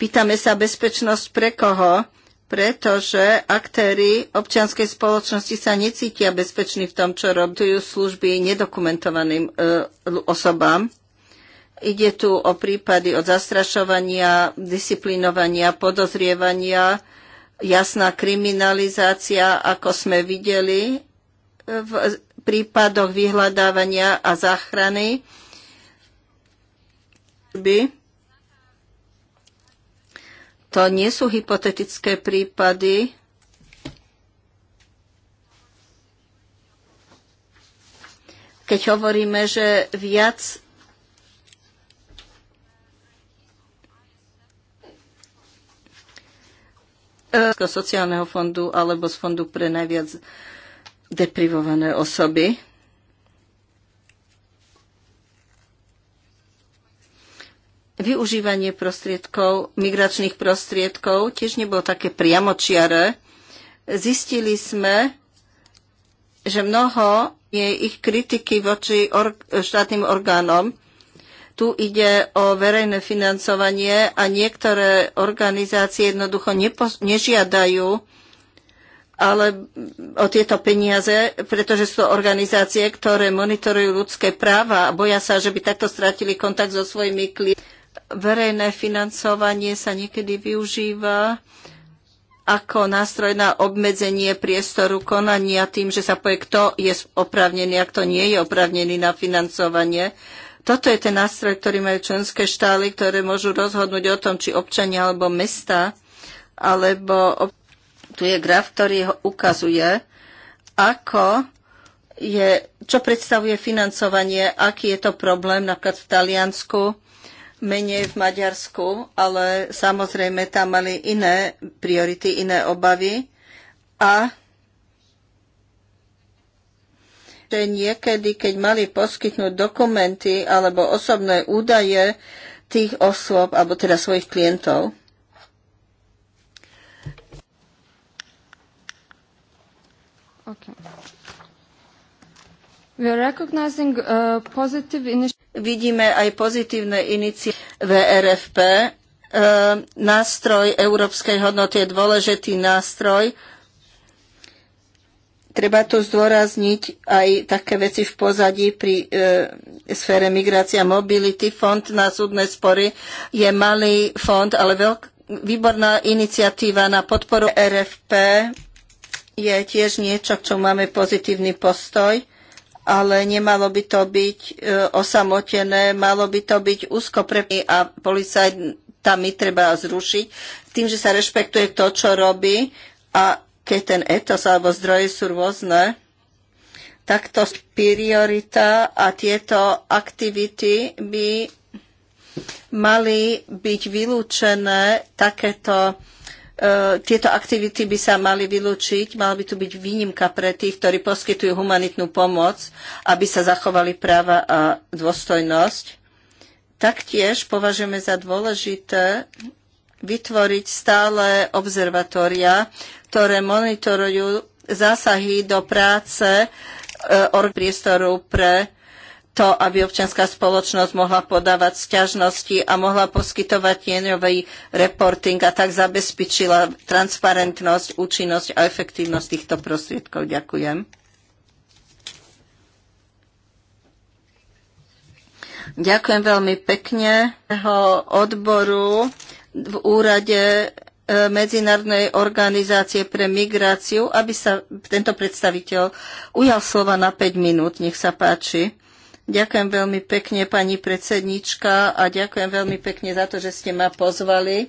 pýtame sa bezpečnosť pre koho? pretože aktéry občianskej spoločnosti sa necítia bezpeční v tom, čo robujú služby nedokumentovaným e, osobám. Ide tu o prípady od zastrašovania, disciplinovania, podozrievania, jasná kriminalizácia, ako sme videli e, v prípadoch vyhľadávania a záchrany by to nie sú hypotetické prípady. Keď hovoríme, že viac sociálneho fondu alebo z fondu pre najviac deprivované osoby. využívanie prostriedkov, migračných prostriedkov tiež nebolo také priamočiare. Zistili sme, že mnoho je ich kritiky voči or- štátnym orgánom. Tu ide o verejné financovanie a niektoré organizácie jednoducho nežiadajú ale o tieto peniaze, pretože sú to organizácie, ktoré monitorujú ľudské práva a boja sa, že by takto stratili kontakt so svojimi klientmi verejné financovanie sa niekedy využíva ako nástroj na obmedzenie priestoru konania tým, že sa povie, kto je oprávnený a kto nie je oprávnený na financovanie. Toto je ten nástroj, ktorý majú členské štály, ktoré môžu rozhodnúť o tom, či občania alebo mesta, alebo tu je graf, ktorý ho ukazuje, ako je, čo predstavuje financovanie, aký je to problém napríklad v Taliansku, menej v Maďarsku, ale samozrejme tam mali iné priority, iné obavy. A že niekedy, keď mali poskytnúť dokumenty alebo osobné údaje tých osôb, alebo teda svojich klientov, Okay. Uh, Vidíme aj pozitívne iniciatívy RFP. Uh, nástroj európskej hodnoty je dôležitý nástroj. Treba tu zdôrazniť aj také veci v pozadí pri e, sfére migrácia a mobility. Fond na súdne spory je malý fond, ale veľk, výborná iniciatíva na podporu RFP je tiež niečo, k čomu máme pozitívny postoj ale nemalo by to byť e, osamotené, malo by to byť úzko prepojené a policajtami treba zrušiť tým, že sa rešpektuje to, čo robí a keď ten etos alebo zdroje sú rôzne, tak to priorita a tieto aktivity by mali byť vylúčené takéto E, tieto aktivity by sa mali vylúčiť, mala by tu byť výnimka pre tých, ktorí poskytujú humanitnú pomoc, aby sa zachovali práva a dôstojnosť. Taktiež považujeme za dôležité vytvoriť stále observatória, ktoré monitorujú zásahy do práce e, priestoru pre to, aby občianská spoločnosť mohla podávať sťažnosti a mohla poskytovať tieňový reporting a tak zabezpečila transparentnosť, účinnosť a efektívnosť týchto prostriedkov. Ďakujem. Ďakujem veľmi pekne odboru v úrade e, Medzinárodnej organizácie pre migráciu, aby sa tento predstaviteľ ujal slova na 5 minút. Nech sa páči. Ďakujem veľmi pekne, pani predsednička, a ďakujem veľmi pekne za to, že ste ma pozvali.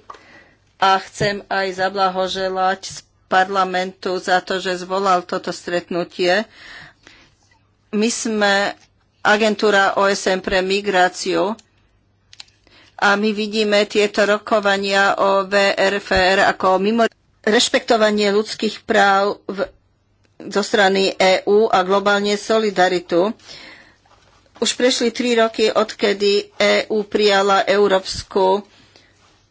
A chcem aj zablahoželať z parlamentu za to, že zvolal toto stretnutie. My sme agentúra OSN pre migráciu a my vidíme tieto rokovania o VRFR ako mimo rešpektovanie ľudských práv v, zo strany EÚ a globálne solidaritu. Už prešli tri roky, odkedy EÚ EU prijala európsku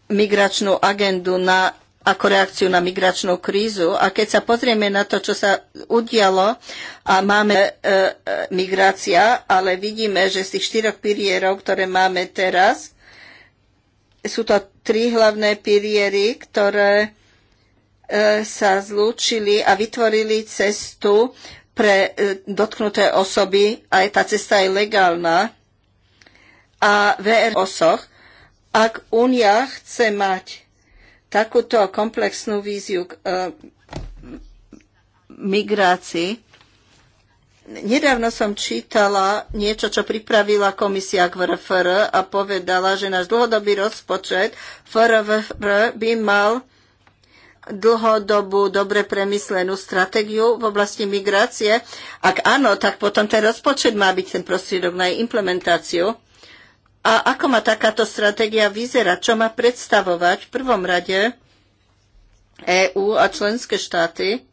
migračnú agendu na, ako reakciu na migračnú krízu. A keď sa pozrieme na to, čo sa udialo, a máme e, e, migrácia, ale vidíme, že z tých štyroch pilierov, ktoré máme teraz, sú to tri hlavné piliery, ktoré e, sa zlúčili a vytvorili cestu pre e, dotknuté osoby, aj tá cesta je legálna, a VR osoch, ak Únia chce mať takúto komplexnú víziu k e, migrácii, Nedávno som čítala niečo, čo pripravila komisia k VRFR a povedala, že náš dlhodobý rozpočet VRFR by mal dlhodobú, dobre premyslenú stratégiu v oblasti migrácie? Ak áno, tak potom ten rozpočet má byť ten prostriedok na jej implementáciu. A ako má takáto stratégia vyzerať? Čo má predstavovať v prvom rade EÚ a členské štáty?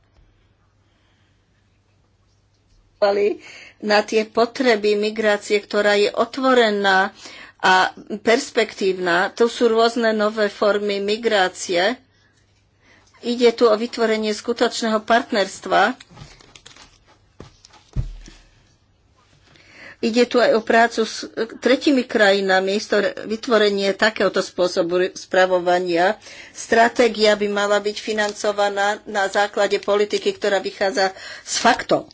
na tie potreby migrácie, ktorá je otvorená a perspektívna. To sú rôzne nové formy migrácie Ide tu o vytvorenie skutočného partnerstva. Ide tu aj o prácu s tretimi krajinami, vytvorenie takéhoto spôsobu spravovania. Stratégia by mala byť financovaná na základe politiky, ktorá vychádza z faktov.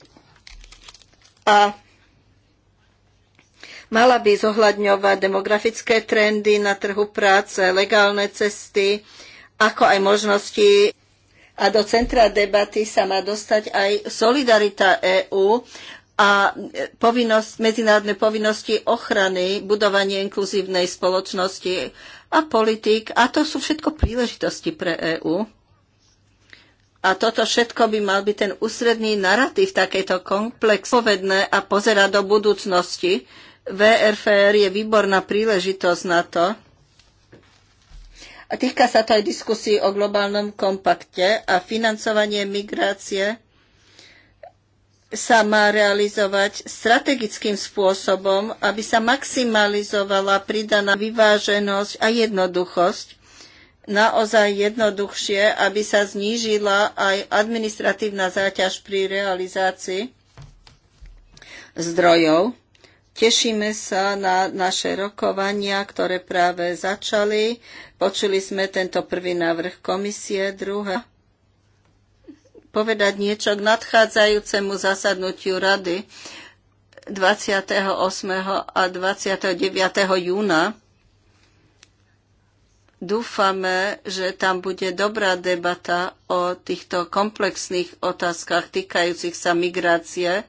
A mala by zohľadňovať demografické trendy na trhu práce, legálne cesty, ako aj možnosti a do centra debaty sa má dostať aj solidarita EÚ a povinnosť, medzinárodné povinnosti ochrany, budovanie inkluzívnej spoločnosti a politik. A to sú všetko príležitosti pre EÚ. A toto všetko by mal byť ten ústredný narratív takéto komplexovedné a pozera do budúcnosti. VRFR je výborná príležitosť na to, a týka sa to aj diskusí o globálnom kompakte a financovanie migrácie sa má realizovať strategickým spôsobom, aby sa maximalizovala pridaná vyváženosť a jednoduchosť. Naozaj jednoduchšie, aby sa znížila aj administratívna záťaž pri realizácii zdrojov Tešíme sa na naše rokovania, ktoré práve začali. Počuli sme tento prvý návrh komisie, druhá. Povedať niečo k nadchádzajúcemu zasadnutiu rady 28. a 29. júna. Dúfame, že tam bude dobrá debata o týchto komplexných otázkach týkajúcich sa migrácie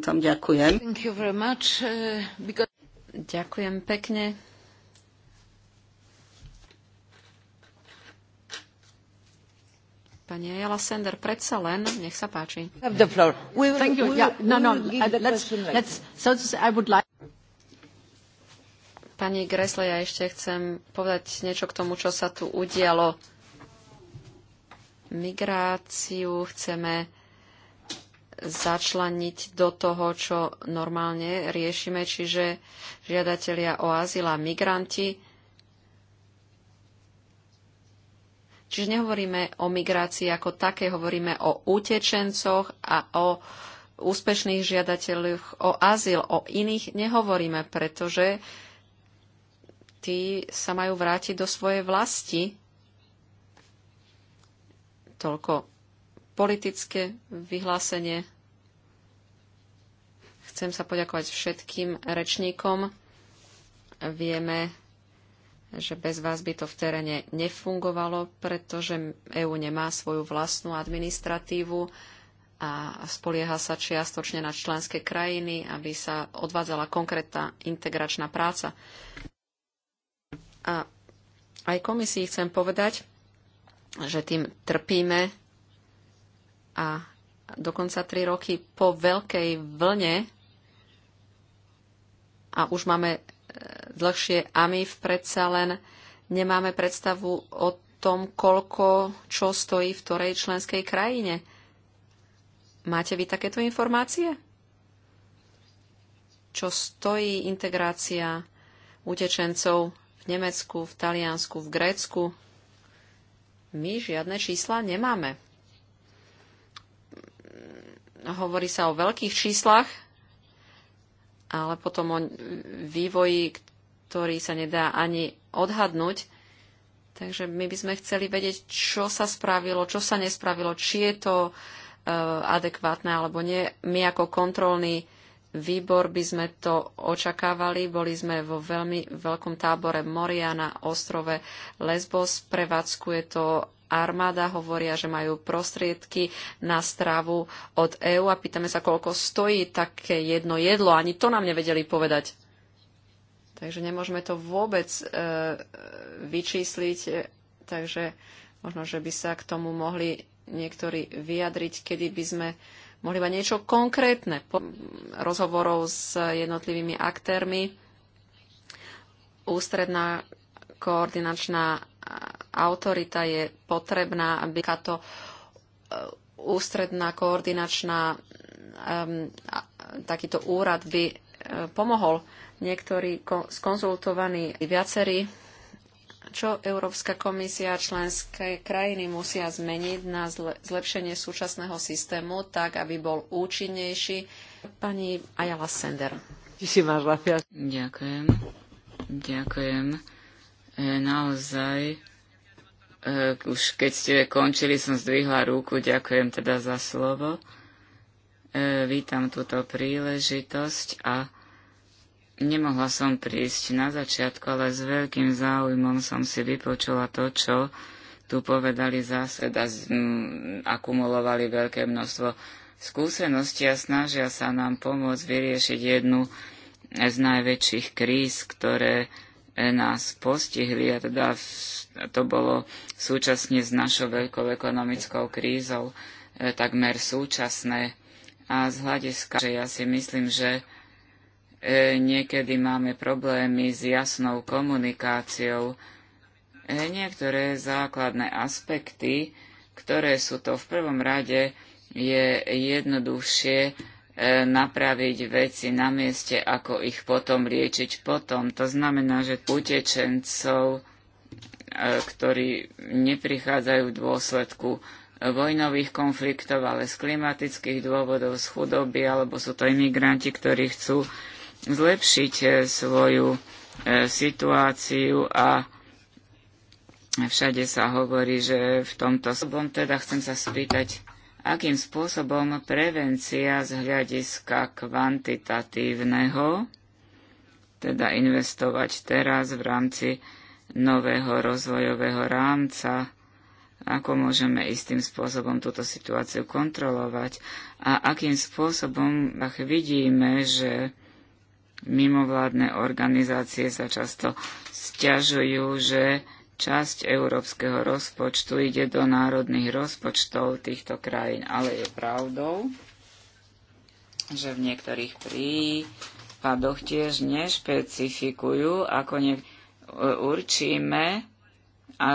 tom ďakujem. Uh, ďakujem pekne. Pani Ayala Sender, predsa len, nech sa páči. No, no, Pani Gresle, ja ešte chcem povedať niečo k tomu, čo sa tu udialo. Migráciu chceme začlaniť do toho, čo normálne riešime, čiže žiadatelia o azyl a migranti. Čiže nehovoríme o migrácii ako také, hovoríme o utečencoch a o úspešných žiadateľoch o azyl. O iných nehovoríme, pretože tí sa majú vrátiť do svojej vlasti. Toľko politické vyhlásenie. Chcem sa poďakovať všetkým rečníkom. Vieme, že bez vás by to v teréne nefungovalo, pretože EÚ nemá svoju vlastnú administratívu a spolieha sa čiastočne na členské krajiny, aby sa odvádzala konkrétna integračná práca. A aj komisii chcem povedať, že tým trpíme a dokonca 3 roky po veľkej vlne a už máme e, dlhšie my predsa len nemáme predstavu o tom, koľko čo stojí v ktorej členskej krajine. Máte vy takéto informácie? Čo stojí integrácia utečencov v Nemecku, v Taliansku, v Grécku? My žiadne čísla nemáme hovorí sa o veľkých číslach, ale potom o vývoji, ktorý sa nedá ani odhadnúť. Takže my by sme chceli vedieť, čo sa spravilo, čo sa nespravilo, či je to e, adekvátne alebo nie. My ako kontrolný výbor by sme to očakávali. Boli sme vo veľmi veľkom tábore Moria na ostrove Lesbos. Prevádzkuje to armáda hovoria, že majú prostriedky na stravu od EÚ a pýtame sa, koľko stojí také jedno jedlo. Ani to nám nevedeli povedať. Takže nemôžeme to vôbec e, vyčísliť. Takže možno, že by sa k tomu mohli niektorí vyjadriť, kedy by sme mohli mať niečo konkrétne po rozhovorov s jednotlivými aktérmi. Ústredná koordinačná autorita je potrebná, aby to e, ústredná koordinačná takýto úrad by e, pomohol. Niektorí skonzultovaní viacerí čo Európska komisia členské krajiny musia zmeniť na zlepšenie súčasného systému tak, aby bol účinnejší. Pani Ayala Sender. Ďakujem. Ďakujem. E, naozaj Eh, už keď ste končili, som zdvihla ruku, ďakujem teda za slovo. Eh, vítam túto príležitosť a nemohla som prísť na začiatku, ale s veľkým záujmom som si vypočula to, čo tu povedali zase a akumulovali veľké množstvo skúseností a snažia sa nám pomôcť vyriešiť jednu z najväčších kríz, ktoré nás postihli a teda to bolo súčasne s našou veľkou ekonomickou krízou e, takmer súčasné. A z hľadiska, že ja si myslím, že e, niekedy máme problémy s jasnou komunikáciou, e, niektoré základné aspekty, ktoré sú to v prvom rade, je jednoduchšie E, napraviť veci na mieste, ako ich potom liečiť potom. To znamená, že utečencov, e, ktorí neprichádzajú v dôsledku vojnových konfliktov, ale z klimatických dôvodov, z chudoby, alebo sú to imigranti, ktorí chcú zlepšiť e, svoju situáciu a všade sa hovorí, že v tomto... Teda chcem sa spýtať, akým spôsobom prevencia z hľadiska kvantitatívneho, teda investovať teraz v rámci nového rozvojového rámca, ako môžeme istým spôsobom túto situáciu kontrolovať a akým spôsobom ach, vidíme, že mimovládne organizácie sa často stiažujú, že časť európskeho rozpočtu ide do národných rozpočtov týchto krajín, ale je pravdou, že v niektorých prípadoch tiež nešpecifikujú, ako ne, určíme, a,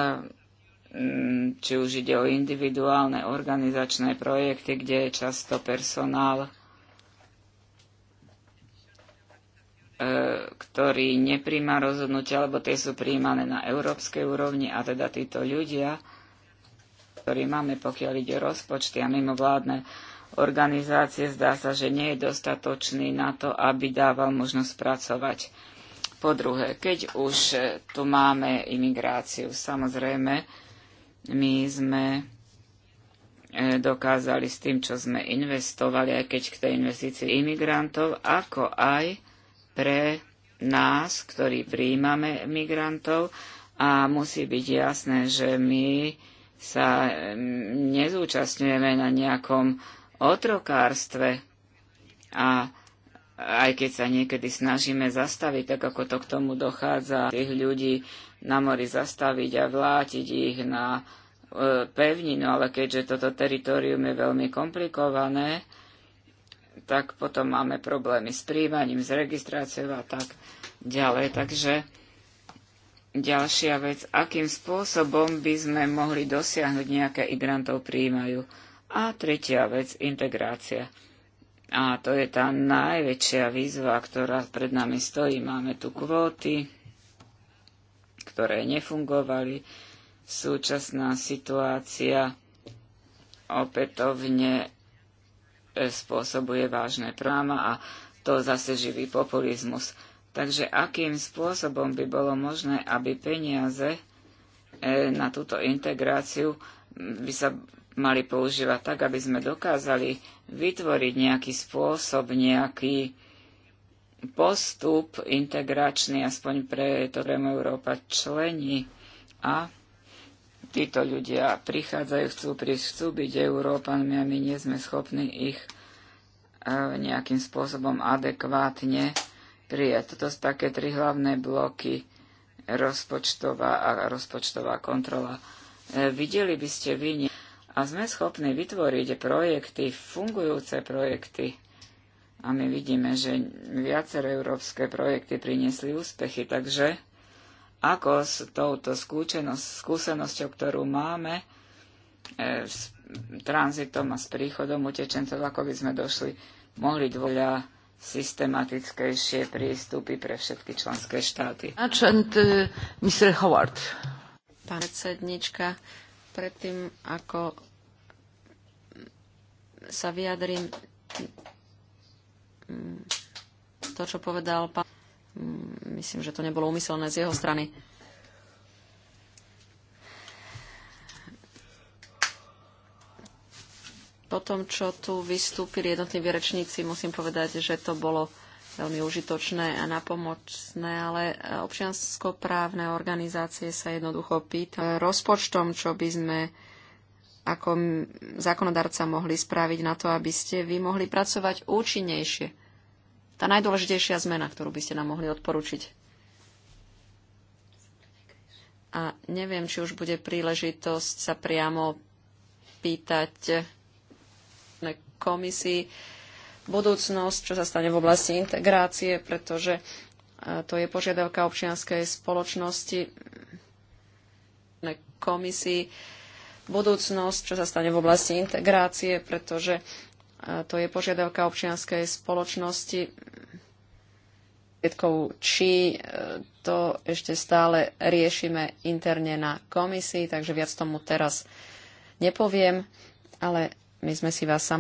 mm, či už ide o individuálne organizačné projekty, kde je často personál ktorý nepríjma rozhodnutia, alebo tie sú príjmané na európskej úrovni a teda títo ľudia, ktorí máme, pokiaľ ide o rozpočty a mimovládne organizácie, zdá sa, že nie je dostatočný na to, aby dával možnosť pracovať. Po druhé, keď už e, tu máme imigráciu, samozrejme, my sme e, dokázali s tým, čo sme investovali, aj keď k tej investícii imigrantov, ako aj pre nás, ktorí príjmame migrantov a musí byť jasné, že my sa mm, nezúčastňujeme na nejakom otrokárstve a aj keď sa niekedy snažíme zastaviť, tak ako to k tomu dochádza, tých ľudí na mori zastaviť a vlátiť ich na e, pevninu, ale keďže toto teritorium je veľmi komplikované, tak potom máme problémy s príjmaním, s registráciou a tak ďalej. Takže ďalšia vec, akým spôsobom by sme mohli dosiahnuť nejaké imigrantov príjmajú. A tretia vec, integrácia. A to je tá najväčšia výzva, ktorá pred nami stojí. Máme tu kvóty, ktoré nefungovali. Súčasná situácia opätovne spôsobuje vážne práma a to zase živý populizmus. Takže akým spôsobom by bolo možné, aby peniaze e, na túto integráciu by sa mali používať tak, aby sme dokázali vytvoriť nejaký spôsob, nejaký postup integračný, aspoň pre to ktorému Európa člení a títo ľudia prichádzajú, chcú prísť, chcú byť Európanmi a my nie sme schopní ich e, nejakým spôsobom adekvátne prijať. Toto sú také tri hlavné bloky rozpočtová a rozpočtová kontrola. E, videli by ste vy a sme schopní vytvoriť projekty, fungujúce projekty. A my vidíme, že viaceré európske projekty priniesli úspechy, takže ako s touto skúsenosťou, ktorú máme, e, s tranzitom a s príchodom utečencov, ako by sme došli, mohli dvoľa systematickejšie prístupy pre všetky členské štáty. And, e, Mr. Howard. Pán predsednička, predtým ako sa vyjadrím to, čo povedal pán Mm, myslím, že to nebolo umyselné z jeho strany. Po tom, čo tu vystúpili jednotliví rečníci, musím povedať, že to bolo veľmi užitočné a napomocné, ale občianskoprávne organizácie sa jednoducho pýta rozpočtom, čo by sme ako zákonodarca mohli spraviť na to, aby ste vy mohli pracovať účinnejšie tá najdôležitejšia zmena, ktorú by ste nám mohli odporučiť? A neviem, či už bude príležitosť sa priamo pýtať na komisii budúcnosť, čo sa stane v oblasti integrácie, pretože e, to je požiadavka občianskej spoločnosti na komisii budúcnosť, čo sa stane v oblasti integrácie, pretože to je požiadavka občianskej spoločnosti. Či e, to ešte stále riešime interne na komisii, takže viac tomu teraz nepoviem, ale my sme si vás